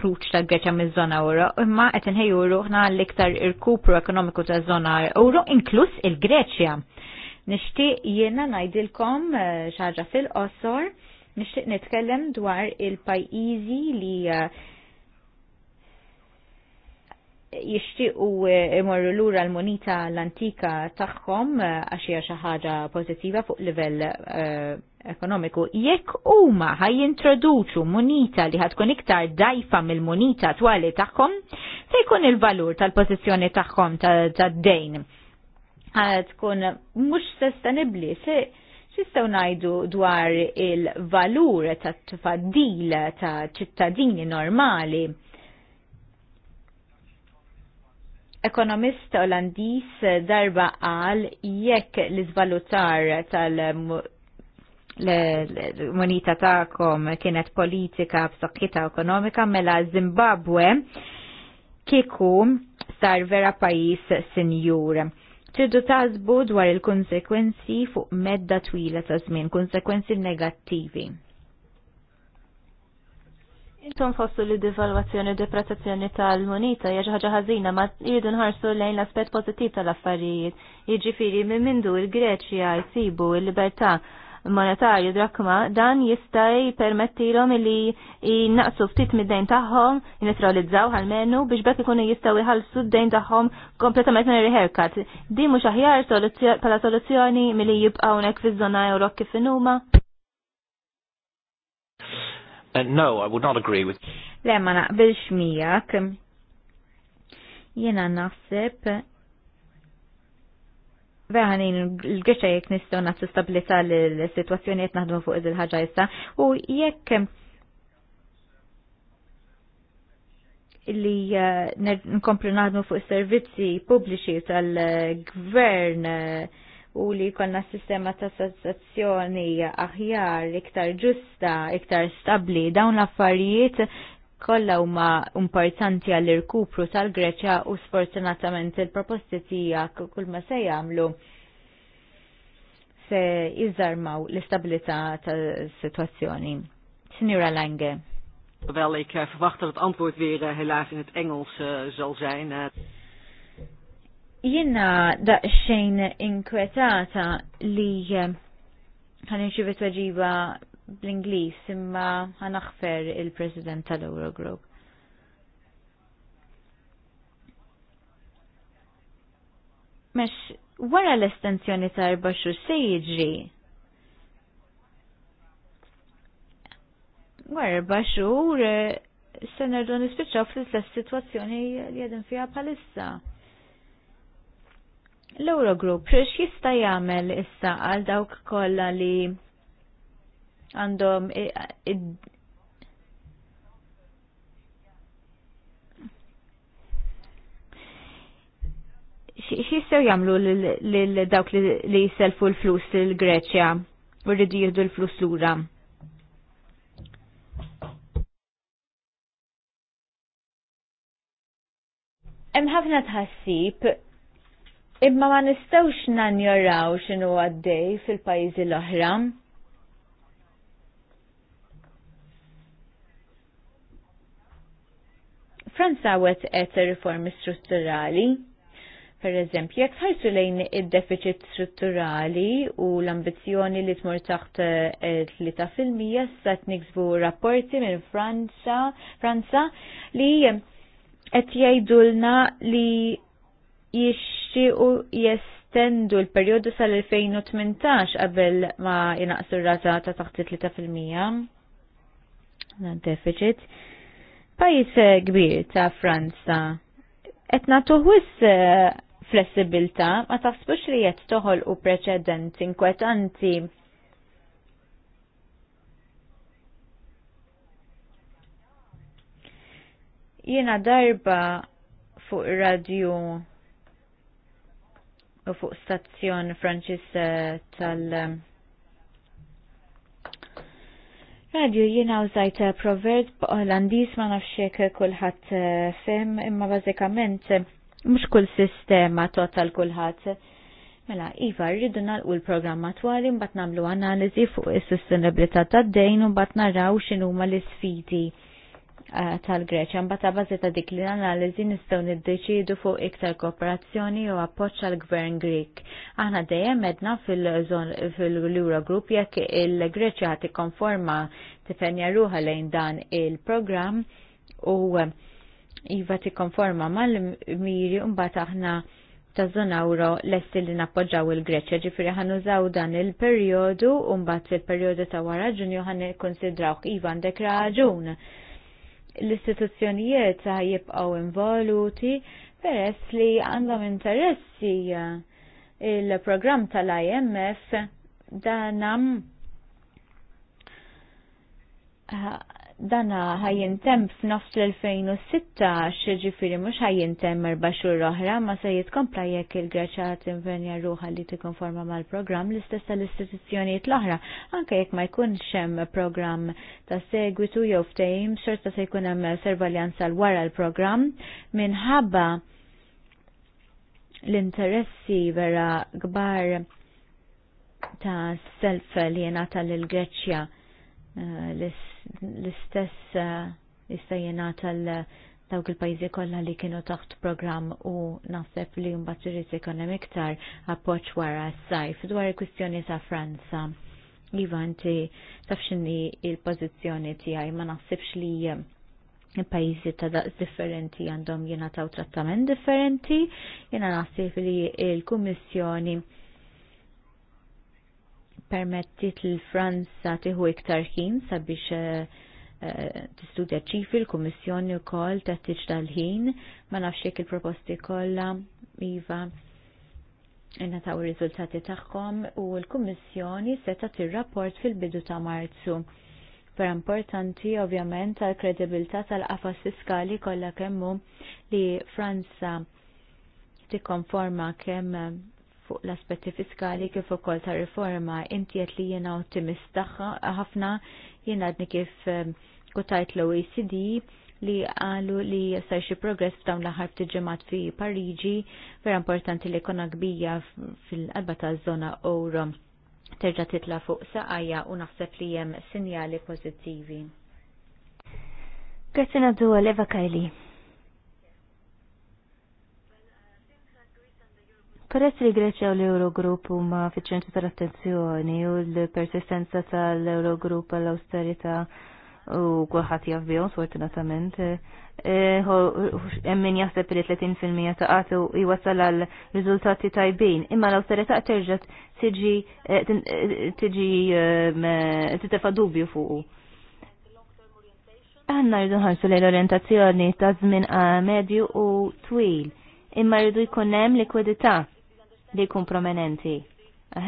ħruġ ta' Greċja miż-żona euro, imma qed inħejju ruħna l-iktar irkupru ekonomiku ta' żona euro inkluż il-Greċja. Nixtieq jiena ngħidilkom eh, xi fil-qosor nixtieq nitkellem dwar il-pajjiżi li eh, jixtiequ eh, imorru lura l-monita l-antika tagħhom eh, għax hija xi ħaġa pożittiva fuq livell eh, ekonomiku jekk huma ħajintroduċu monita li ħatkun iktar dajfa mill-monita twali tagħhom se jkun il-valur tal-pożizzjoni tagħhom tad-dejn tkun mhux sostenibbli se xistaw najdu dwar il-valur ta' tfaddil ta' ċittadini normali Ekonomist Olandis eh, darba qal jekk l-izvalutar tal l-monita ta'kom kienet politika b'sokkita ekonomika mela Zimbabwe kieku sar vera pajis sinjur. Tridu tażbu dwar il-konsekwenzi fuq medda twila ta' żmien, konsekwenzi negattivi. Intom fossu li devalwazzjoni u deprezzazzjoni tal-monita hija xi ħaġa ħażina ma jridu nħarsu lejn l-aspett pozittiv tal-affarijiet. Jiġifieri minn mindu il-Greċja jsibu l-libertà monetarju drakma dan jista' permettilom li jnaqsu ftit mid-dejn tagħhom, jineutralizzaw ħalmenu biex bekk ikunu jistgħu jħallsu d-dejn tagħhom kompletament minn haircut. Di mhux aħjar bħala soluzzjoni milli jibqgħu hawnhekk fiż-żona Ewrop kif inhuma? Uh, no, I would not agree with. Le ma naqbilx miegħek. Jiena naħseb Verħanin, l-għiċa jek nistaw nafsu stabilita l-situazzjoni jek naħdmu fuq id-ħagġa jissa u jekk li uh, nkomplu naħdmu fuq servizzi pubbliċi tal-gvern uh, u li konna sistema ta' sensazzjoni aħjar, iktar ġusta, iktar stabli, dawn l-affarijiet kollha huma importanti għall irkupru tal-Greċja u sfortunatament il-proposti tiegħek kull ma se jagħmlu se jiżarmaw l-istabilità tas-sitwazzjoni. Sinjura Lange. Wel, ik eh, verwacht dat het antwoord weer eh, helaas in het Engels eh, zal zijn. Jina xejn inkwetata li eh, ħan irċivi tweġiba bl-Inglis imma aħfer il-President tal-Eurogroup. Mesh, wara l-estenzjoni ta' erba' xhur se jiġri wara xur eh, se nerdu nispiċċaw fl-istess situazzjoni li għedin fija palissa. L-Eurogroup x'jista' jagħmel issa għal dawk kollha li għandhom xistaw jamlu l-dawk li jiselfu l-flus l-Greċja u rridu jihdu l-flus l-ura? Hemm ħafna tħassib Imma ma nistawx nanjoraw xinu għaddej fil-pajizi l-oħra. Franza għet għet riformi strutturali. Per eżempju, jekk ħarsu lejn id-deficit strutturali u l-ambizjoni li tmur taħt 3% eh, sa niksbu rapporti minn Franza, Franza li eh, qed jgħidulna li jixtiequ jestendu l-perjodu sal-2018 qabel ma jinaqsu r-rata ta' taħt 3% dan deficit. Pajis eh, kbir ta' Franza qed nagħtu eh, flessibilta ma taħsbux li qed toħol u preċedent inkwetanti jiena darba fuq radio u fuq stazzjon Franċis eh, tal- eh, Radio jiena użajt eh, proverb Olandis ma nafxek kulħadd fem imma bażikament mhux kull sistema total kulħadd. Mela, Iva, rridu nalqu l-programm twali mbagħad nagħmlu analiżi fuq is-sustenabilità tad-dejn u mbagħad naraw x'inhuma l-isfidi Eh, tal-Greċja. Mbagħad bażi ta' dik li analiżi nistgħu niddeċidu fuq iktar kooperazzjoni u appoċ għal gvern Grek. Aħna dejjem edna fil-Eurogroup jekk il-Greċja tikkonforma tifenja ruħa lejn dan il-programm u eh, iva tikkonforma mal-miri mbagħad aħna ta' zona euro l-essi li nappoġġaw il-Greċja ġifiri ħanużaw dan il-periodu un bat il-periodu ta' wara ġunju ħan konsidraw iva għandek raġun l-istituzzjonijiet jibqaw involuti peress li għandhom interessi eh, il-programm tal-IMF danam um, dana ħajjintem f'nofs l-2016, ġifiri mux ħajjintem erba xhur oħra, ma se jitkompla jekk il-Greċa t-invenja ruħa li tikkonforma mal-programm l-istess tal-istituzzjonijiet l-oħra, anke jekk ma jkunx hemm programm ta' segwitu jew ftehim, xorta se jkun hemm servaljanza l wara l-programm minħabba l-interessi vera kbar ta' self li jenata l-Greċja eh, l-istess l-istess eh, jista' jingħata dawk il-pajjiżi kollha li kienu taħt programm u naħseb li mbagħad irid ikun hemm iktar appoġġ wara s-sajf dwar il-kwistjoni ta' Franza. Iva, inti taf il l-pożizzjoni tiegħi ma naħsibx li il-pajzi eh, ta' daqs differenti għandhom jena taw trattament differenti, jena nasib li il-Kummissjoni permettit l-Franza tiħu iktar ħin sabiex eh, eh, tistudja ċifri l-Kummissjoni u kol ta' dal-ħin, ma nafx jekk il-proposti kollha iva inna taw il-rizultati tagħhom u l-Kummissjoni seta tir-rapport fil-bidu ta' Marzu. Per importanti ovvjament tal kredibilità tal-qafas fiskali kollha kemmu li Franza tikkonforma kemm fuq l-aspetti fiskali kif ukoll ta' riforma inti qed li jiena ottimist ħafna jiena għadni kif ehm, kutajt l-OECD li għalu li sar xi progress f'dawn l-aħħar ftit fi Parigi vera importanti li kona kbija fil-qalba taż-żona euro terġa' titla fuq saqajja u naħseb li hemm sinjali pożittivi. Grazie nagħdu għal Eva Kajli. Peress li Greċja u l-Eurogrupp huma fiċ-ċentru tal-attenzjoni u l-persistenza tal-Eurogrupp għall-austerità u kulħadd jaf bihom sfortunatament. Eh, hemm min jaħseb li 30% ta' qatu jwassal għal riżultati tajbin, imma l-awsterità terġa' tiġi eh, eh, tiġi titefa' dubju fuqu. Għanna rridu nħarsu lejn orientazzjoni ta' żmien medju u twil, imma rridu jkun hemm likwidità li jkun prominenti.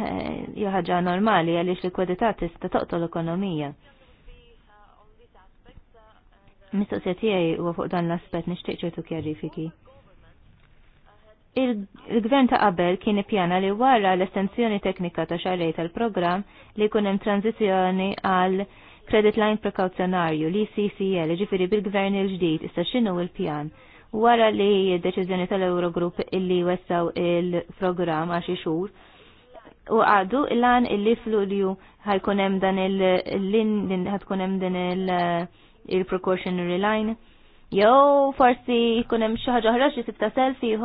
ħaġa normali għaliex likwidità tista' toqtol l-ekonomija. Mistoqsija tiegħi huwa fuq dan l-aspett nixtieq ċertu kjarifiki. Il-gvern ta' qabel kien ippjana li wara l-estensjoni teknika ta' xarrej tal-programm li jkun hemm tranzizzjoni għal Credit Line Prekawzjonarju li CCL ġifiri bil-gvern il-ġdid issa x'inhu il-pjan. il pjan wara li deċiżjoni tal-Eurogroup illi wessaw il-programm għax xhur u għadu il lan illi f'Lulju ħajkun hemm dan il-lin, hemm dan il-precautionary line. jew forsi jkun hemm xi ħaġa oħra xi sitta selfie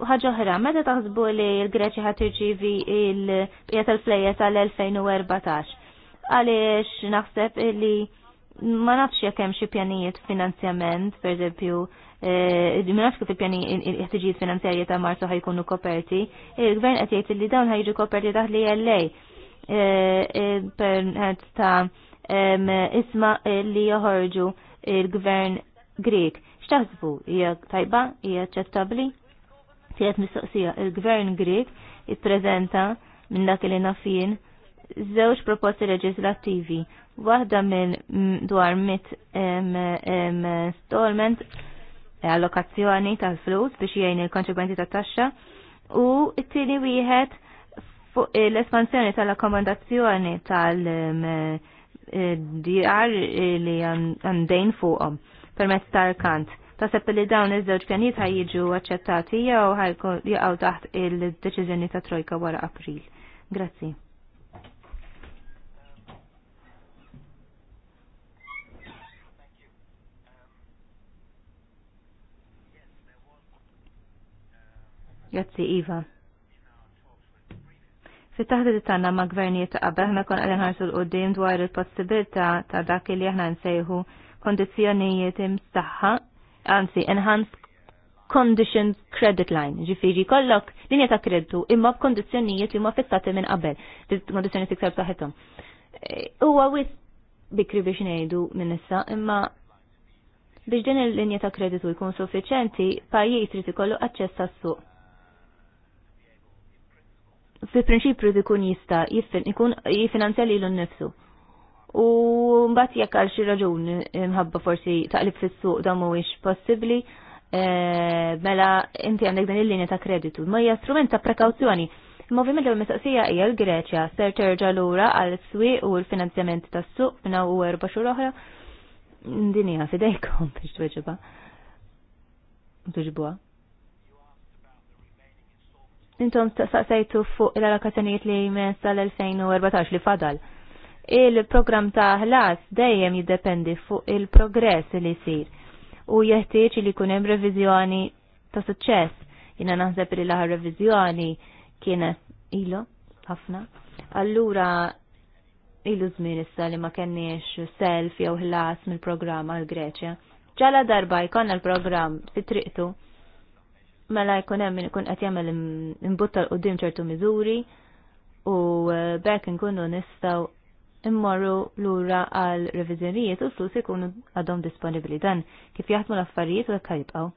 ħaġa oħra, meta taħsbu li l-Greċi ħatirċivi il-bija tal-flejja tal-2014? Għaliex naħseb li ma nafx jekk hemm xi pjanijiet finanzjament, pereżempju Eh, ma nafx kif il-pjani il-ħtiġijiet finanzjarji ta' marzu ħajkunu koperti, il-gvern qed jgħid li dawn ħajġu koperti daħ li LA eh, eh, permezz ta' isma li joħorġu il-gvern Grek. X'taħsbu hija tajba, hija aċċettabbli? Tiet mistoqsija, il-gvern Grek ippreżenta minn dak li nafin żewġ proposti leġislattivi waħda minn dwar mit installment allokazzjoni tal-flus biex jgħin il-kontribwenti ta' taxxa u t-tieni wieħed l-espansjoni tal akkomandazzjoni um, eh, tal-DR li għandejn fuqhom permezz tal-kant. Taseb li dawn iż-żewġ pjanijiet ħajjiġu aċċettati jew ħajkun jaqgħu taħt il-deċiżjoni ta' Trojka wara April. Grazzi. Grazzi, Iva. Fit-taħdid tagħna ma' gvernijiet ta' qabel ma kon qegħdin ħarsu l-qudiem dwar il-possibilità ta' dak li aħna nsejħu kondizzjonijiet imsaħħa, anzi enhanced conditions credit line, ġifiri kollok linja ta' kreditu imma b'kondizzjonijiet li ma fissati minn qabel, kondizzjonijiet iktar saħħithom. Huwa wis bikri biex ngħidu minn issa, imma biex din il-linja ta' kreditu jkun suffiċenti, pajjiż trid ikollu aċċess għas-suq fi prinċipju dikun jista' jiffinanzja lilu nnifsu. U mbagħad jekk għal xi raġun eh, mħabba forsi taqlib fis-suq da mhuwiex possibbli, eh, mela inti għandek din il-linja ta' kreditu. Ma hija strument ta' prekawzjoni. il ovvjament il-mistoqsija hija l-Greċja ser terġa' lura għal swi u l-finanzjament tas-suq minna u erba' xhur oħra. Din hija fidejkom biex tweġibha. Tuġbuha intom saqsajtu fuq l-allokazzjonijiet li jmess tal-2014 li fadal. Il-program ta' ħlas dejjem jiddependi fuq il-progress li jsir u jeħtieġ li jkun hemm reviżjoni ta' suċċess. Jiena naħseb li l-aħħar reviżjoni kienet ilu ħafna. Allura ilu żmien issa li ma kenniex self jew ħlas mill-programm għal Greċja. Ġala darba jkollna l-programm fit triqtu mela jkun hemm min ikun qed jagħmel imbutta l-qudiem ċertu miżuri u eh, bekk inkunu nistgħu immorru lura għal reviżjonijiet u l-flus ikunu għadhom disponibbli dan kif jaħdmu l-affarijiet u hekk jibqgħu.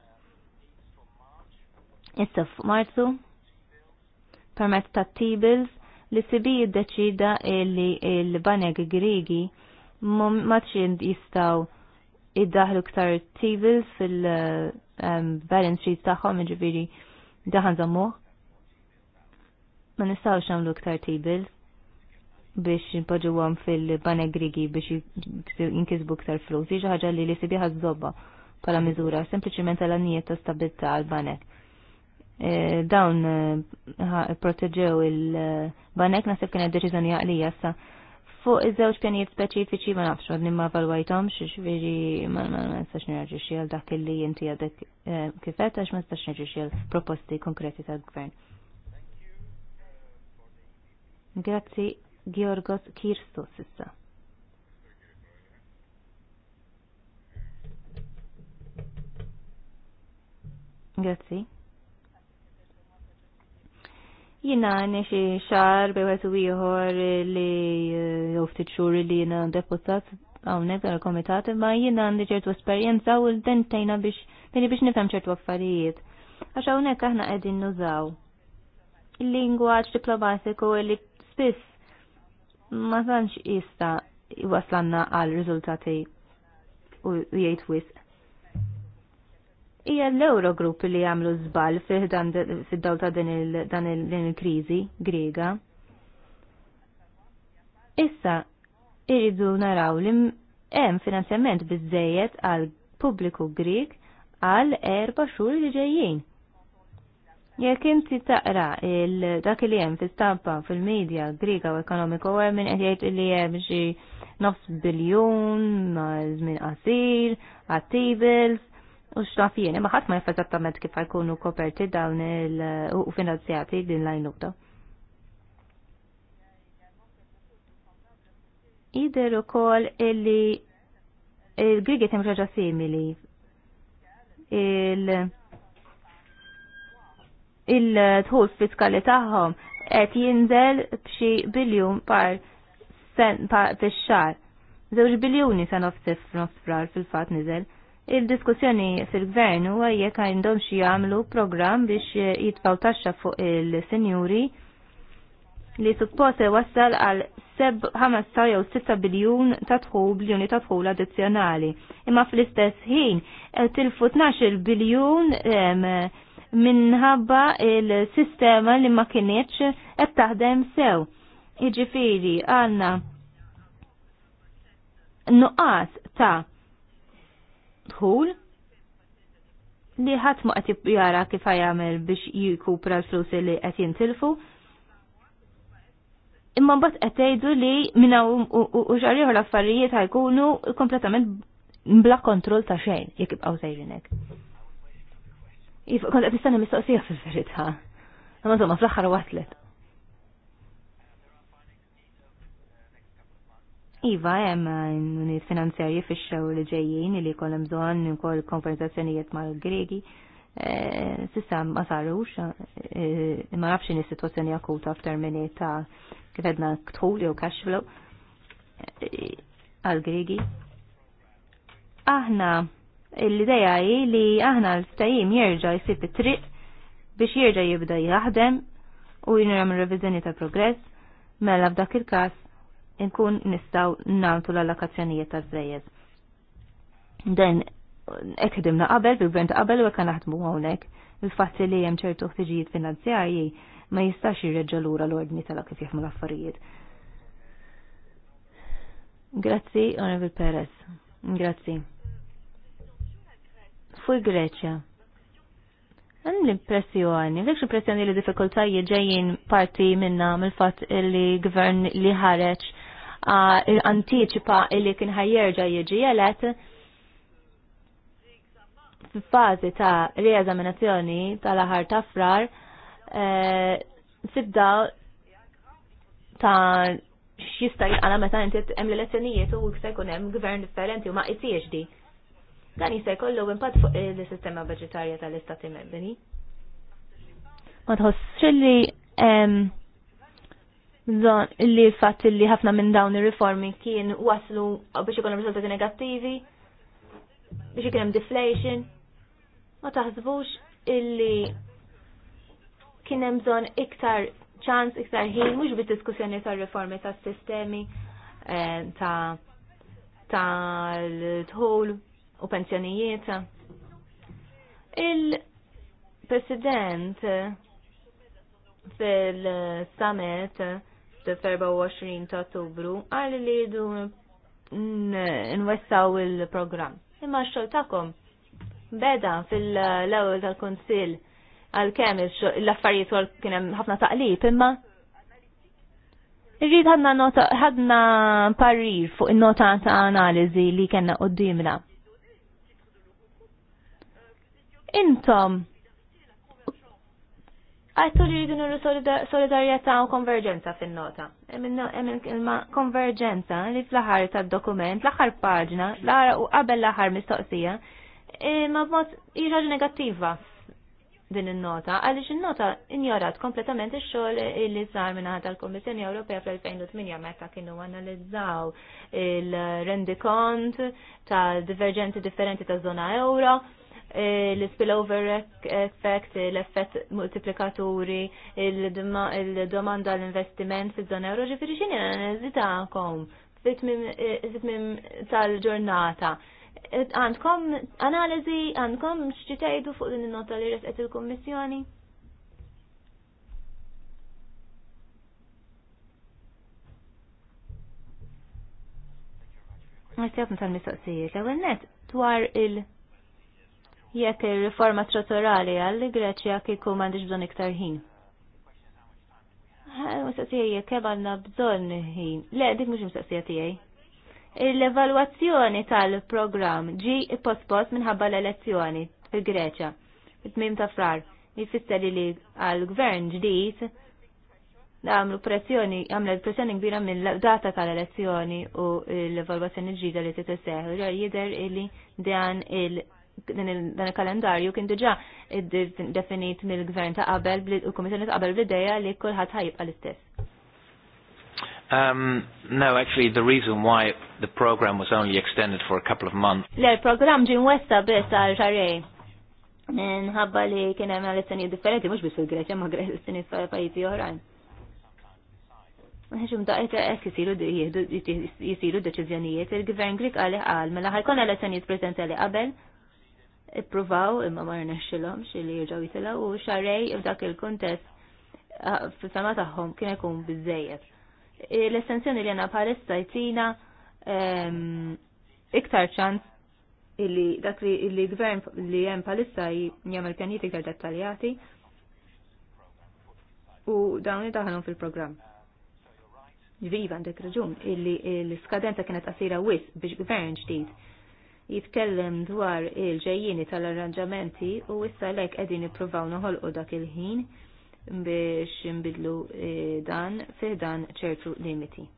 Issa Marzu permezz ta' T-bills li sibi jiddeċida li l-banek Grigi ma txind jistaw iddaħlu ktar tivil fil-balance um, sheet tagħhom ġifiri daħan zammu. Ma nistgħux nagħmlu ktar tables biex nipoġu għam fil-banek grigi biex jinkisbu ktar flus. Iġa ħagġa li li sibiħa zobba pala mizura, sempliciment għal għannijiet ta' stabilta għal-banek. E, dawn eh, proteġew il-banek eh, nasib kienet deċizjoni għalija sa Fuq iż-żewġ pjanijiet speċifiċi ma nafx għadni ma valwajtom xiex ma nistax nirraġi xiel dak li jinti għadek eh, kifet għax ma nistax nirraġi xiel proposti konkreti tal-gvern. Grazzi Georgos Kirsto sissa. Grazie. Jina għani xie xar bewet eh, u ieħor li uftit xur li jina deputat għawnek għal komitat ma jina għandi ċertu esperienza u l-dentajna biex biex nifem ċertu affarijiet. Għax għawnek aħna għedin nużaw il-lingwaġġ diplomatiku li spiss ma tantx jista waslanna għal riżultati u jgħid wisq hija l eurogrupp li jagħmlu żball fid-dawl ta' dan il-kriżi Griega. Issa iridu naraw li hemm finanzjament biżejjed għal pubbliku Grieg għal erba' xhur li ġejjin. Jekk inti taqra dak li hemm fil stampa fil-medja Griega u ekonomiku hemm min qed jgħid li hemm xi nofs biljun ma' żmien qasir, għat-tables, U xtaf jiena, ma ħadd ma jaf eżattament kif għajkunu koperti dawn il- u finanzjati din l-għajnuta. Ider ukoll illi il-Grigi tem ħaġa simili. Il- il-tħul fiskali tagħhom qed jinżel b'xi biljun par sen par fix xar Żewġ biljuni sa nofs fil-fatt niżel. Il-diskussjoni fil-gvern huwa jekk għandhom xi jagħmlu programm biex jitfgħu taxxa fuq il-senjuri li suppost wassal għal 5 jew 6 biljun ta' dħul biljuni ta' dħul addizzjonali. Imma fl-istess ħin eh, tilfu 12 biljun minħabba il-sistema li ma kienieċ qed taħdem sew. Iġifieri għandna nuqqas ta' dħul li ħadd ma qed jara kif jagħmel biex jikupra l-flus li qed jintilfu. Imma mbagħad qed tgħidu li minn hawn u xarriħu l-affarijiet ħajkunu kompletament bla kontroll ta' xejn jekk ibqgħu sejrinek. hekk. Iva, kont qed nistenna mistoqsija fil-verità. Imma insomma fl-aħħar waslet. Iva, hemm unit finanzjarji fix-xew li ġejjin li jkollhom bżonn ukoll konverzazzjonijiet mal-Gregi. E, sissa ma sarux, e, ma nafx in is-sitwazzjoni akuta f'termini ta' kif edna ktħul jew cash flow e, għal-Gregi. Aħna l-ideja hi li aħna l stajim jerġa' jsib it-triq biex jerġa' jibda jaħdem u jinram revizjoni ta' progress, mela f'dak il-każ nkun nistaw nantu l-allokazzjonijiet ta' żejjed. Den hekk qabel, bil brent qabel u hekk naħdmu hawnhekk. il fatti li hemm ċertu ħtiġijiet finanzjarji ma jistax jirreġġa lura l-ordni tal kif jaħmu l-affarijiet. Grazzi, Onorevil Perez. Grazzi. Fuj Greċja. Għan l-impressjoni, l impressjoni li diffikultajiet ġejjin parti minna mill-fat li gvern li ħareċ anticipa illi kien ħajjerġa jiġi jelet f'fażi ta' rieżaminazzjoni tal-aħar ta' frar e, sibda ta' x'jista' jaqala meta inti hemm l-elezzjonijiet u jista' jkun hemm gvern differenti u ma qisiex di. Dan jista' jkollu impatt fuq il-sistema budġetarja tal-istati membri. Ma tħossx li bżon li fatt li ħafna minn dawn ir-riformi kien waslu biex ikollhom riżultati negattivi, biex ikun hemm deflation. Ma taħsbux illi kien hemm bżonn iktar ċans iktar ħin mhux bit diskussjoni tar-riformi tas-sistemi eh, ta' tal-dħul u pensjonijiet. Il-President fil-Summit 24 ta' ottubru għal li n nwessaw il-programm. Imma x-xogħol tagħkom beda fil lawel tal-Kunsill għal kem l-affarijiet għal kien hemm ħafna taqlib imma Irrid ħadna nota ħadna parir fuq in-nota ta' analiżi li kellna qudiemna. Intom, Għattu li jridu nurru solidarieta u konverġenza fin-nota. Emmin ilma konverġenza li fl-aħħar tad-dokument, l-aħħar paġna, l ħar u qabel l-aħħar mistoqsija, e, ma b'mod hija negattiva din il-nota, għalix il-nota injorat kompletament il-xol li sar minna tal Komissjoni Ewropea fl-2008 meta kienu analizzaw il rendikont tal-divergenti differenti ta' zona euro Eh, l-spillover effect, l-effett multiplikaturi, il-domanda l-investiment fil zona euro, ġifiri xini n-nizitakom eh, fit-mim tal-ġurnata. Eh, għandkom analizi, għandkom xċitajdu fuq din il-nota li resqet il-kommissjoni? Għastjabn tal-mistoqsijiet, għu għennet dwar il- jekk ir-riforma trattorali għall-Greċja kieku m'għandix bżonn iktar ħin. Mistaqsija jekk hemm għandna bżonn ħin. Le, dik mhux mistaqsija tiegħi. L-evalwazzjoni tal-programm ġi postpost minħabba l-elezzjoni fil-Greċja fit-tmim ta' frar. Jfisser li għal-gvern ġdid għamlu pressjoni, għamlu pressjoni kbira minn data tal-elezzjoni u l-evalwazzjoni ġida li titesseħ. Jider illi dan il- dan il-kalendarju kien diġa definit mill-gvern ta' qabel u komissjoni ta' qabel bl-idea li kulħadd ħajibqa' l-istess. Um, no, actually, the reason why the program was only extended for a couple of months. Le, program ġin westa bis għal xarrej. Minħabba li kien hemm għal elezzjonijiet differenti, mhux biss fil-Greċja, ma grej elezzjonijiet f'pajjiżi oħrajn. Maħiex imdaqqa hekk eh, eh, eh, isiru jisiru deċiżjonijiet, il-Gvern Grik għal qal mela ħajkun prezenti preżenti qabel ippruvaw imma ma rnexxilhomx li jirġgħu jitilgħu u xarej f'dak il-kuntest fis-sema tagħhom kien ikun biżejjed. L-estensjoni li għandna bħalissa jtina iktar ċans illi dak li l-gvern li hemm bħalissa jagħmel pjanijiet iktar dettaljati u dawn daħlhom fil-programm. Jviva għandek raġun illi l-skadenza kienet qasira wis biex gvern ġdid jitkellem dwar il-ġejjini tal-arranġamenti u issa lek qegħdin ippruvaw noħolqu dak il-ħin biex nbidlu eh, dan fih dan ċertu limiti.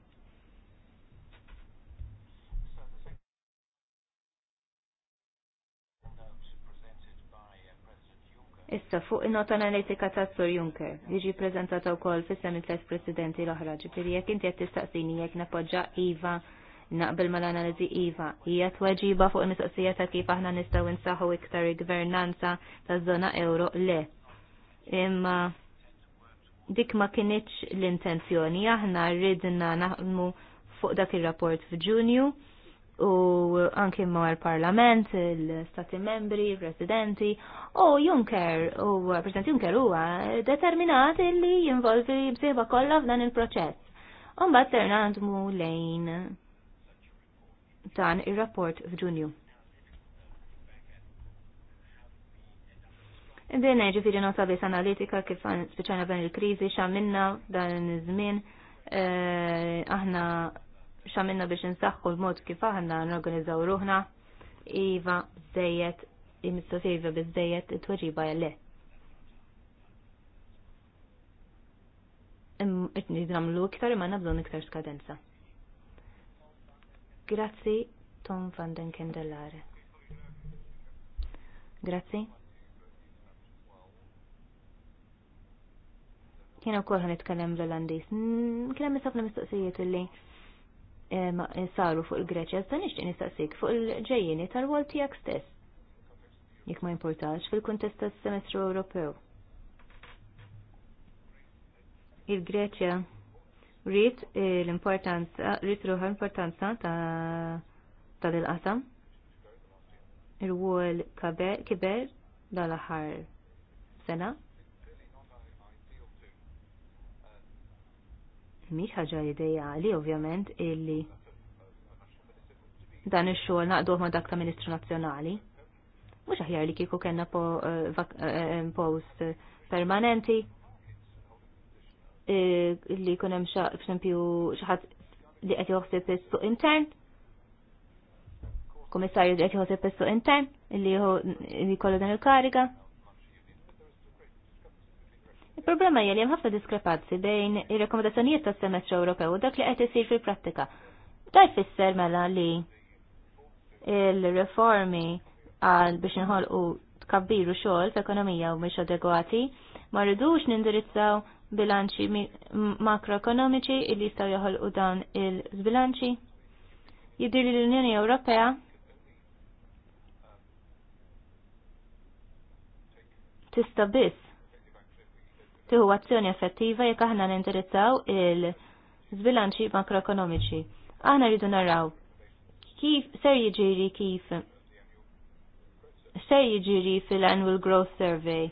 Issa fuq in-nota analitika ta' Sur Juncker, jiġi ppreżentata wkoll fis-semi tliet presidenti l-oħra, ġifieri jekk inti qed tistaqsini jekk napoġġa iva naqbel mal-analiżi IVA hija tweġiba fuq il-mistoqsija ta' kif aħna nistgħu nsaħħu iktar gvernanza taż-żona euro le. Imma dik ma kienieċ l-intenzjoni aħna rridna naħdmu fuq dak ir-rapport f'Ġunju u anki ma l-Parlament, l-Stati membri, il residenti u Juncker, u President Juncker huwa determinat li jinvolvi bsieba kollha f'dan il-proċess. Un terna għandmu lejn dan ir-rapport f'Ġunju. Dejna ġifiri nota bis analitika kif speċjana ben il-krizi xamminna dan iż-żmien eh, aħna xamminna biex nsaħħu l-mod kif aħna norganizzaw ruħna iva bżejjed iva bżejjed it-tweġiba le. nagħmlu iktar imma nabżon iktar skadenza. Grazzi Tom van den Kendellare. Grazzi. Kiena u kolħan itkellem l-Olandis. Kienem nisafna mistoqsijiet li saru fuq il-Greċja, zda nixtieq nistaqsik fuq il-ġejjini tal-wol tiegħek stess. Jekk ma importax fil-kuntest tas-semestru Ewropew. Il-Greċja rrit eh, l-importanza, rrit ruħa l-importanza ta' ta' dil-qasam. Ir-wol kiber dal-aħħar sena. Mhix ħaġa ideali ovvjament illi dan ix-xogħol naqduh ma' dak ta' Ministru Nazzjonali. Mhux aħjar li kieku kellna eh, eh, post permanenti Eh, li jkun hemm xempju xi ħadd li qed joħseb is-suq intern. Kummissarju li qed joħseb is-suq intern li jkollu dan il-kariga. Il-problema hija li hemm ħafna diskrepanzi bejn ir-rekomendazzjonijiet tas-semestru Ewropew u dak li qed isir fil-prattika. Da jfisser mela li il-reformi għal biex nħolqu tkabbiru xogħol f'ekonomija u mhix adegwati, ma rridux nindirizzaw bilanċi makroekonomiċi jistaw jistgħu joħolqu dawn il-bilanċi. Jidhir li l-Unjoni Ewropea tista' biss tieħu azzjoni effettiva jekk aħna nindirizzaw il-żbilanċi makroekonomiċi. Aħna rridu naraw kif ser jiġri kif ser jiġri fil-Annual Growth Survey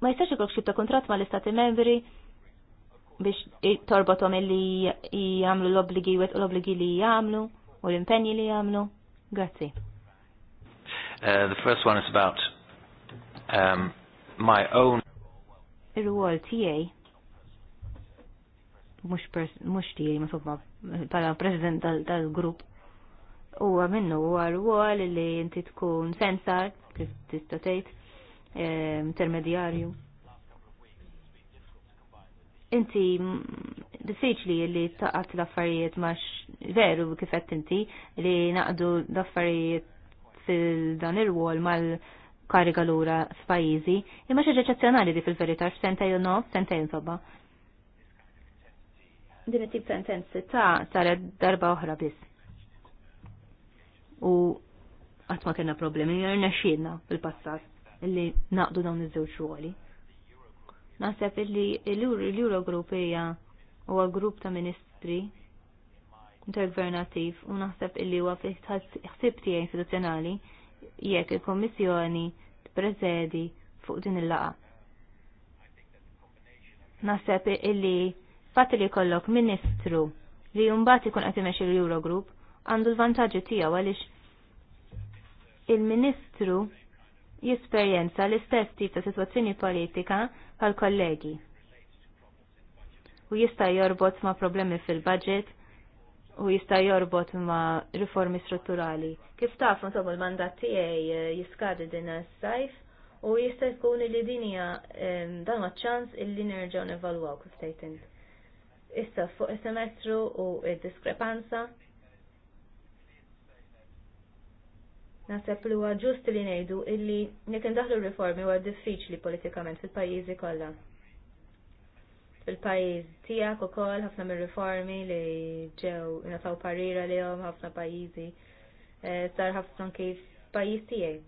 ma jistax ikollok xi ta' kontratt mal-istati membri biex torbotom illi jagħmlu l-obbligi wet u l-obbligi li jagħmlu u l-impenji li jagħmlu. Grazzi. Uh, the first one is about um, my own ir-rwol tiegħi mhux tiegħi ma sopma bħala president tal-grupp huwa minnu huwa rwol li inti tkun sensar kif tista' tgħid intermedjarju. Inti diffiċli li taqat l-affarijiet max veru kifett inti li naqdu l-affarijiet fil-dan il-wol mal-kariga l-ura f'pajizi, imma xaġa eccezzjonali di fil-verità f'sentej u nof, sentej u sobba. Din it-tip ta' saret darba oħra biss. U għatma kena problemi, jirna xienna fil-passat li naqdu dawn iż-żewġ ruoli. Naħseb li l-Eurogroup hija huwa grupp ta' ministri intergovernativ u naħseb illi huwa fi ħsieb tiegħi istituzzjonali jekk il-Kommissjoni tippreżedi fuq din il laqgħa Naħseb illi fatt li jkollok ministru li mbagħad ikun qed imexxi l-Eurogroup għandu l-vantaġġi tiegħu għaliex il-ministru jesperjenza l-istess tip ta' situazzjoni politika pal kollegi u jista' jorbot ma' problemi fil-budget u jista' jorbot ma' riformi strutturali. Kif taf nsobu l-mandat tiegħi eh, jiskadi din is-sajf u jista' jkun li din hija dan ma' ċans illi nerġgħu nevalwaw kif tgħid Issa fuq is-semestru u d-diskrepanza Naseb li huwa ġust li ngħidu illi jekk indaħlu riformi huwa diffiċli politikament fil-pajjiżi kollha. Fil-pajjiż tiegħek ukoll ħafna mir-riformi li ġew ingħataw parira lihom ħafna pajjiżi eh, sar ħafna kif pajjiż tiegħi.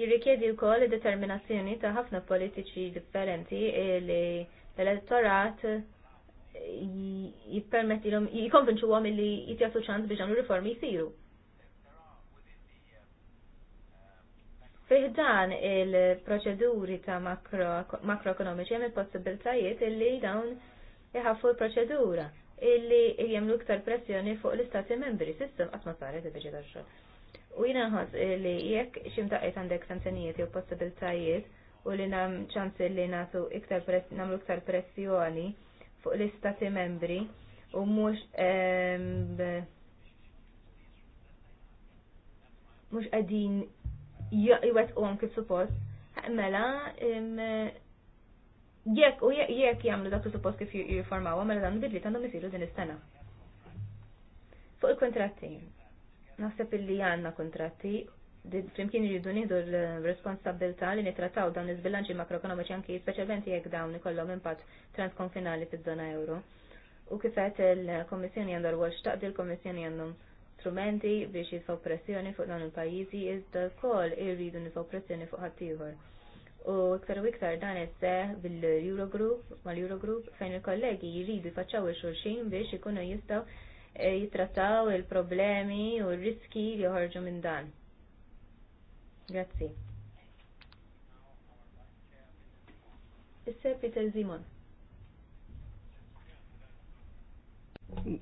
Jirrikjedi wkoll determinazzjoni ta' ħafna politiċi differenti li l-elettorat jippermettilhom jikkonvinċuhom illi jitjagħtu ċans biex għamlu riformi jsiru Fiħdan il-proċeduri ta' makroekonomiċi hemm il-possibiltajiet illi dawn jħaffu l-proċedura illi jemlu iktar pressjoni fuq l-istati membri, sistem għatma saret il-bieġi xogħol. U jina nħoss li jekk ximtaqqiet għandek sanzjonijiet jew possibiltajiet u li nam ċans illi natu iktar namlu iktar pressjoni fuq l-istati membri u mux mux ehm, għadin jwet u kif suppost. Mela, jekk u jekk jagħmlu dak suppost kif jiformaw, mela dan bidli għandhom isiru din is-sena. Fuq il-kontratti, naħseb illi għandna kontratti flimkien jridu nieħdu l-responsabilità li nitrataw dawn iż-bilanċi makroekonomiċi anki speċjalment jekk dawn ikollhom impatt transkonfinali fiż-żona euro. U kif qed il-Kommissjoni għandha rwol x'taqdi l-Kommissjoni għandhom strumenti biex jisfaw pressjoni fuq dawn il-pajjiżi iżda wkoll irridu nisfaw pressjoni fuq ħaddieħor. U iktar u iktar dan isseħ bil-Eurogroup, mal-Eurogroup fejn il-kollegi jridu faċċaw il-xulxin biex ikunu jistgħu eh, jitrattaw il-problemi u r-riski li joħorġu minn dan. Grazzi. is Peter Zimon.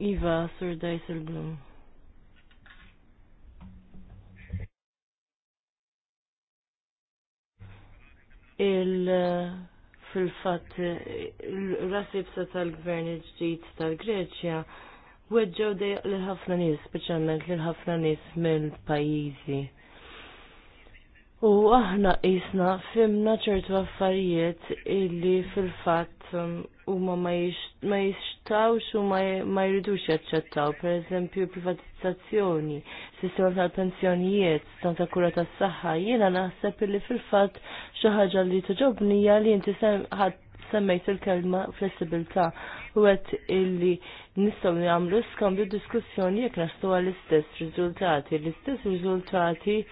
Iva, Sur Dijsselbloem. il- fil-fat rasibsa tal-gvern ġdid tal-Greċja weġġew dejjaq li ħafna nies, speċjalment li ħafna nies mill-pajjiżi U aħna isna fimna ċertu affarijiet illi fil-fatt um, huma ma jistawx u ma jridux jaċċettaw, per eżempju privatizzazzjoni, sistema tal-pensjonijiet, sistema ta' kura tas saħħa jiena naħseb illi fil-fatt xi ħaġa li toġobni hija li inti semmejt il-kelma flessibilità u għet illi nistaw nagħmlu skambju diskussjoni jekk nastu għall-istess riżultati. L-istess riżultati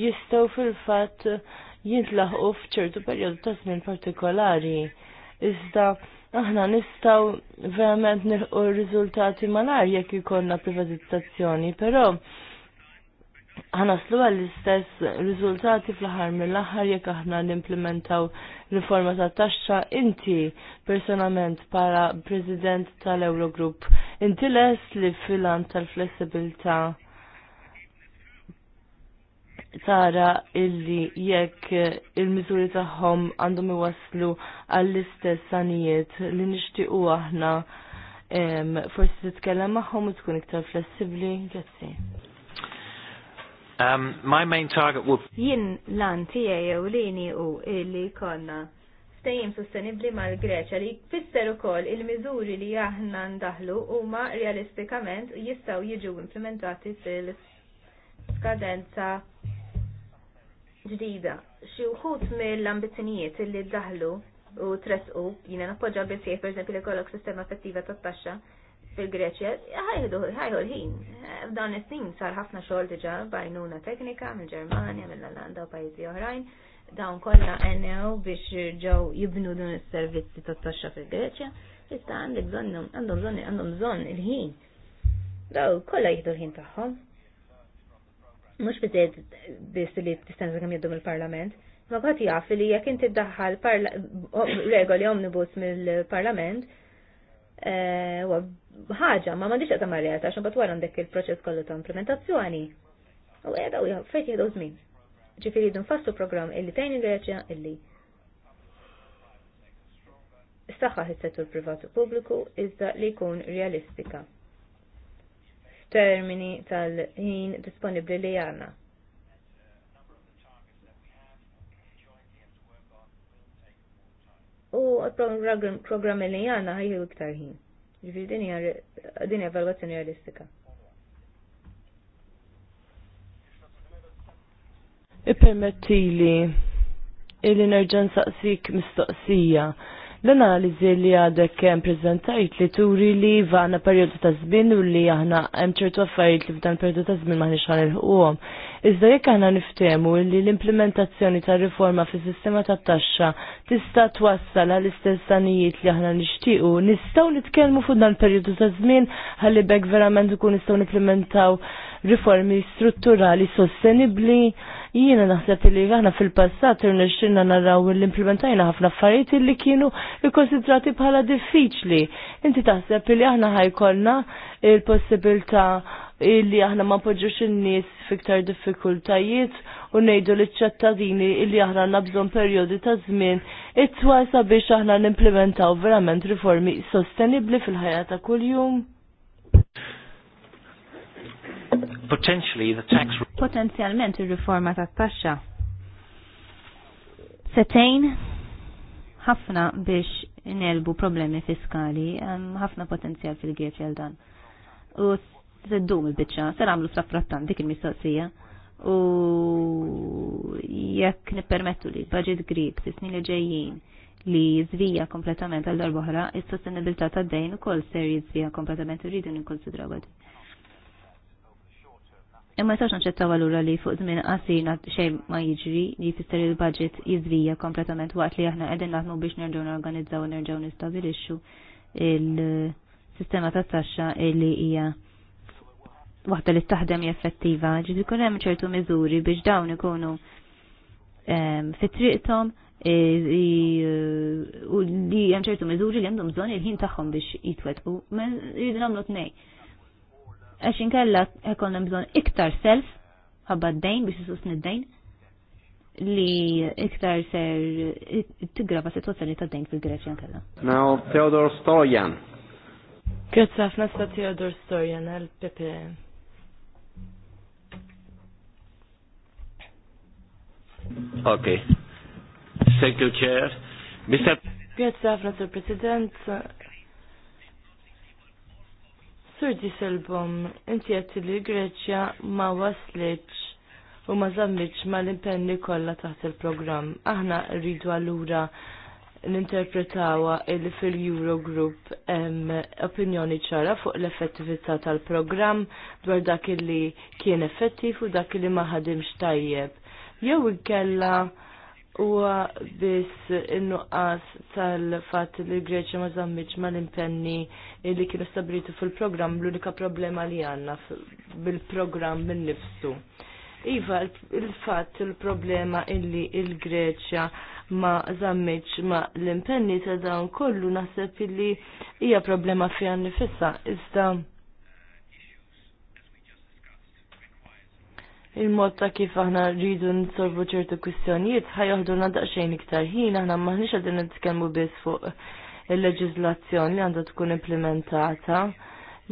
jistgħu fil-fatt jintlaħqu f'ċertu perjodu ta' żmien partikolari. Iżda aħna nistgħu verament nilqu r-riżultati malar jekk ikollna privatizzazzjoni, però ħanaslu għall-istess riżultati fl-ħar mill-ħar jekk aħna nimplementaw riforma ta' taxxa inti personalment para president tal-Eurogroup inti lest li filan tal-flessibilta tara illi jekk il-miżuri tagħhom għandhom iwaslu għall-istess sanijiet li nixtiequ aħna forsi titkellem magħhom u tkun iktar flessibbli. Grazzi. Um, my main target will Jien lan tiegħi ewlieni u illi konna stajim sostenibli mal-Greċa li jfisser ukoll il-miżuri li aħna ndaħlu huma realistikament jistgħu jiġu implementati fil-skadenza ġdida. Xi wħud mill-ambizzjonijiet li ddaħlu u tresqu jiena nappoġġa bissiej pereżempju li kollok sistema effettiva tat-taxxa fil-Greċja, ħajħdu ħajħu l-ħin. F'dan is-snin sar ħafna xogħol diġà bajnuna teknika mill-Ġermanja, mill-Olanda u pajjiżi oħrajn. Dawn kollha għennew biex ġew jibnu dun is-servizzi tat-taxxa fil-Greċja, issa għandek bżonn għandhom bżonn għandhom bżonn il-ħin. Daw kollha jieħdu l-ħin tagħhom mux bizzed biss li tistenza kam jeddum mill parlament ma għat jaff li jek inti daħħal regoli omnibus mill-parlament, e, ħaġa, ma mandiċ għata marrieta, xan bat wara għandek il-proċess kollu ta' implementazzjoni. U għeda u jgħu, fejt jgħu zmin. Ġifiri dun fassu program illi tajni reċja illi saħħa settur privatu pubbliku iżda li jkun realistika termini tal-ħin disponibli li għanna. U għal-programmi li għanna ħajju iktar ħin. Ġifiri din evalwazzjoni realistika. Ipermetti li il-inerġan saqsik mistoqsija l-analiżi li għadek hemm prezentajt li turi li għandna perjodu ta' żmien u li aħna hemm ċertu affarijiet li f'dan perjodu ta' żmien maħniex ħanilħuhom. Iżda jekk aħna niftehmu li l-implementazzjoni ta' riforma fis-sistema tat-taxxa tista' twassal għall istess anijiet li aħna nixtiequ, nistgħu nitkellmu fuq dan perjodu ta' żmien ħalli bekk verament ikun nistgħu nipplementaw riformi strutturali sostenibbli Jiena naħseb li aħna fil-passat irnexxilna narraw li implementajna ħafna affarijiet li kienu ikkonsidrati bħala diffiċli. Inti taħseb li aħna ħajkolna il-possibilità illi aħna ma poġġux in-nies fiktar diffikultajiet u ngħidu liċ-ċattadini illi aħna nabżon bżonn perjodi ta' żmien it-twasa biex aħna nimplementaw verament riformi sostenibbli fil-ħajja ta' kuljum. potentially the tax potenzjalment ir-riforma tat-taxxa setejn ħafna biex inelbu problemi fiskali, ħafna potenzjal fil-Greċja għal dan. U seddum il-bicċa, ser għamlu f'raffrattan dik il-mistoqsija. U jekk nippermettu li budget grip fis-snin li ġejjin li zvija kompletament għal darba oħra, is-sostenibilità tad-dejn ukoll ser jiżvija kompletament irridu nikkonsidraw għad. Imma jistax naċċettaw allura li fuq żmien qasir xejn ma jiġri li jfisser il-budget jizvija kompletament waqt li aħna qegħdin naħmu biex nerġgħu norganizzaw u nerġgħu nistabilixxu il-sistema tat-taxxa li hija waħda li taħdem effettiva, ġi kun hemm ċertu miżuri biex dawn ikunu ehm, fit-triqthom e, u li hemm ċertu miżuri li għandhom bżonn il-ħin tagħhom biex jitwetqu. Jridu nagħmlu tnej għax inkella ikollna bżonn iktar self ħabba d-dejn biex isusni d-dejn li iktar ser t tigrava situazzjoni ta' dejn fil-Greċja nkella. Now Theodor Stojan. Grazie ħafna sta Theodor Stojan, għal Pepe. Ok. Thank you, Chair. Mr. Grazie Mr. President. Sur Dieselbom, inti għet li Greċja ma waslitx u ma zammitx ma l-impenni kollha taħt il-programm. Aħna rridu allura interpretawa il fil-Eurogroup opinjoni ċara fuq l-effettività tal-programm dwar dak li kien effettiv u dak li ma ħadimx tajjeb. Jew kella huwa biss in-nuqqas tal-fatt li l-Greċja ma l mal-impenni li kienu stabilitu fil-programm l-unika problema li għandna bil-programm minn nifsu. Iva, il-fatt il-problema illi il-Greċja ma zammiċ ma l-impenni ta' dawn kollu naħseb illi hija problema fija nifissa. Iżda il-mod ta' kif aħna rridu nsolvu ċertu kwistjonijiet ħajoħduna daqsxejn iktar ħin aħna maħniex qegħdin nitkellmu biss fuq il-leġiżlazzjoni li għandha tkun implementata.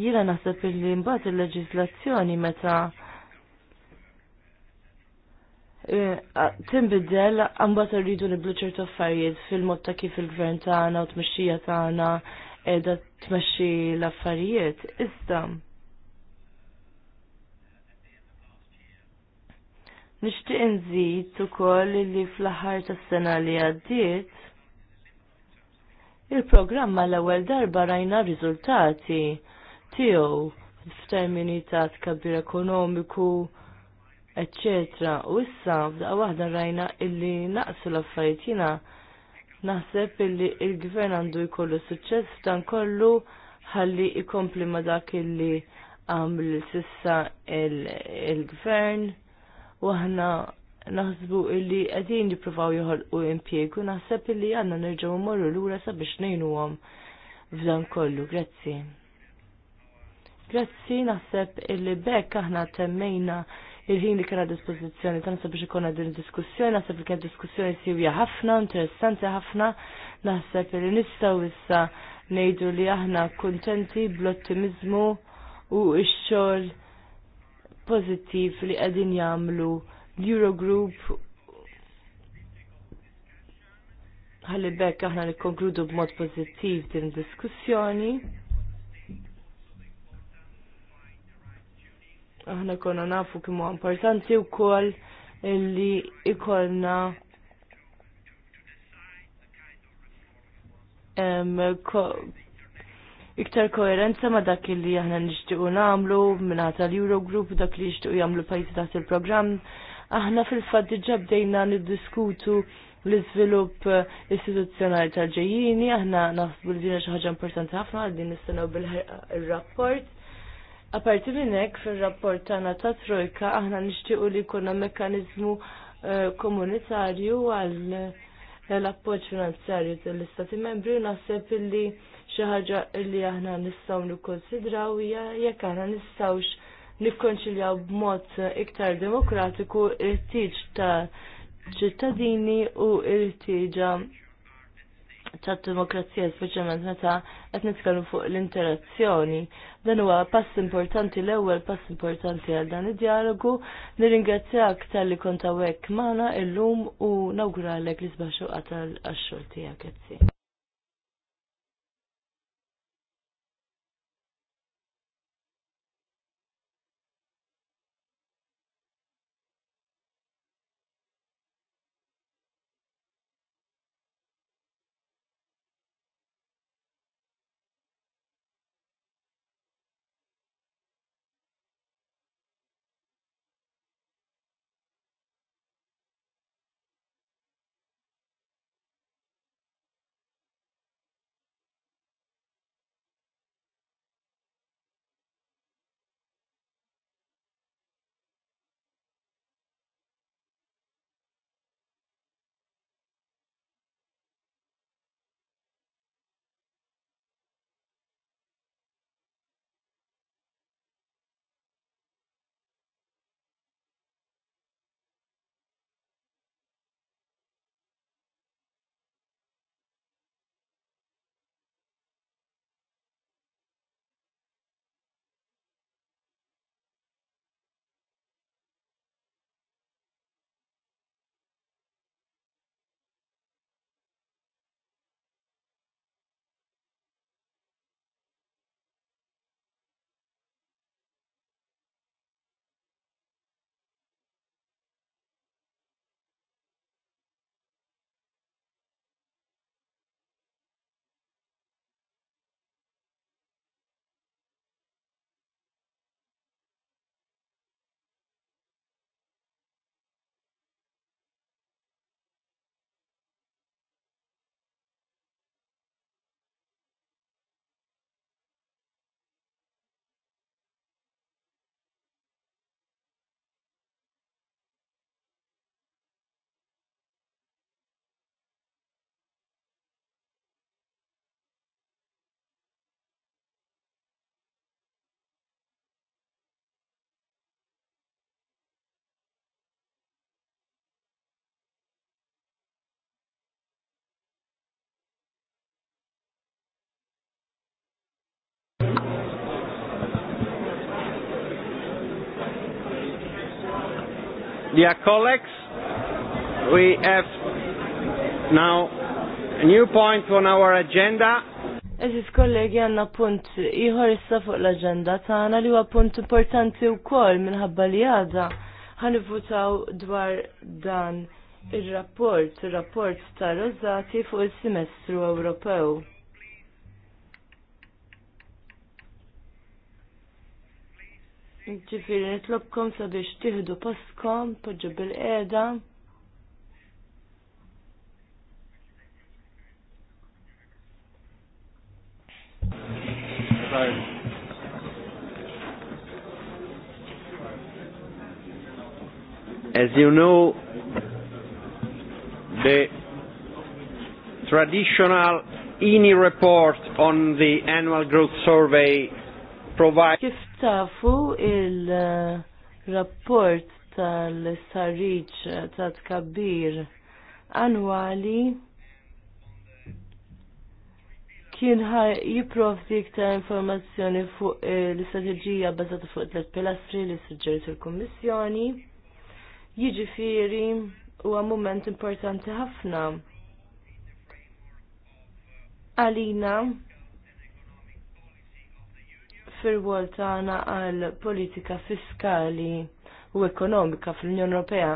Jiena naħseb li mbagħad il-leġiżlazzjoni meta eh, timbidel għambat rridu niblu ċertu affarijiet fil-mod ta' kif il-gvern tagħna u tmexxija tagħna qiegħda tmexxi l-affarijiet. Iżda Nixtieq nżid ukoll li fl-aħħar tas-sena li għaddiet il-programma l-ewwel darba rajna riżultati tiegħu f'termini ta' tkabbir ekonomiku eccetera. U issa f'daqqa waħda rajna illi naqsu l-affarijiet jiena naħseb illi il-gvern għandu jkollu suċċess f'dan kollu ħalli ikompli ma dak illi għamil sissa il-gvern u aħna naħsbu illi qegħdin jippruvaw joħolqu impjieg u naħseb illi għandna nerġgħu l lura sabiex ngħinuhom f'dan kollu. Grazzi. Grazzi naħseb illi bekk aħna temmejna il-ħin li kena dispozizjoni tan sabiex ikonna din diskussjoni, naħseb li kena diskussjoni sivja ħafna, interessanti ħafna, naħseb li nistaw issa ngħidu li aħna kuntenti bl-ottimizmu u ix xogħol pozittiv li għedin jamlu l-Eurogroup ħalli bekk aħna nikkonkludu b'mod pozittiv din diskussjoni. Aħna konna nafu kimu importanti u koll li ikolna um, iktar koerenza ma dak li aħna nixtiequ nagħmlu mingħata tal-Eurogroup dak li jixtiequ jagħmlu pajjiżi taħt il-programm. Aħna fil-fatt diġà bdejna niddiskutu l-izvilup eh, istituzzjonali tal-ġejjini, aħna naħsbu li dina xi ħaġa importanti ħafna għal din nistennew bil-rapport. Aparti minn hekk fir-rapport tagħna ta' Trojka aħna nixtiequ li jkollna mekkaniżmu eh, komunitarju għal eh, l-appoġġ finanzjarju tal-Istati Membri u naħseb illi xi ħaġa li aħna nistgħu nikkonsidraw hija jekk aħna nistgħux nikkonċiljaw b'mod iktar demokratiku ir-ħtieġ ta' ċittadini u r-ħtieġa ta' demokrazija speċjalment meta qed nitkellmu fuq l-interazzjoni. Dan huwa pass importanti l-ewwel pass importanti għal dan id-dialogu. Nirringrazzjak tal-li kont hawnhekk magħna illum u nawguralek li sbaħ xuqa għax-xogħol tiegħek. Dear colleagues, we have now a new point on our agenda. Eżis kollegi għanna punt iħor issa fuq l-agenda tagħna li huwa punt importanti wkoll minħabba li għada ħanivvutaw dwar dan ir-rapport, ir-rapport ta' Rozzati fuq il-Simestru Ewropew. Ġifiri, nitlobkom sabiex tiħdu paskom, poġġu bil-qeda. As you know, the traditional INI report on the annual growth survey provide Kif tafu il-rapport tal-sarriċ ta' tkabbir annwali kien jiprovdi iktar informazzjoni fuq eh, l-istrateġija bazzata fuq tliet pilastri li suġġerit il-Kummissjoni. Jiġifieri huwa mument importanti ħafna. Alina, fil wol tagħna għal politika fiskali u ekonomika fl-Unjoni Ewropea.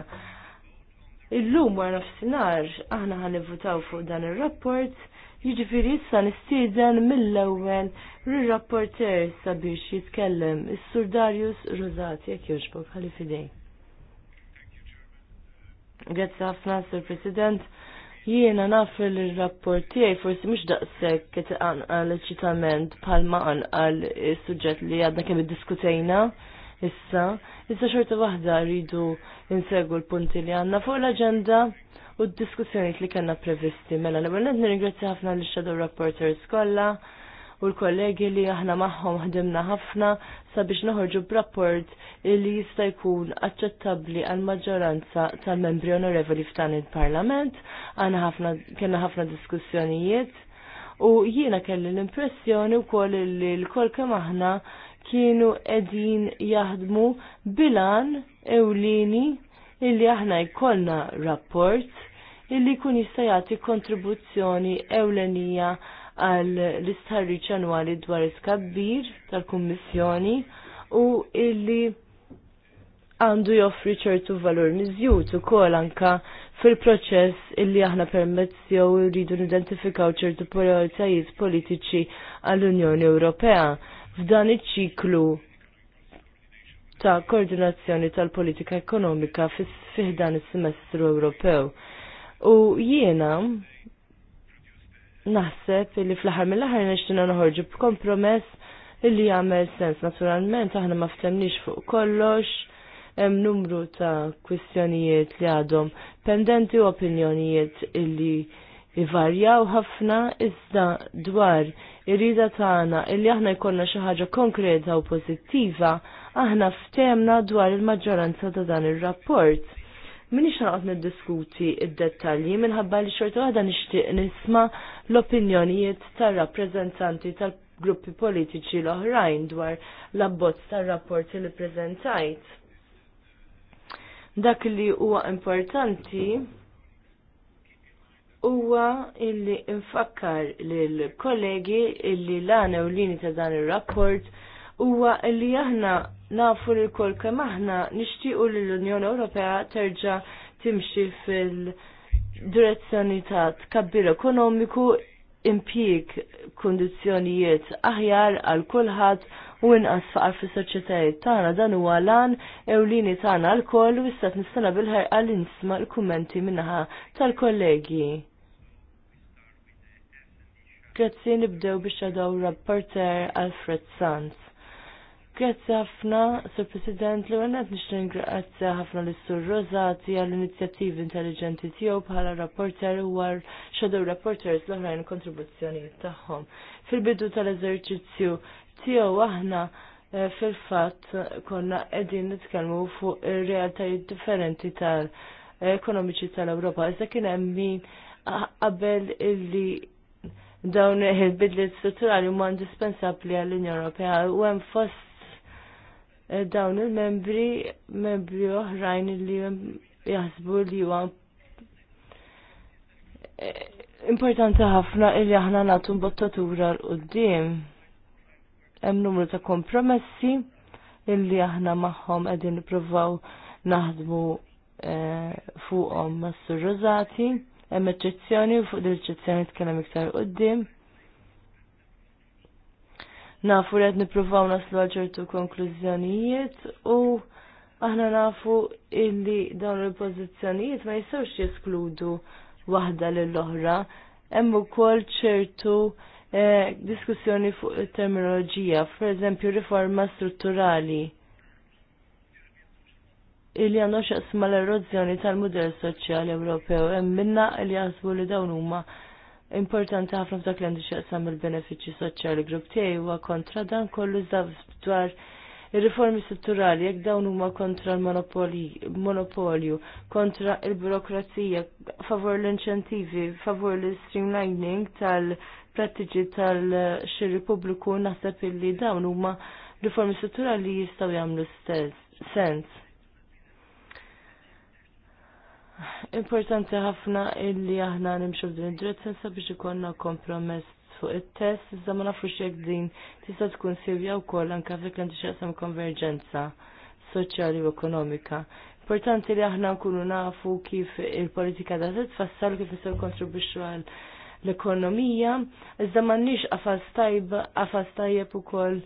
Illum wara f'sinar aħna ħanivvutaw fuq dan ir-rapport, jiġifieri issa nistieden mill-ewwel rir-rapporter sabiex jitkellem is-Sur Darius Rosat jekk jogħġbok ħalli fidej. Grazzi ħafna, Sur President. Jiena naf il-rapport tiegħi forsi mhux daqshekk qed anqal ċitament bħalma is-suġġett li għadna kemm iddiskutejna issa. Issa xorta waħda rridu insegu l-punti li għandna fuq l-aġenda u d-diskussjonijiet li kellna previsti. Mela l-ewwel nirringrazzja ħafna l shadow rapporters kollha u l-kollegi li aħna magħhom ħdimna ħafna sabiex noħorġu b'rapport li jista' jkun aċċettabbli għal maġġoranza tal-membri onorevoli f'dan il-Parlament. Għandna ħafna kellna ħafna diskussjonijiet u jiena kelli l-impressjoni wkoll li l-kol kemm aħna kienu qegħdin jaħdmu bilan ewlini illi aħna jkollna rapport illi kun jista' jagħti kontribuzzjoni ewlenija għal l-istħarriċ annwali dwar iskabbir tal-Kummissjoni u illi għandu joffri ċertu valur miżjut ukoll anka fil-proċess illi aħna permezz jew rridu nidentifikaw ċertu prioritajiet politiċi għall-Unjoni Ewropea f'dan iċ-ċiklu ta' koordinazzjoni tal-politika ekonomika fiħdan is-semestru Ewropew. U jiena naħseb li fl-aħħar mill ħar nishtina noħorġu b'kompromess illi jagħmel sens. Naturalment aħna ma ftemniex fuq kollox, hemm numru ta' kwistjonijiet li għadhom pendenti u opinjonijiet li jivarjaw ħafna iżda dwar irrida tagħna illi aħna jkollna xi ħaġa konkreta u pożittiva aħna ftemna dwar il-maġġoranza ta' dan ir-rapport. Minix ħanqot niddiskuti id-dettalji minħabba li xorta waħda nixtieq nisma' l-opinjonijiet tar-rappreżentanti tal-gruppi politiċi l-oħrajn dwar l-abbozz tar-rapport li prezentajt. Dak li huwa importanti huwa illi infakkar lil kollegi illi lana u lini ta' dan ir-rapport huwa illi aħna nafu li kol kemm aħna nixtiequ l-Unjoni Ewropea terġa' timxi fil- direzzjoni ta' tkabbir ekonomiku impjik kundizzjonijiet aħjar għal kulħadd u inqas faqar fis-soċjetajiet tagħna dan huwa lan ewlieni tagħna l-koll u issa nistana bil-ħerqa li nisma' l-kummenti minnaħa tal-kollegi. Grazzi nibdew biex għadaw rapporter Alfred Sanz. Grazzi ħafna, Sir President, li għannet nishtin grazzi ħafna l sur Rosati għall-inizjattivi intelligenti tiegħu bħala rapporter u għal shadow rapporters l-oħrajn kontribuzzjonijiet tagħhom. Fil-bidu tal-eżerċizzju tiegħu aħna eh, fil-fatt konna qegħdin nitkellmu fuq ir-realtajiet differenti tal-ekonomiċi tal-Ewropa. Iżda kien hemm min qabel illi dawn il-bidliet strutturali huma indispensabbli għall-Unjoni Ewropea u hemm fost Eh, dawn il-membri membri oħrajn li jaħsbu li huwa eh, importanti ħafna li aħna nagħtu mbottatura l qudiem Hemm numru ta' kompromessi illi aħna magħhom qegħdin nippruvaw naħdmu eh, fuqhom mas-surrużati, hemm eċċezzjoni u fuq dil eċċezzjoni tkellem iktar qudiem nafu li qed nippruvaw naslu għal ċertu konklużjonijiet u aħna nafu illi dawn il-pożizzjonijiet ma jistgħux jeskludu waħda lill-oħra. Hemm ukoll ċertu eh, diskussjoni fuq it-terminoloġija, pereżempju riforma strutturali illi għandhom xaqsma l-erozzjoni tal-modell soċjali Ewropew hemm minna li jaħsbu li dawn huma importanti ħafna f'dak li għandu xaqsam il-benefiċi soċjali grupp tiegħi huwa kontra dan kollu żav dwar ir-riformi strutturali jekk dawn huma kontra l-monopolju, kontra il-burokrazija, favor l-inċentivi, favor l-streamlining tal-prattiġi tal-xiri pubbliku naħseb illi dawn huma riformi strutturali jistgħu jagħmlu stess sens. Importanti ħafna illi aħna nimxu f'din id-direzzjoni sabiex ikonna kompromess fuq it-test, iżda ma nafux jekk din tista' tkun sirja wkoll anke f'dik li xaqsam konverġenza soċjali u ekonomika. Importanti li aħna nkunu nafu kif il-politika da tfassal kif se kontribwixxu għal l-ekonomija, iżda m'għandniex qafas tajb qafas tajjeb ukoll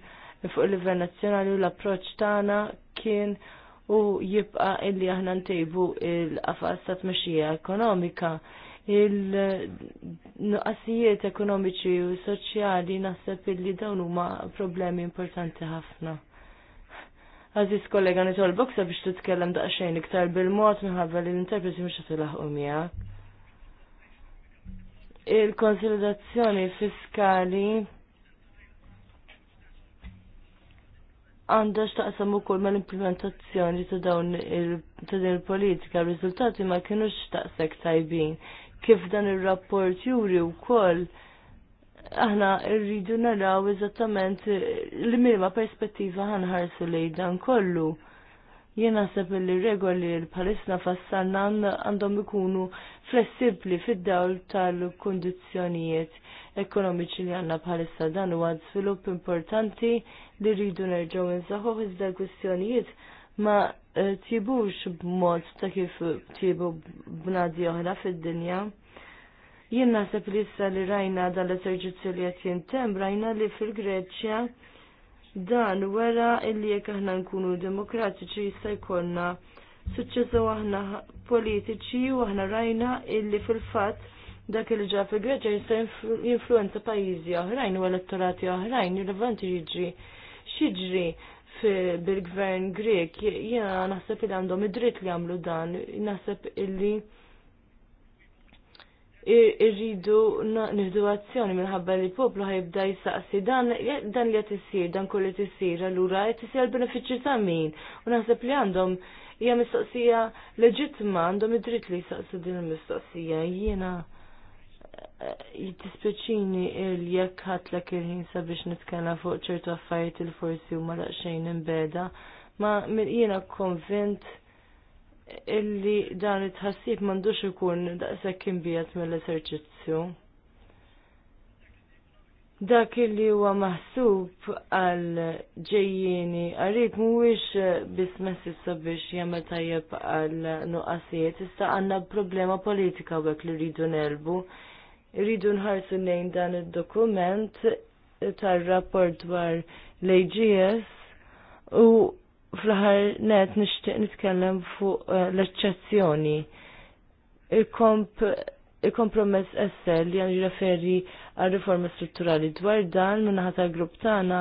fuq il livell nazzjonali u l-approċċ tagħna kien u jibqa illi aħna ntejbu il-qafas ta' tmexxija ekonomika. Il-nuqqasijiet ekonomiċi u soċjali naħseb illi dawn huma problemi importanti ħafna. Aziz kollega nitolbok biex titkellem daqsxejn iktar bil-mod minħabba li l-interpreti mhux qed ilaħqu miegħek. Il-konsolidazzjoni fiskali għandha x'taqsam ukoll mal-implementazzjoni ta' dawn il-politika, r-riżultati ma kienux x'taqsek tajbin. Kif dan ir-rapport juri wkoll aħna rridu naraw eżattament li minima perspettiva ħanħarsu lejn dan kollu. Jien naħseb li regoli l-Palestina fassanna għandhom ikunu flessibli fid-dawl tal-kondizjonijiet ekonomiċi li għanna bħalissa dan u għad svilup importanti li rridu nerġaw nsaħu iżda kwistjonijiet ma eh, tjibux b'mod ta' kif tjibu b'nadi oħra fid-dinja. Jien naħseb li issa li rajna dan l-eserġizzju li qed jintem rajna li fil-Greċja dan wara illi jekk aħna nkunu demokratiċi jista' jkollna suċċessu aħna politiċi u aħna rajna illi fil-fatt dak il ġa fil-Greċja jista' jinfluenza pajjiżi oħrajn u elettorati oħrajn rilevanti jiġri xiġri bil-gvern Grek jiena naħseb li għandhom id-dritt li għamlu dan, naħseb illi irridu nieħdu azzjoni minħabba li l-poplu ħajbda jisaqsi dan dan li qed isir, dan kollu qed isir, allura qed isir l-benefiċċju ta' min. U naħseb li għandhom hija mistoqsija leġittima għandhom id-dritt li jisaqsu din il-mistoqsija jiena jittispeċini il-jekk ħatlek il-ħin sabiex nitkena fuq ċertu affarijiet il-forsi u ma xejn imbeda, ma jiena konvint illi dan it-ħassib mandux ikun daqshekk imbijat mill eserċizzju Dak illi huwa maħsub għal ġejjini għarib mhuwiex biss messissa biex jagħmel tajjeb għal nuqqasijiet, issa għandna problema politika bek li rridu nelbu Irridu nħarsu nejn dan id-dokument tar-rapport dwar l-AGS u fl-ħar net nishtiq nitkellem fuq eh, l-eċċezzjoni. Il-kompromess essel li għan jirreferi għal riforma strutturali dwar dan minna tal grupp tagħna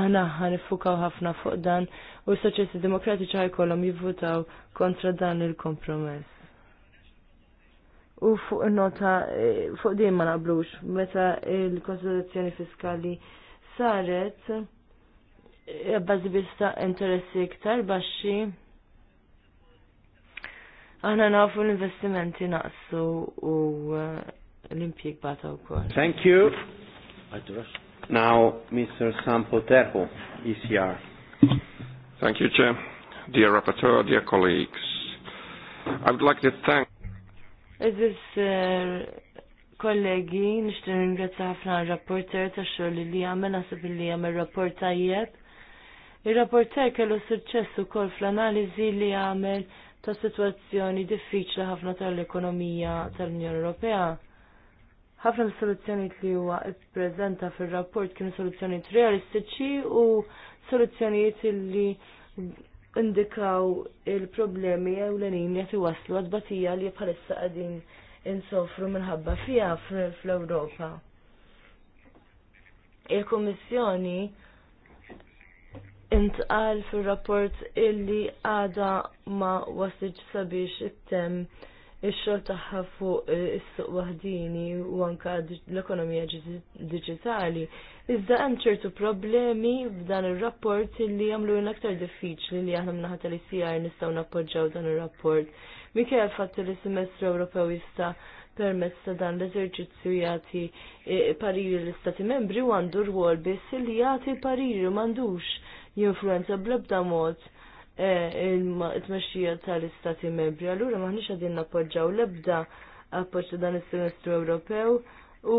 aħna ħan ifukaw ħafna fuq dan u s-soċjesti demokratiċi ħajkollhom jivvutaw kontra dan il-kompromess u fuq nota e, fuq din ma naqblux meta il-konsolidazzjoni fiskali saret e, bażi bista interessi iktar baxxi aħna nafu l-investimenti naqsu u e, l-impjeg bata wkoll. Thank you. Now, Mr. Sampo Terho, ECR. Thank you, Chair. Dear Rapporteur, dear colleagues, I would like to thank Eżis eh, kollegi, nishtin ringrazzja ħafna rapporter ta' xogħol li għamel nasib li għamel rapport tajjeb. Ir-rapporter kellu suċċess ukoll fl-analiżi li għamel ta' situazzjoni diffiċli ħafna tal-ekonomija tal-Unjoni Ewropea. Ħafna soluzzjoni li huwa ippreżenta fir-rapport kienu soluzzjonijiet realistiċi u soluzzjonijiet li indikaw il-problemi jew l-għanin jati waslu għadbatija li bħalissa għadin insofru minħabba fija fl-Europa. Il-Komissjoni intqal fil-rapport illi għada ma waslġ sabiex it-tem ix-xogħol tagħha fuq eh, is-suq wahdini u anke l-ekonomija diġitali. Iżda hemm ċertu problemi f'dan ir-rapport li għamlu l aktar diffiċli li aħna minnaħa tal-ICR nistgħu nappoġġaw dan ir-rapport. għal fatt li semestru Ewropew jista' permezz ta' dan l-eżerċizzju jagħti eh, pariri l-Istati Membri u għandu rwol biss li jagħti pariri m'għandux jinfluenza bl-ebda mod Eh, il-tmexxija tal-Istati Membri. Allura maħniex għadin nappoġġaw l-ebda appoġġ dan is-Semestru Ewropew u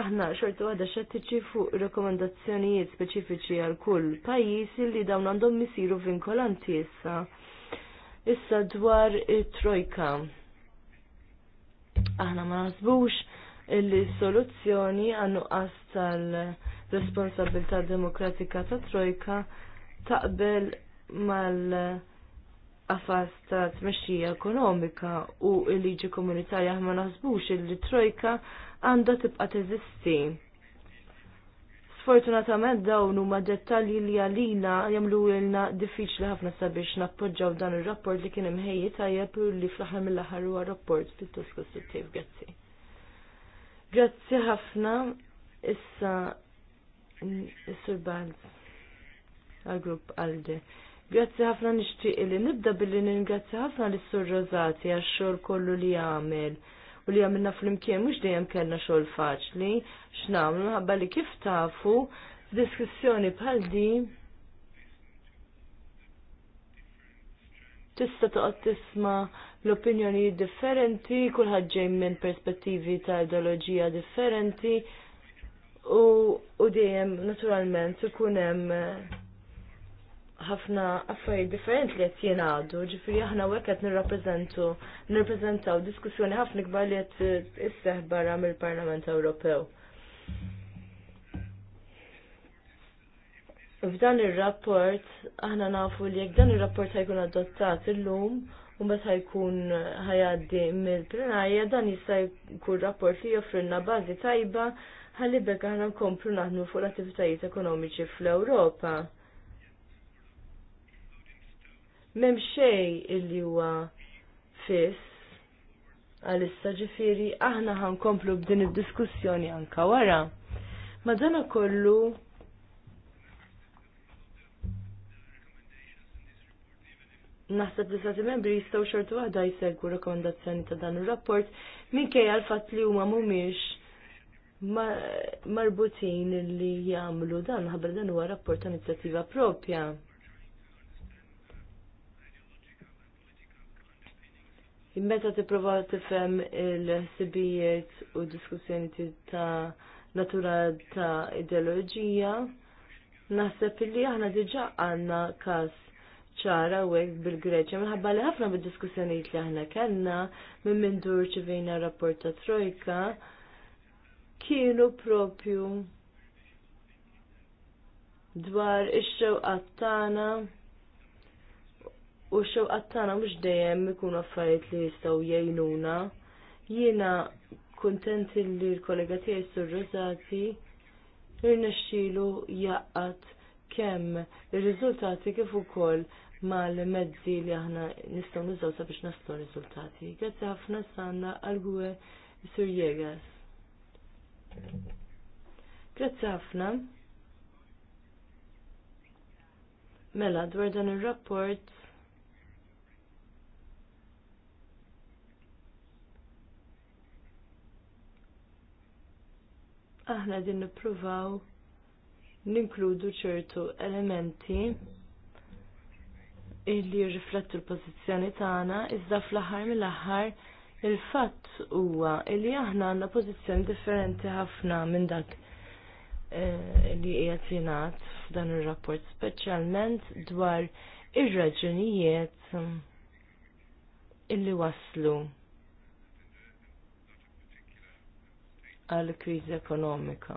aħna xorta waħda xattiċi fuq rekomendazzjonijiet speċifiċi għal kull pajjiż li dawn għandhom misiru vinkolanti issa. Issa dwar it-trojka. Aħna ma naħsbux il-soluzzjoni għannuqqas tal-responsabilità demokratika ta' trojka taqbel mal qafas ta' tmexxija ekonomika u l-liġi komunitarja ma naħsbux li trojka għandha tibqa' teżisti. Sfortunatament dawn huma dettalji li għalina jagħmlu lna diffiċli ħafna sabiex nappoġġaw dan ir-rapport li kien imħejji tajjeb li fl-aħħar mill-aħħar huwa rapport pjuttost kostruttiv. Grazzi. Grazzi ħafna issa is-sur Balz għal-grupp Alde. Grazzi ħafna nixtieq li nibda billi ningrazzja ħafna lis sur Rosati għax-xogħol kollu li jagħmel u li għamilna flimkien mhux dejjem kellna xogħol faċli x'nagħmlu ħabba li kif tafu f'diskussjoni bħal din tista' toqgħod tisma' l-opinjoni differenti, kulħadd ġej minn perspettivi ta' ideoloġija differenti u, u dejjem naturalment ikun hemm ħafna affarijiet differenti li qed jingħadu, ġifieri aħna hekk qed nirrappreżentu nirrappreżentaw diskussjoni ħafna kbar li qed isseħ barra mill-Parlament Ewropew. F'dan ir-rapport aħna nafu li jekk dan ir-rapport ħajkun adottat illum u meta ħajkun ħajaddi mill-plenarja dan jista' jkun rapport li joffrilna bażi tajba ħalli bekk aħna nkomplu naħdmu fuq l-attivitajiet ekonomiċi fl-Ewropa. Mem xej illi huwa fis għalissa ġifiri aħna komplu b'din id-diskussjoni anka wara. Madana kollu naħseb li sati membri jistaw xortu waħda jsegwu rekomendazzjoni ta' dan ir-rapport minkej għal fatt li huma mhumiex marbutin li jagħmlu dan ħabra dan huwa rapport ta' inizjattiva propja. meta tipprova tifhem il-ħsibijiet u diskussjoni ta' natura ta' ideoloġija, naħseb li aħna diġà għandna każ ċara u bil-Greċja, minħabba li ħafna bil diskussjonijiet li aħna kellna minn minn dur ċivejna rapport ta' Trojka kienu propju dwar ix-xewqat tagħna u xew għattana tagħna mhux dejjem ikunu affarijiet li jistgħu jgħinuna. Jiena kontent li l-kollega tiegħi Sur Rosati irnexxielu jaqgħat kemm ir-riżultati kif ukoll mal-mezzi li aħna nistgħu nużaw sabiex naslu riżultati. Grazzi ħafna sanna għal-gwe Sur Jegas. Grazzi ħafna. Mela, dwar dan ir-rapport aħna din nippruvaw ninkludu ċertu elementi illi jirriflettu l-pożizzjoni tagħna iżda fl-aħħar mill-aħħar il-fatt huwa illi aħna għandna pożizzjoni differenti ħafna minn dak eh, li qiegħed jingħad f'dan ir-rapport speċjalment dwar ir-raġunijiet illi waslu għal kriżi ekonomika.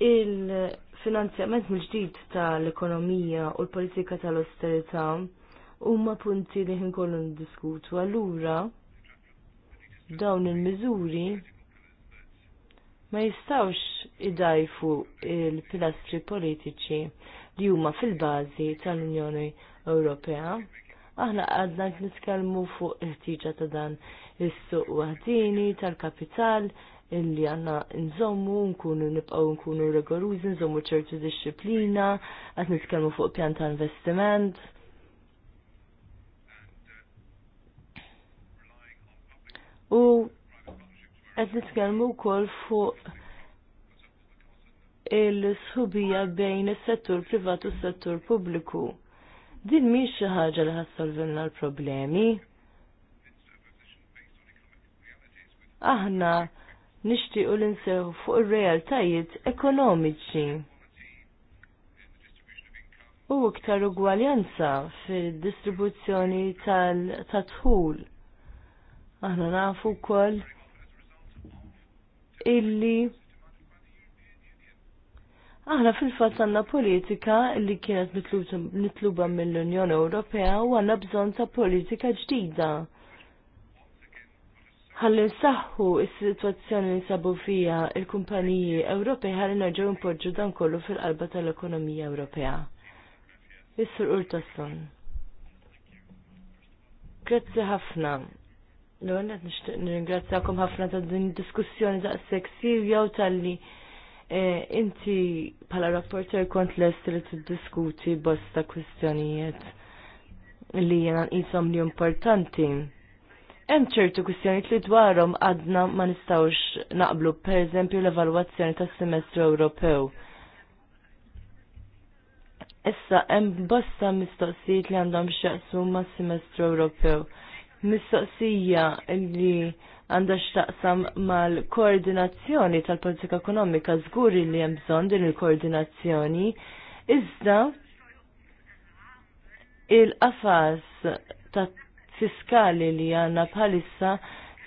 Il-finanzjament mill-ġdid tal-ekonomija u l-politika tal-austerità huma punti li ħinkollu niddiskutu allura dawn il-miżuri ma jistawx idajfu il-pilastri politiċi li huma fil-bażi tal-Unjoni Ewropea. Aħna għadna nitkellmu fuq il-ħtiġa ta' dan is-suq waħdini tal-kapital illi għanna nżommu, nkunu nibqaw nkunu rigorużi, nżommu ċertu disċiplina, għad nitkellmu fuq pjan ta' investiment. U qed nitkellmu wkoll fuq il-sħubija bejn is-settur privat u s-settur pubbliku. Din mhix xi ħaġa li ħassolvilna l-problemi. Aħna nixtiequ l nsew fuq ir-realtajiet ekonomiċi. U iktar ugwaljanza fil-distribuzzjoni tal-tadħul. Aħna nafu wkoll illi Aħna fil-fatt għandna politika li kienet nitluba mill-Unjoni Ewropea u għandna bżonn ta' politika ġdida. Ħalli nsaħħu s-sitwazzjoni li sabu fija il-kumpaniji Ewropej għallin nerġgħu npoġġu dan kollu fil-qalba tal-ekonomija Ewropea. Is-Sur Urtason. Grazzi ħafna. L-għonet nishtiq nirringrazzjakom ħafna ta' din diskussjoni ta' seksirja u tal-li eh, inti pala rapporter kont lest li t-diskuti bosta kwistjonijiet li jena nqisom li importanti. Hemm ċertu kwistjonijiet li dwarhom għadna ma nistgħux naqblu, pereżempju l-evalwazzjoni tas-semestru Ewropew. Issa hemm bosta mistoqsijiet li għandhom x'jaqsmu mas-semestru Ewropew mistoqsija li għandha x'taqsam mal-koordinazzjoni tal-politika ekonomika żgur li hemm bżonn din il-koordinazzjoni. Iżda il-qafas ta' fiskali li għandna bħalissa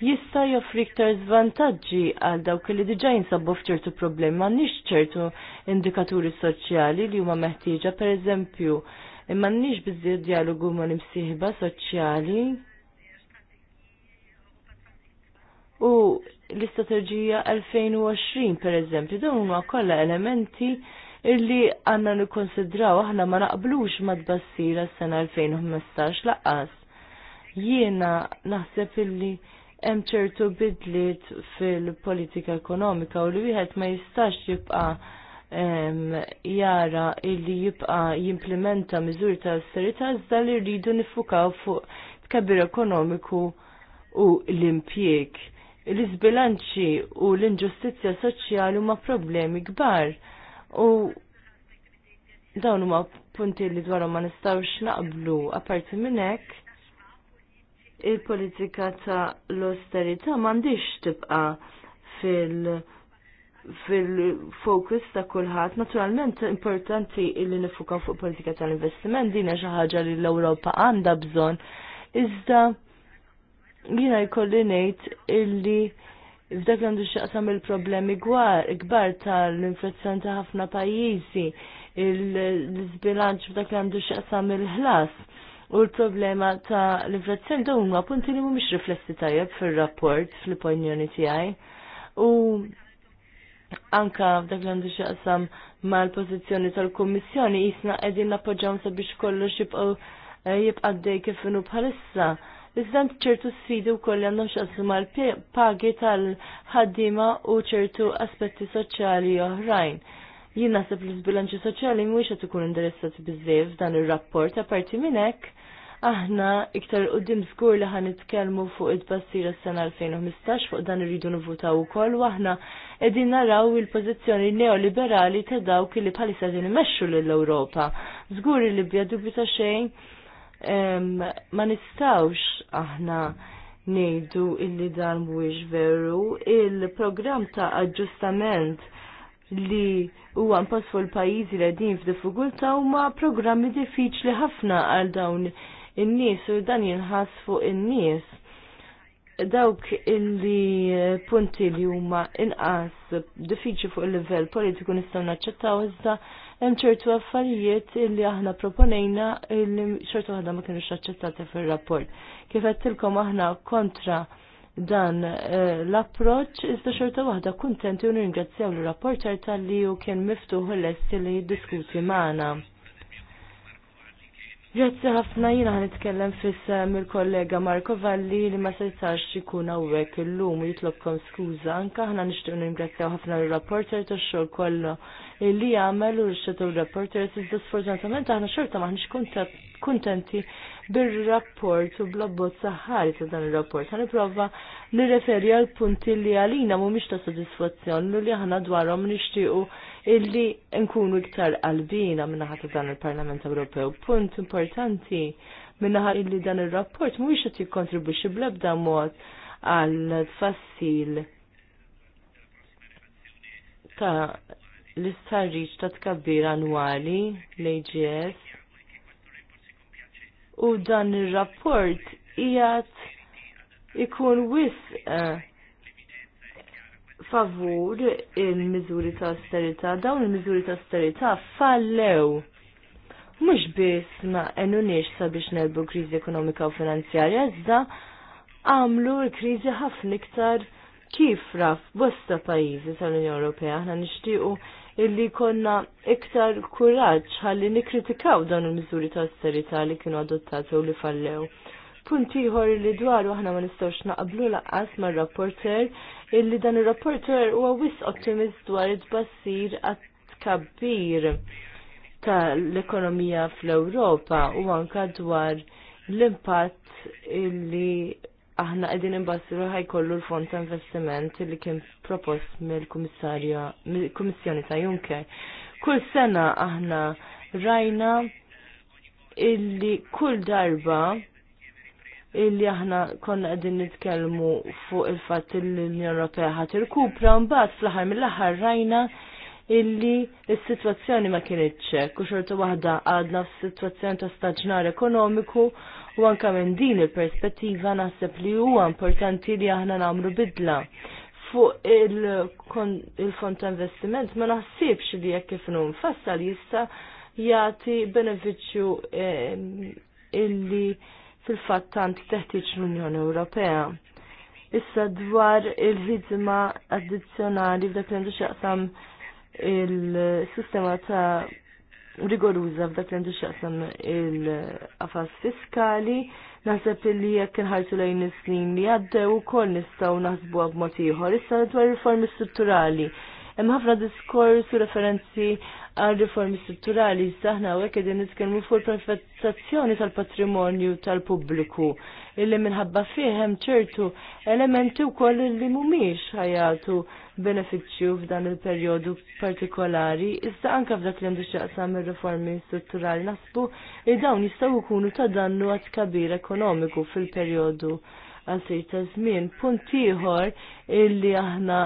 jista joffri iktar żvantaġġi għal dawk li diġà jinsabu f'ċertu problemi m'għandniex ċertu indikaturi soċjali li huma meħtieġa pereżempju imma m'għandniex biżżejjed dialogu ma' imsieħba soċjali u l istrategija 2020 per eżempju, dawn huma kollha elementi illi għanna nikkonsidraw aħna ma naqblux ma bassira s-sena 2015 laqqas. Jiena naħseb illi hemm ċertu bidliet fil-politika ekonomika u li wieħed ma jistax jibqa' jara illi jibqa jimplementa miżuri ta' austerità iżda li rridu nifukaw fuq tkabbir ekonomiku u l-impjeg l-izbilanċi u l-inġustizja soċjali huma problemi kbar. U dawn huma punti li dwarhom ma nistgħux naqblu apparti minn hekk il-politika ta' l-austerità m'għandix tibqa' fil- fil-fokus ta' kulħadd. Naturalment importanti li nifukaw fuq politika tal-investiment din hija xi ħaġa li l-Ewropa għandha bżonn iżda jina jkolli ngħid illi f'dak li għandu xaqsam il-problemi kbar tal-inflazzjoni ta' ħafna pajjiżi, il-sbilanċ f'dak li għandu xaqsam il-ħlas u l-problema ta' l-inflazzjoni da' huma punti li mhumiex riflessi tajjeb fir-rapport fl-opinjoni tiegħi. U anka f'dak li għandu xaqsam ma' l-pożizzjoni tal-Kummissjoni jisna qegħdin nappoġġaw sabiex kollox jibqgħu eh, jibqa' dej kif inhu bħalissa Iżda ċertu sfidi u koll għandhom xaqsu mal-pagi tal-ħaddima u ċertu aspetti soċjali oħrajn. Jien naħseb li l-bilanċi soċjali mhuwiex qed ikun interessati biżżejjed f'dan ir-rapport apparti minn hekk aħna iktar dim żgur li ħan nitkellmu fuq id-bassira s-sena 2015 fuq dan irridu nivvutaw ukoll u aħna qegħdin naraw il-pożizzjoni neoliberali ta' dawk li bħalissa din imexxu lill-Ewropa. Zgur li bja bita xejn ma nistawx aħna nejdu illi dan mhuwiex veru il-programm ta' aġġustament li huwa impass fuq il-pajjiżi li qegħdin f'diffikultà huma programmi diffiċli ħafna għal dawn in-nies u dan jinħass fuq in-nies. Dawk illi eh, punti li huma inqas diffiċli fuq il-livell politiku nistgħu naċċettaw iżda hemm ċertu affarijiet illi aħna proponejna illi ċertu waħda ma kienux aċċettati fir-rapport. Kif tilkom aħna kontra dan eh, l approċċ iżda ċertu waħda kuntenti u nirringrazzjaw l-rapporter tal-li u kien miftuħ l-est li jiddiskuti magħna. Grazzi ħafna jina ħan itkellem fissem il-kollega Marko Valli li ma setax ikun hawnhekk illum jitlobkom skuża anke aħna nixtieq ningrazzjaw ħafna l-rapporter tax-xogħol kollu Illi għamel u x-shadow rapporters iżda sfortunatament aħna xorta maħniex kuntenti bir-rapport u bl-abbozz saħħari ta' dan ir-rapport. Ħa nipprova nirreferi għal punti li għalina mhumiex ta' soddisfazzjon li aħna dwarhom nixtiequ illi nkunu iktar qalbina minnaħat ta' dan il-Parlament Ewropew. Punt importanti minnaħa illi dan il-rapport mhuwiex qed jikkontribwixxi bl-ebda mod għal fassil ta' l-istarriċ ta' tkabbir annwali l-AGS u dan il-rapport ijat ikun wis eh, favur il-mizuri ta' austerità, dawn il-mizuri ta' austerità fallew. Mux bis ma' enunix sabiex nelbu krizi ekonomika u finanzjarja, iżda għamlu l-krizi ħafna iktar kif raf bosta pajizi tal-Unjoni Ewropea, ħna nixtiequ illi konna iktar kuraġġ ħalli nikritikaw dan il-miżuri ta' austerità li kienu adottati u li fallew. Punt ieħor li dwaru aħna ma nistgħux naqblu laqqas mar-rapporter illi dan ir-rapporter huwa wis optimist dwar id-bassir għat-kabbir tal-ekonomija fl-Ewropa u anka dwar l-impatt illi aħna qegħdin imbassiru ħajkollu l-fond ta' investiment li kien propost mill-Kummissarja mill-Kummissjoni ta' Juncker. Kull sena aħna rajna illi kull darba illi aħna konna qegħdin nitkellmu fuq il-fatt li l-Unjoni Ewropea il-kupra, mbagħad fl-aħħar mill-aħħar rajna illi s-situazzjoni ma kienet ċek u xorta wahda għadna f-situazzjoni ta' staġnar ekonomiku u anka minn din il-perspettiva naħseb li huwa importanti li aħna nagħmlu bidla fuq il-fond ta' investiment ma naħsibx li jekk kif nfassal jista' jagħti benefiċċju eh, illi fil-fatt tant teħtieġ l-Unjoni Ewropea. Issa dwar il-ħidma addizzjonali b'dak li għandu xaqsam il-sistema ta' rigoruza f'dak li għandu xaqsam il-qafas fiskali, naħseb li jekk nħarsu lejn is-snin li għaddew ukoll nistgħu naħsbu b'mod ieħor issa dwar riformi strutturali. Hemm ħafna diskors u referenzi għal riformi strutturali, saħna u għek edin nitkellmu fuq il-perfettazzjoni tal-patrimonju tal-pubbliku, illi minħabba fihem ċertu elementi wkoll li mhumiex ħajatu benefiċċju f'dan il-perjodu partikolari, issa anka f'dak li għandu xaqsam ir-riformi strutturali nasbu li dawn jistgħu jkunu ta' dannu għat kabir ekonomiku fil-perjodu għal ta' żmien. Punt ieħor illi aħna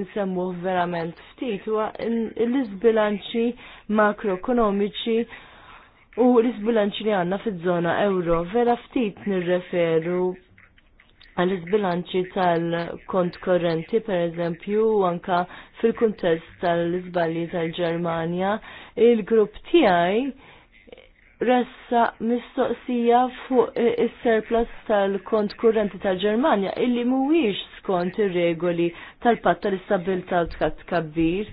nsemmuh verament ftit huwa l-isbilanċi makroekonomiċi u l-isbilanċi li għandna fiż-żona euro vera ftit nirreferu għal-isbilanċi tal-kont korrenti, per eżempju, anka fil-kuntest tal-isbalji tal-Ġermanja, il-grupp tiegħi ressa mistoqsija fuq is-surplus tal-kont kurrenti tal-Ġermanja illi mhuwiex skont ir-regoli tal-patt tal-istabilta kabbir.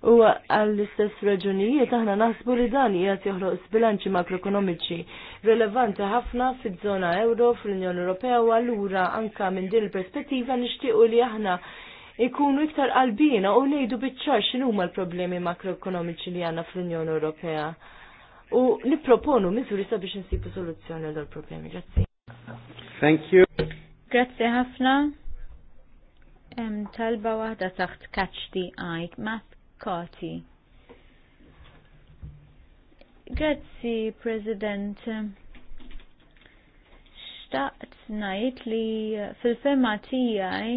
U għall-istess raġunijiet aħna naħsbu li dan jgħat joħloq bilanċi makroekonomiċi rilevanti ħafna fiż-żona euro fl-Unjoni Ewropea u allura anka minn din il-perspettiva nixtiequ li aħna ikunu iktar qalbina u ngħidu biċċar x'inhu huma l-problemi makroekonomiċi li għandna fl-Unjoni Ewropea. U nipproponu miżuri sabiex insibu soluzzjoni għal problemi Grazzi. Thank you. Grazzi ħafna. Em talba waħda taħt catch the eye, Matt Grazzi, President. Xtaqt najt li fil-fema tijaj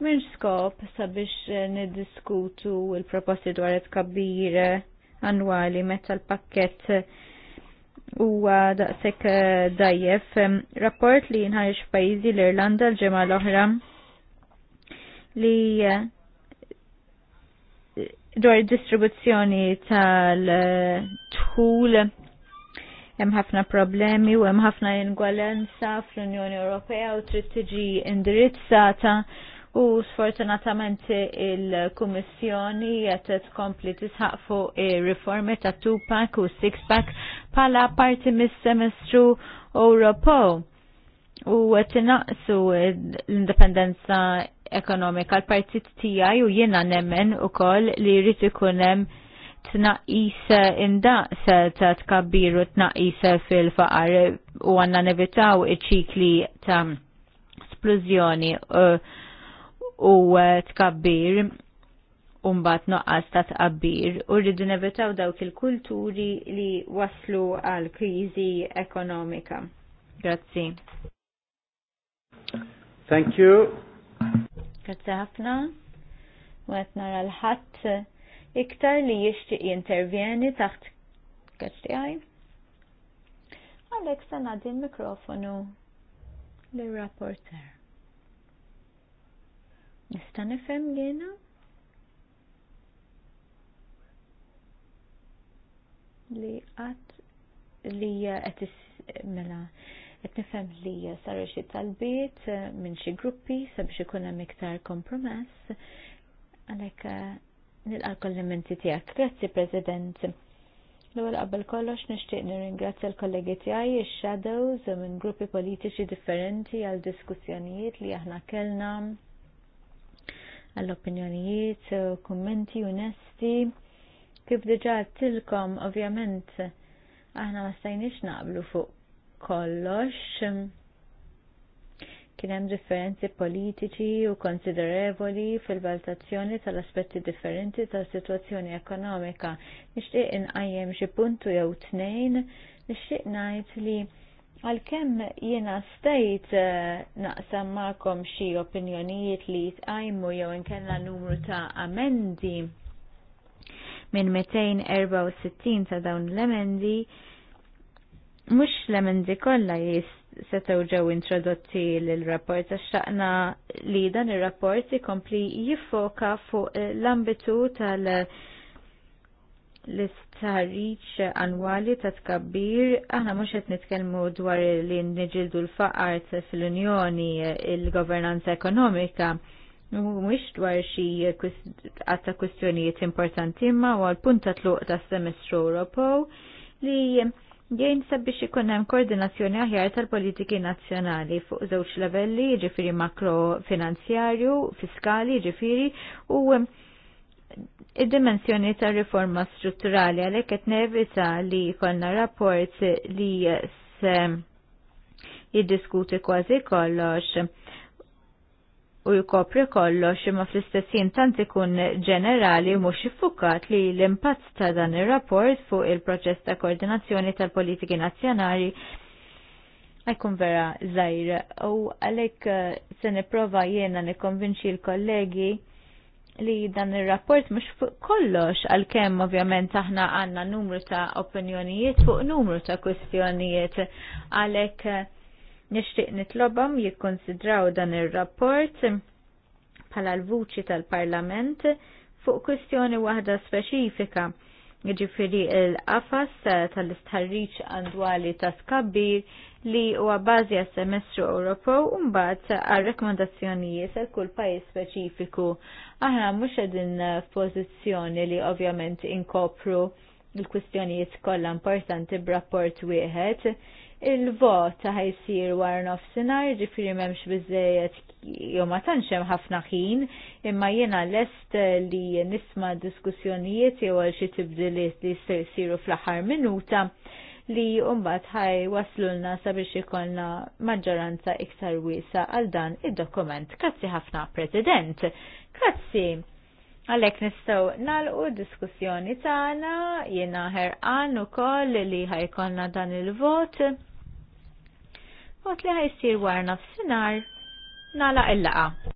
Minn skop sabiex niddiskutu il-proposti dwar it tkabbir annwali meta l-pakket u daqsek eh, dajjef. Rapport li nħarġ pajizi l-Irlanda l ġemma l-oħra li eh, dwar distribuzzjoni tal-tħul hemm ħafna problemi u hemm ħafna ingwalenza fl-Unjoni Ewropea u trid tiġi indirizzata u sfortunatament il-Kummissjoni qed tkompli tisħaq fuq ir-riformi ta' two-pack u pack pala parti mis-semestru Ewropew u inaqsu l-indipendenza ekonomika l-partit tiegħi u jiena nemmen ukoll li jrid ikun hemm tnaqis indaqs ta' u tnaqis fil-faqar u għanna nevitaw iċ-ċikli ta' esplużjoni. Uh, u eh, tkabbir umbat noqqas ta' tqabbir u rridu nevitaw dawk il-kulturi li waslu għal kriżi ekonomika. Grazzi. Thank you. Grazzi ħafna. Wet nara l-ħadd eh, iktar li jixtieq jintervjeni taħt kaċtiħaj. Għalek sanad il-mikrofonu l-rapporter. Nista' nifhem jiena? Li qatt li qed mela qed nifhem li saru xi talbiet eh, minn xi gruppi sabiex ikun hemm iktar kompromess għalhekk eh, nilqa' l tiegħek. Grazzi President. L-ewwel qabel kollox nixtieq nirringrazzja l-kollegi tiegħi ix-shadows minn gruppi politiċi differenti għal diskussjonijiet li aħna kellna għall-opinjonijiet, eh, kummenti unesti. Kif diġa tilkom, ovvjament, aħna ma stajniex naqblu fuq kollox. Kien hemm differenzi politiċi u konsiderevoli fil-valutazzjoni tal-aspetti differenti tal-sitwazzjoni ekonomika. Nixtieq inqajjem xi puntu jew tnejn, nixtieq ngħid li Għal-kem jena stajt eh, naqsam ma'kom xie opinjonijiet li jitqajmu jew inkella numru ta' amendi minn 264 ta' dawn l-emendi, mux l-emendi kolla setaw ġew introdotti l-rapport, xaqna li dan il-rapport ikompli jiffoka fuq l-ambitu tal- l istarriċ annwali ta' tkabbir, aħna mhux qed nitkellmu dwar li nġildu l-faqar fil-Unjoni il-governanza ekonomika. Mux dwar xi għatta kwistjonijiet importanti imma u għal-punt ta' tluq ta' semestru Europow li jgħin sabiex ikun hemm koordinazzjoni aħjar tal-politiki nazzjonali fuq żewġ levelli, ġifiri makro finanzjarju, fiskali, ġifiri u id-dimensjoni ta' riforma strutturali għalhekk qed nevita li jkollna rapport li se jiddiskuti kważi kollox u jkopri kollox imma fl-istessin tant ikun ġenerali mhux iffukat li l-impatt ta' dan ir-rapport fuq il-proċess ta' koordinazzjoni tal-politiki nazzjonali għajkun vera zaħir u għalek se niprofa jena nikonvinċi l-kollegi li dan il-rapport mux fuq kollox għal-kem ovvjament aħna għanna numru ta' opinjonijiet fuq numru ta' kwestjonijiet għalek eh, nishtiq nitlobam jikkonsidraw dan il-rapport pala l-vuċi tal-parlament fuq kwestjoni waħda speċifika ġifiri il-qafas tal-istħarriċ għandwali ta' skabbir li huwa bażi għas semestru Ewropew u mbagħad għal rekomendazzjonijiet għal kull pajjiż speċifiku. Aħna mhux qegħdin f'pożizzjoni li ovvjament inkopru l-kwistjonijiet kollha importanti b'rapport wieħed. Il-vot ħajsir wara nofsinhar, ġifieri m'hemmx biżejjed jew ma tantx hemm ħafna ħin, imma jiena lest li nisma' diskussjonijiet jew għal xi tibdiliet li jsiru fl-aħħar minuta li umbat ħaj waslulna sabiex ikolna maġġoranza iktar wisa għal dan id-dokument. Grazzi ħafna, President. Grazzi. Għalek nistaw nalqu diskussjoni tagħna jiena ħerqan ukoll li ħajkolna dan il-vot. Vot li ħaj sir warna f'sinar nala il-laqa.